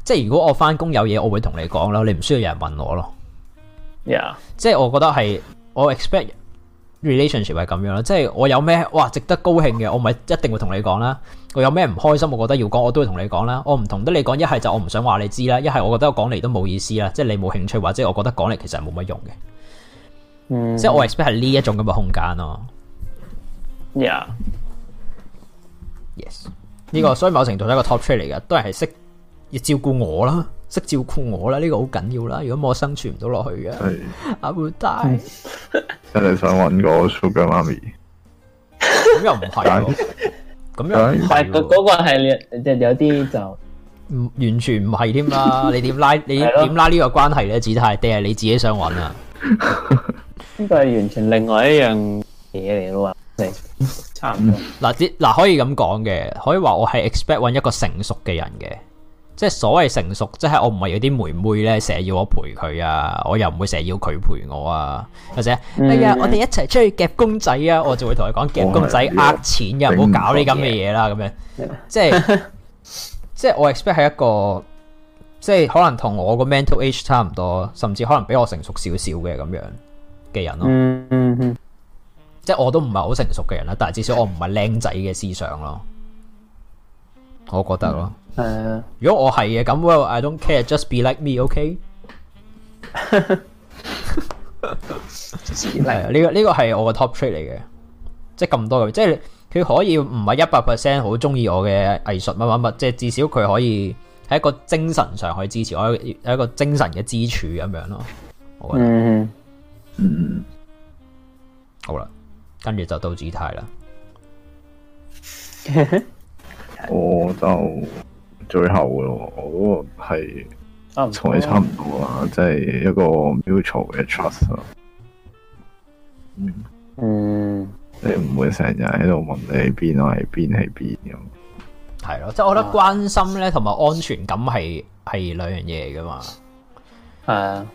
即係如果我翻工有嘢，我會同你講咯，你唔需要有人問我咯。Yeah. 即係我覺得係我 expect。relationship 係咁樣啦，即係我有咩，哇，值得高興嘅，我咪一定會同你講啦。我有咩唔開心，我覺得要講，我都會同你講啦。我唔同得你講，一係就我唔想話你知啦，一係我覺得我講嚟都冇意思啦，即係你冇興趣，或者我覺得講嚟其實係冇乜用嘅。嗯、即係我 expect 係呢一種咁嘅空間咯。Yeah,、嗯、yes，呢個所以某程度係一個 top trait 嚟嘅，都係識要照顧我啦，識照顧我啦，呢個好緊要啦。如果我生存唔到落去嘅，阿是 will 真係想搵個 super 媽咪，咁又唔係，咁 又唔係，但係嗰嗰個係有啲就唔完全唔係添啦。你點拉你點拉呢個關係咧？只係定係你自己想搵啊？呢個係完全另外一樣嘢嚟咯，話係差唔多。嗱，嗱可以咁講嘅，可以話我係 expect 搵一個成熟嘅人嘅。即係所謂成熟，即係我唔係有啲妹妹咧，成日要我陪佢啊，我又唔會成日要佢陪我啊。或者，mm hmm. 哎呀，我哋一齊出去夾公仔啊，我就會同佢講夾公仔呃錢，又唔好搞呢咁嘅嘢啦。咁我樣，Yeah. 即係 即係我 expect 係一個，即係可能同我個 mental age 差唔多，甚至可能比我成熟少少嘅咁樣嘅人咯。Mm hmm. 即係我都唔係好成熟嘅人啦，但係至少我唔係僆仔嘅思想咯，我覺得咯。Mm hmm. 誒，如果我係嘅咁，Well，I don't care，just be like me，OK？、Okay? 呢 病、 這個呢、這個係我個 top trait 嚟嘅，即係咁多，嘅。即係佢可以唔係一百 percent 好中意我嘅藝術乜乜乜，即係至少佢可以喺一個精神上去支持，我喺一個精神嘅支柱咁樣咯。嗯、好啦，跟住就到 Gtai 啦。 啊、我就。最後咯，我係同你差唔多啊，即係一個 mutual 嘅 trust 啊。嗯，你唔會成日喺度問你喺邊咯，喺邊喺邊咁。係咯，即係我覺得關心咧同埋安全感係係兩樣嘢嚟噶嘛。係啊的，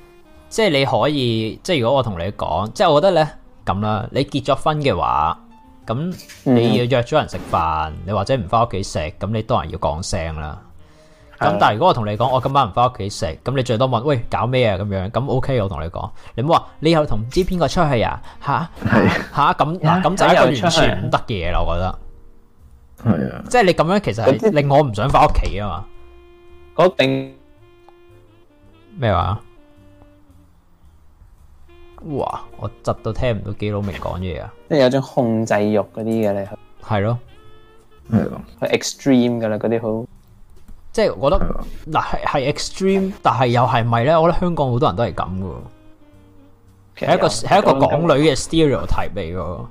即係你可以，即係如果我同你講，即係我覺得咧咁啦。你結咗婚嘅話，咁你要約咗人食飯，你或者唔返屋企食，咁你當然要講聲啦。咁但係如果我同你講我今晚唔翻屋企食，咁你最多問，喂，搞咩啊咁樣，咁 O K 我同你講，你唔好話你又同唔知邊個出去啊吓吓咁，嗱，咁的就一個完全唔得嘅嘢啦，我覺得係啊，的即係你咁樣其實係令我唔想翻屋企啊嘛，我定咩話？哇！我窒到聽唔到基佬明講嘢啊，即係有種控制欲嗰啲嘅你，係咯係咯，係 extreme 噶啦嗰啲好。的即係我覺得嗱係係 extreme，但係又係咪咧？我覺得香港好多人都係咁噶，係一個係一個港女嘅 stereotype 噶。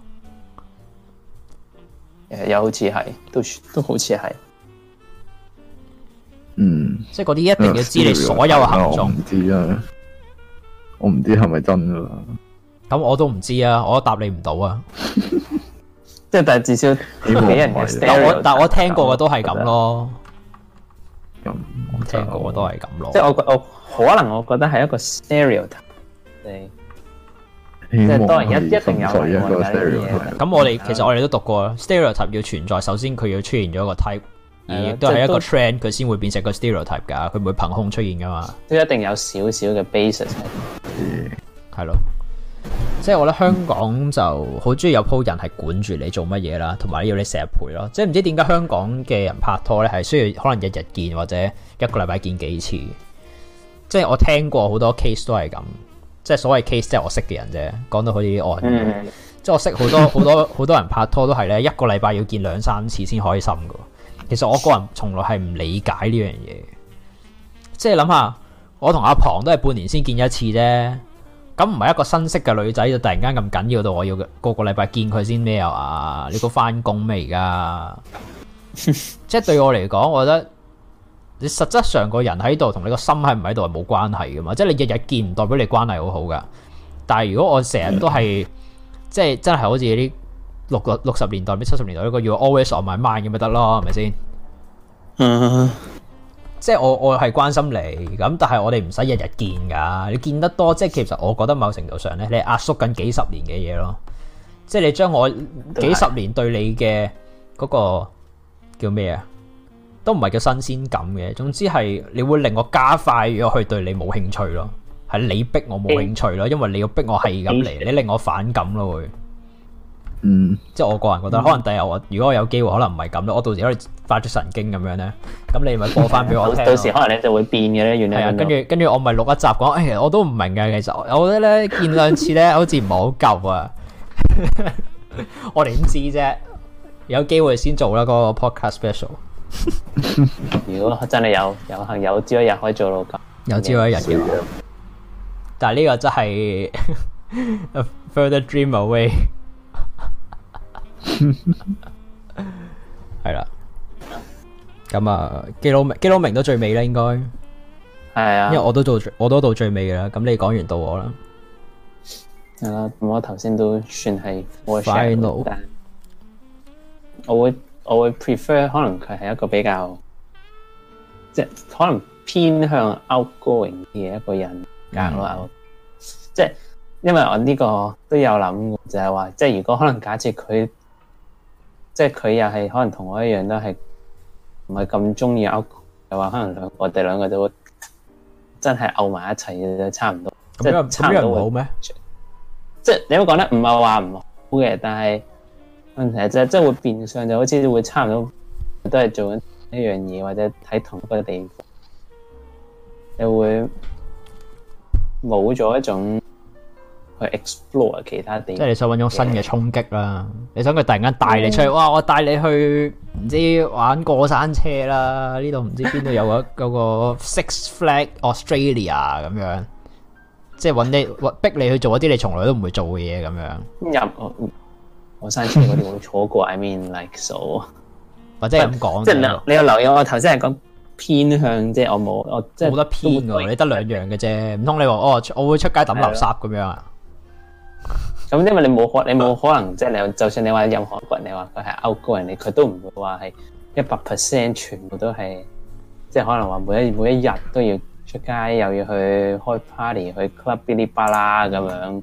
誒，又好似係，都都好似係。嗯，即係嗰啲一定要知你所有嘅行蹤、嗯。我唔知啊，我唔知係咪真噶啦、啊？咁我都唔知啊，我都答你唔到啊。即係 但係至少俾人嘅， 但我聽過嘅都係咁咯。聽過這即係個都係咁咯，即係我覺我可能我覺得係一個 stereotype，你即係當然一一定有嘅，咁我哋吧其實我哋都讀過，stereotype 要存在，首先佢要出現咗一個 type，而亦都係一個 trend，佢先會變成個 stereotype 噶，佢唔會憑空出現噶嘛，都一定有少少嘅 basis，係咯。即係我覺得香港就好中意有鋪人係管住你做乜嘢啦，同埋要你成日陪咯。即係唔知點解香港嘅人拍拖咧，係需要可能日日見或者一個禮拜見幾次。即係我聽過好多 case 都係咁，即係所謂 case 即係我識嘅人啫，講到好似我，即係我識好多好多好 多人拍拖都係咧一個禮拜要見兩三次先開心噶。其實我個人從來係唔理解呢樣嘢，即係諗下我同阿龐都係半年先見一次啫。咁唔係一個新識嘅女仔就突然間咁緊要到我要個個禮拜見佢先咩啊？你估翻工咩而家？ 即係對我嚟講，我覺得你實質上個人喺度，同你個心係唔喺度係冇關係噶嘛。即係你日日見唔代表你關係好好噶。但係如果我成日都係即係真係好似啲六六十年代咩七十年代呢個要 always on my mind 咁咪得咯？係咪先？Uh huh. 即係我我係關心你咁，但係我哋唔使日日見噶。你見得多，即係其實我覺得某程度上咧，你壓縮緊幾十年嘅嘢咯。即係你將我幾十年對你嘅嗰個叫咩啊？都唔係叫新鮮感嘅。總之係你會令我加快咗去對你冇興趣咯。係你逼我冇興趣咯，因為你要逼我係咁嚟，你令我反感咯會。嗯，即係我個人覺得，可能第日我如果我有機會，可能唔係咁咧。嗯、我到時可能發出神經咁樣咧，咁你咪播翻俾我聽，我到時可能你就會變嘅咧，原來。係啊，跟住跟住我咪錄一集講，哎、欸、我都唔明嘅其實，我覺得咧見兩次咧好似唔係好夠啊。 我哋點知啫，有機會先做啦嗰個 podcast special。如果真係有有幸有朝一日可以做到咁，有朝一日嘅。但係呢個真係 a further dream away。係啦，咁 啊，基佬明基佬明都最尾啦，應該係啊，因為我都到最，我都到最尾嘅啦。咁你講完到我啦，係啦、啊，我頭先都算係 Final. 我係老，我會我會 prefer 可能佢係一個比較即係、就是、可能偏向 outgoing 嘅一個人格咯，即係、嗯、因為我呢個都有諗，就係話即係如果可能假設佢。即係佢又係可能同我一樣都係唔係咁中意拗嘅話，可能我哋兩個都會真係拗埋一齊嘅都差唔多，這個、即係差唔多。人好咩？即係你都講得？唔係話唔好嘅，但係問題就係即係會變相就好似會差唔多都，都係做緊一樣嘢或者喺同一個地方，你會冇咗一種。去 explore 其他啲，即係你想搵種新嘅衝擊啦。嗯、你想佢突然間帶你出去，哇！我帶你去唔知玩過山車啦，呢度唔知邊度有嗰個 Six Flag Australia 咁樣，即係搵你，逼你去做一啲你從來都唔會做嘅嘢咁樣。入、嗯、過山車我哋我會坐過，I mean like so，或者係咁講。即係你要留意我頭先係講偏向，即係我冇我冇得偏㗎，你得兩樣嘅啫。唔通你話 哦，我會出街抌垃圾咁樣啊？咁因為你冇可能，你冇可能即係你，就算你話任何一個人，你話佢係 Outgoing，你佢都唔會話係一百 percent 全部都係，即係可能話每一每一日都要出街，又要去開 party、去 club、噼哩啪啦咁樣。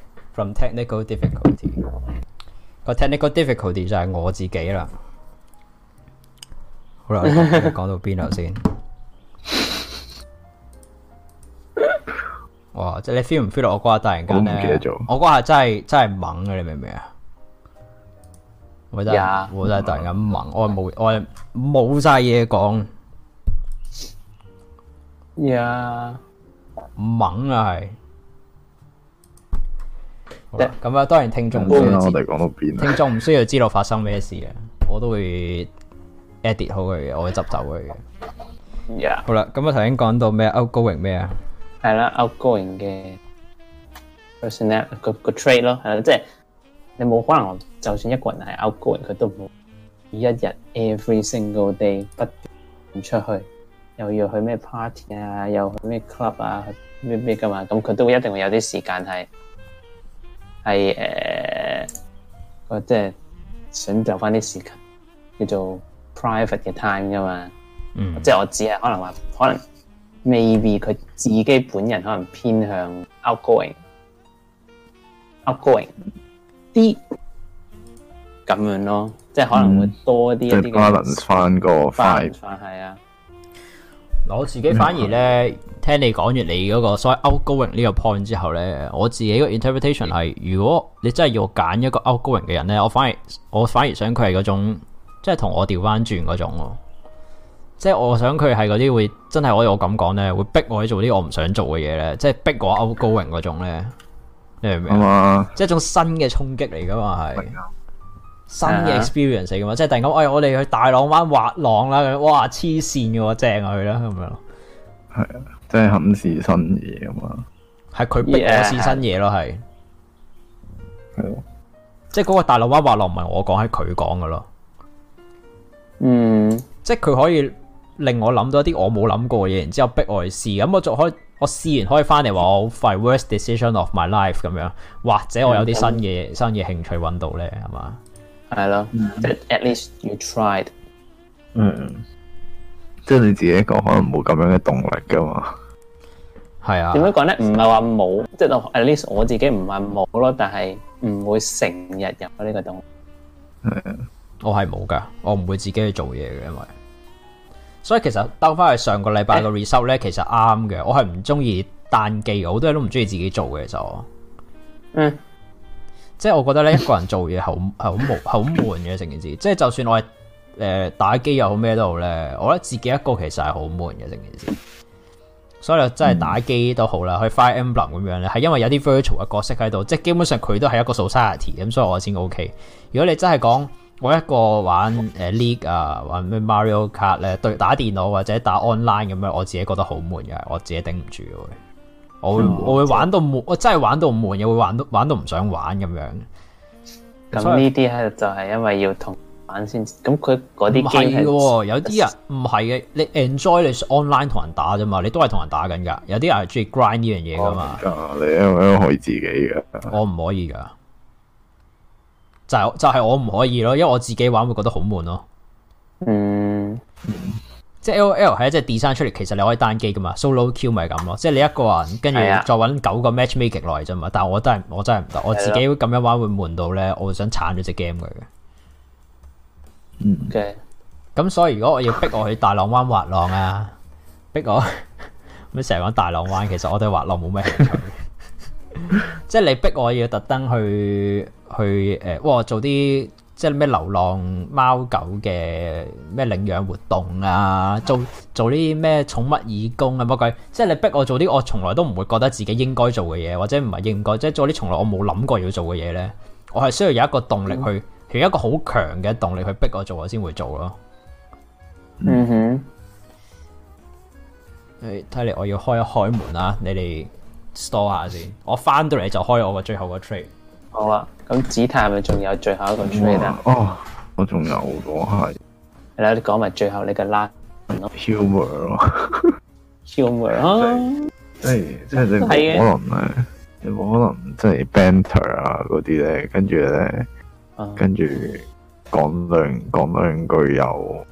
個 technical difficulty 就係我自己啦。好啦，講到邊度先？哇！即係你 feel 唔 feel 到我嗰下突然間咧？我唔記得咗。我嗰下真係真係猛嘅，你明唔明啊？我真係我真係突然間猛，我冇我冇晒嘢講。呀！猛啊係。咁啊，當然聽眾唔需，需要知道發生咩事嘅，我都會 edit 好佢嘅，我會執走佢嘅。Yeah. 好啦，咁我頭先講到咩 outgoing 咩啊？係 out 中文啦，outgoing 嘅 personnel 個個 trade 咯，係啦，即、就、係、是、你即係你冇可能，就算一個人係 outgoing，佢都唔會一日 every single day 不斷唔出去，又要去咩 party 啊，又去咩 club 啊，咩咩噶嘛，咁佢都會一定會有啲時間係。係誒、呃，我即係想留翻啲事情，叫做 private 嘅 time 噶嘛，嗯、即係我只啊，可能話可能 maybe 佢自己本人可能偏向 outgoing，outgoing、嗯、啲咁樣咯，即係可能會多啲一啲 balance 翻個 five，係啊。我自己反而咧，聽你講完你嗰個所謂 outgoing 呢個 point 之後咧，我自己個 interpretation 係，如果你真係要揀一個 outgoing 嘅人咧，我反而我反而想佢係嗰種，即係同我調翻轉嗰種咯，即係我想佢係嗰啲會真係可以我咁講咧，會逼我去做啲我唔想做嘅嘢咧，即係逼我 outgoing 嗰種咧，你明唔明啊？即係一種新嘅衝擊嚟噶嘛係。新嘅 experience 嚟嘅嘛，huh. 即係突然間，哎，我哋去大浪灣滑浪啦，咁哇黐線嘅喎，正啊去啦，咁樣係啊，即係暗示新嘢咁嘛，係佢逼我試新嘢咯，係係即係嗰個大浪灣滑浪唔係我講，係佢講嘅咯。嗯，mm. 即係佢可以令我諗到啲我冇諗過嘅嘢，然之後逼我去試咁、嗯，我仲可以我試完可以翻嚟話我好廢，worst decision of my life 咁樣，mm. 或者我有啲新嘅、mm. 新嘅興趣揾到咧，係嘛？係咯，at at least you tried。嗯，即係你自己講，可能冇咁樣嘅動力噶嘛。係啊。點樣講咧？唔係話冇，即係、啊就是、at least 我自己唔係冇咯，但係唔會成日入呢個動力。嗯、啊，我係冇噶，我唔會自己去做嘢嘅，因為，所以其實兜翻去上個禮拜嘅 result 咧，其實啱嘅。我係唔中意單機，我好多都唔中意自己做嘅就。嗯。即係我覺得咧，一個人做嘢好係好冇好悶嘅成件事。即係就算我係誒、呃、打機又好咩都好咧，我覺得自己一個其實係好悶嘅成件事。所以真係打機都好啦，去 Fire Emblem 咁樣咧，係因為有啲 virtual 嘅角色喺度，即係基本上佢都係一個 society 咁，所以我先 OK。如果你真係講我一個玩 League 啊，玩咩 Mario Kart 咧，對打電腦或者打 online 咁樣，我自己覺得好悶嘅，我自己頂唔住。我會、嗯、我會玩到悶，我真係玩到悶，又會玩到玩到唔想玩咁樣。咁呢啲喺就係因為要同玩先，咁佢嗰啲 game 係。是有啲人唔係嘅，你 enjoy 你 online 同人打啫嘛，你都係同人打緊噶。有啲人係中意 grind 呢樣嘢噶嘛，哎、你喺度害自己嘅。就是就是、我唔可以噶，就就係我唔可以咯，因為我自己玩會覺得好悶咯。嗯。即係 L O L 係一隻 design 出嚟，其實你可以單機噶嘛，Solo Q 咪咁咯。即係你一個人，跟住再搵九個 matchmaking 來啫嘛。但我真係我真係唔得，我自己咁樣玩會悶到咧，我會想鏟咗隻 game 佢嘅。嗯。k Okay .咁所以如果我要逼我去大浪灣滑浪啊，逼我咁成日講大浪灣，其實我對滑浪冇咩興趣。 即係你逼我要特登去去誒、呃，哇做啲～即係咩流浪貓狗嘅咩領養活動啊，做做啲咩寵物義工啊，乜鬼？即係你逼我做啲我從來都唔會覺得自己應該做嘅嘢，或者唔係應該，即係做啲從來我冇諗過要做嘅嘢咧，我係需要有一個動力去，嗯、有一個好強嘅動力去逼我做，我先會做咯。嗯，嗯哼，誒，睇嚟我要開一開門啊，你哋 store 下先，我翻到嚟就開我個最後個 trade。好啊。咁紫探咪仲有最後一個 trait 啊？哦，我仲有，我係係啦，你講埋最後呢個啦。Humor 咯 Humor 咯。即係即係你冇可能咧，的你冇可能即係 banter 啊嗰啲咧，跟住咧，跟住講、啊、兩講兩句又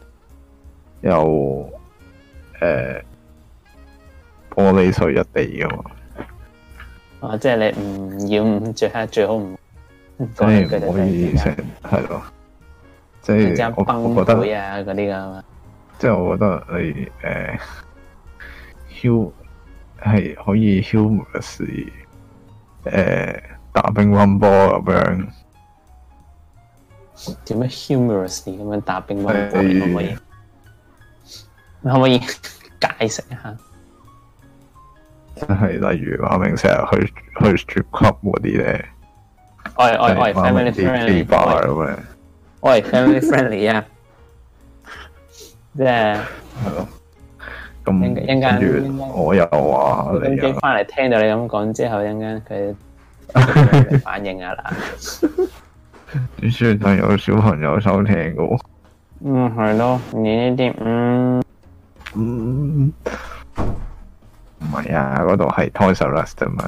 又誒玻璃碎一地噶嘛？啊、哦，即係你唔要、嗯、最着最好唔。咁又可以成係咯，即係我我覺得啊，嗰即係我覺得你誒 hum 係可以 humorously 誒打乒乓波咁樣，點樣 humorously 咁樣打乒乓波可唔可以？可唔可以解釋一下？即係例如阿明成日去去 strip club 嗰啲咧。哎哎哎，family friendly，哎，family friendly，yeah，yeah。咁跟住我又話，飛翻嚟聽到你咁講之後，陣間佢反應啊啦。點算啊？有小朋友收聽嘅喎。嗯，係咯，你呢啲嗯嗯唔係啊，嗰度係《Toy Story》啊嘛。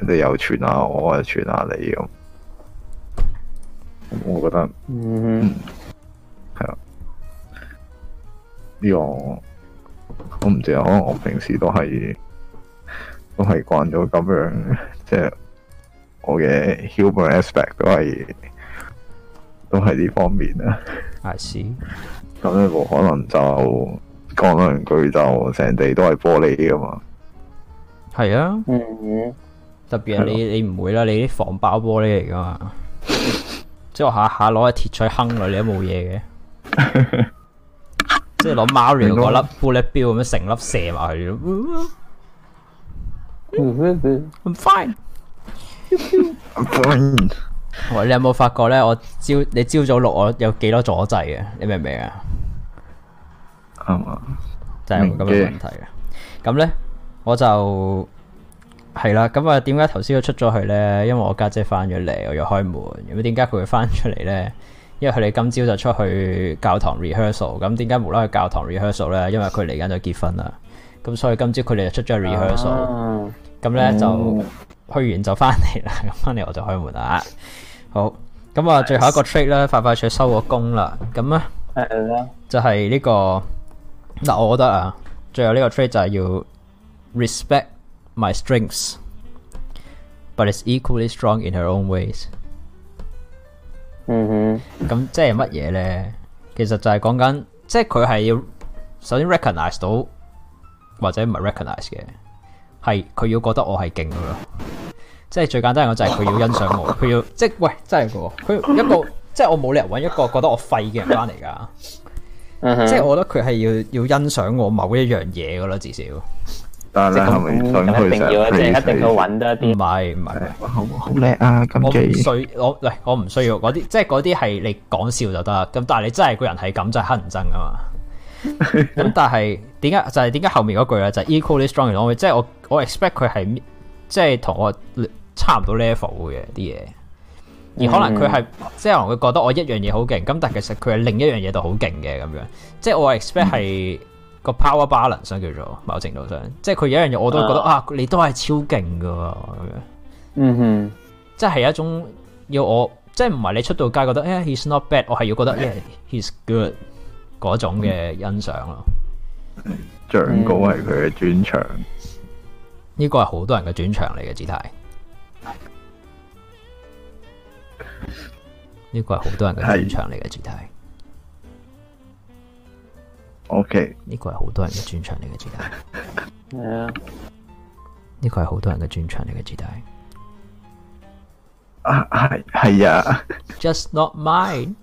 你又傳下我，我又傳下你咁、嗯，我覺得，mm hmm. 嗯，係啊，呢、這個我唔知啊，可能我平時都係都係慣咗咁樣，即、就、係、是、我嘅 human aspect 都係都係呢方面啊。係，咁呢冇可能就講兩句就成地都係玻璃㗎嘛？係啊，嗯、mm。Hmm. 特別係，你你唔會啦，你啲防爆玻璃嚟噶嘛，即係我下下攞個鐵錘鏗落你都冇嘢嘅，即係攞 Mario 嗰粒玻璃鏢咁樣成粒射埋去咯。I'm fine。喂，你有冇發覺咧？我朝你朝早錄我有幾多阻滯啊？你明唔明啊？係嘛，就係咁嘅問題嘅。咁咧，我就。係啦，咁啊，點解頭先佢出咗去咧？因為我家姐翻咗嚟，我要開門。咁點解佢會翻出嚟咧？因為佢哋今朝就出去教堂 rehearsal。咁點解無啦去教堂 rehearsal 咧？因為佢嚟緊就結婚啦。咁所以今朝佢哋就出咗去 rehearsal，啊。咁咧就去完就翻嚟啦。咁翻嚟我就開門啦。好，咁啊，Nice. 最後一個 trait 咧，快快去收個工啦。咁啊，就係呢、這個。嗱、啊，我覺得啊，最後呢個 trait 就係要 respect。My strengths, but it's equally strong in her own ways、mm。嗯哼，咁即係乜嘢咧？其實就係講緊，即係佢係要首先 recognize 到，或者唔係 recognize 嘅，係佢要覺得我係噶勁咯。即係最簡單嘅就係佢要欣賞我，佢 要即係喂，真係噶，佢一個、oh、my。即係我冇理由搵一個覺得我廢嘅人翻嚟噶。Uh huh. 即係我覺得佢係要要欣賞我某一樣嘢噶啦，至少。但係一定要，嗯，即係一定要穩得啲。唔係唔係，好好叻啊！咁我唔需，我唔，我唔需要嗰啲，即係嗰啲係你講笑就得。咁但係你真係個人係咁，就係乞人憎噶嘛？咁但係點解？就係點解後面嗰句咧，就 equally strong lonely。即係我，我 expect 佢係即係同我差唔多 level 嘅啲嘢，而可能佢係，嗯、即係可能會覺得我一樣嘢好勁，咁但係其實佢係另一樣嘢都好勁嘅咁樣，即係我 expect 係。個 power balance 叫做某程度上，即係佢有一樣嘢，我都覺得、uh, 啊，你都係超勁嘅咁樣。嗯哼、mm，hmm。即係一種要我，即係唔係你出到街覺得誒、eh，he's not bad，我係要覺得誒 Yeah.，he's good 嗰種嘅欣賞咯。長、嗯、高係佢嘅專長，呢個係好多人嘅專長嚟嘅姿態。呢個係好多人嘅專長嚟嘅姿態。OK，呢個係好多人嘅專長嚟嘅姿態，係啊，呢個係好多人嘅專長嚟嘅姿態啊，係係啊，Just not mine，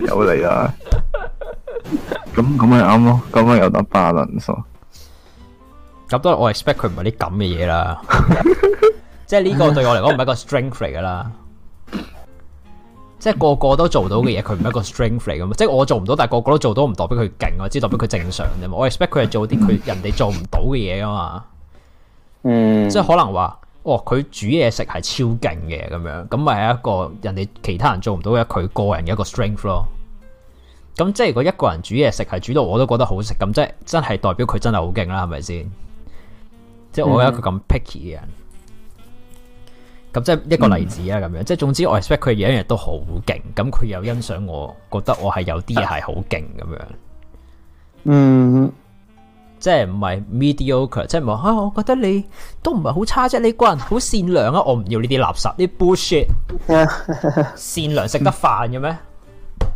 有嚟啊！咁咁咪啱咯，咁咪有得 balance，咁都 我 expect 佢唔係啲咁嘅嘢啦，即係呢個對我嚟講唔係一個 strength 嚟噶啦。即係個個都做到嘅嘢，佢唔係一個 strength 嚟噶嘛。即係我做唔到，但係個個都做到，唔代表佢勁，我只代表佢正常啫嘛。我 expect 佢係做啲佢人哋做唔到嘅嘢啊嘛。嗯，即係可能話，哦，佢煮嘢食係超勁嘅咁樣，咁咪係一個人哋其他人做唔到嘅佢個人嘅一個 strength 咯。咁即係如果一個人煮嘢食係煮到我都覺得好食，咁即係真係代表佢真係好勁啦，係咪先？Mm. 即係我覺得佢咁 picky 嘅人。咁即係一個例子啊，咁樣即係總之我日日，我 expect 佢樣樣都好勁，咁佢又欣賞我，覺得我係有啲嘢係好勁咁樣。嗯哼，即係唔係 mediocre，即係話啊，我覺得你都唔係好差啫，你個人好善良啊，我唔要呢啲垃圾，啲 bullshit， 善良食得飯嘅咩？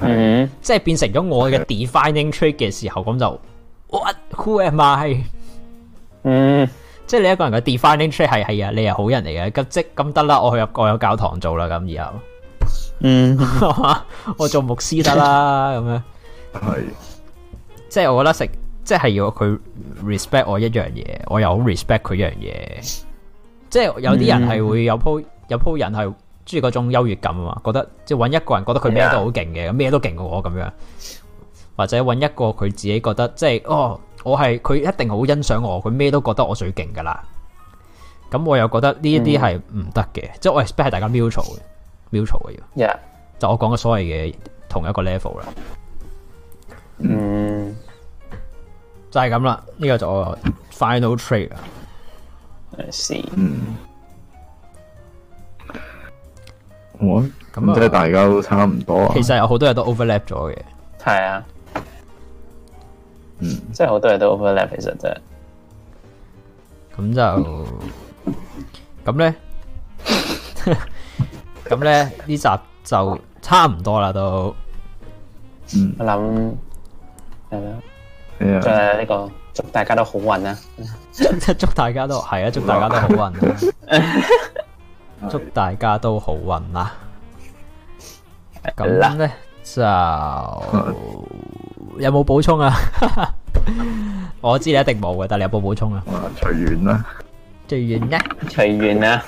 嗯，mm hmm. 即係變成咗我嘅 defining trait 嘅時候，咁就 what？Who am I？嗯、mm，hmm. 即係你一個人嘅 defining trait 係係啊，你係好人嚟嘅，咁即咁得啦，我去入我有教堂做啦，咁以後嗯，mm hmm. 我做牧師得啦，咁 樣係，mm hmm. 即係我覺得食，即係要佢 respect 我一樣嘢，我又好 respect 佢一樣嘢，即係有啲人係會有鋪、mm hmm. 有鋪人係。即係嗰種優越感啊嘛，覺得即係搵一個人，覺得佢咩都好勁嘅，咩都勁過我咁樣，或者搵一個佢自己覺得即係哦，我係佢一定好欣賞我，佢咩都覺得我最勁噶啦。咁我又覺得呢一啲係唔得嘅，嗯、即係我係大家 mutual 嘅，mutual 嘅。嗯、就我講嘅所謂嘅同一個 level 啦。嗯，就係咁啦，呢、這個就 final trait 啦。e e 等咁即係大家都差唔多、嗯、其實有好多嘢都 overlap 咗嘅，係啊，嗯，即係好多嘢都 overlap 其實啫。咁、嗯、就咁咧，咁咧 那呢, 呢這集就差唔多啦都、嗯。嗯，是啊、我諗係咯，即係呢個祝大家都好運啊。祝祝大家都係啊，祝大家都好運。 祝大家都好運啦！咁咧就有冇補充啊？ 我知你一定冇嘅，但係你有冇補充啊？啊，隨緣啦！隨緣咧？隨緣啊！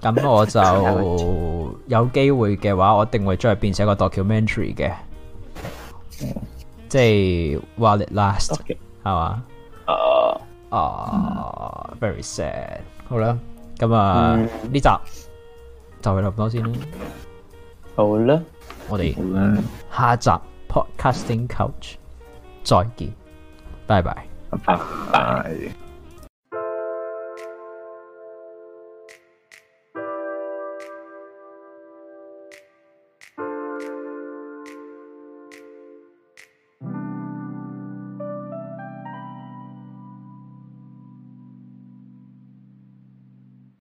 咁我就有機會嘅話，我一定會將佢變成一個 documentary 嘅，即係、 就是、while it lasts 係嘛？啊啊，very sad， 好啦。咁啊，呢、嗯、集就係、是、咁多先啦。好啦了，我哋下集了 Podcasting Coach 再見，拜拜，拜拜。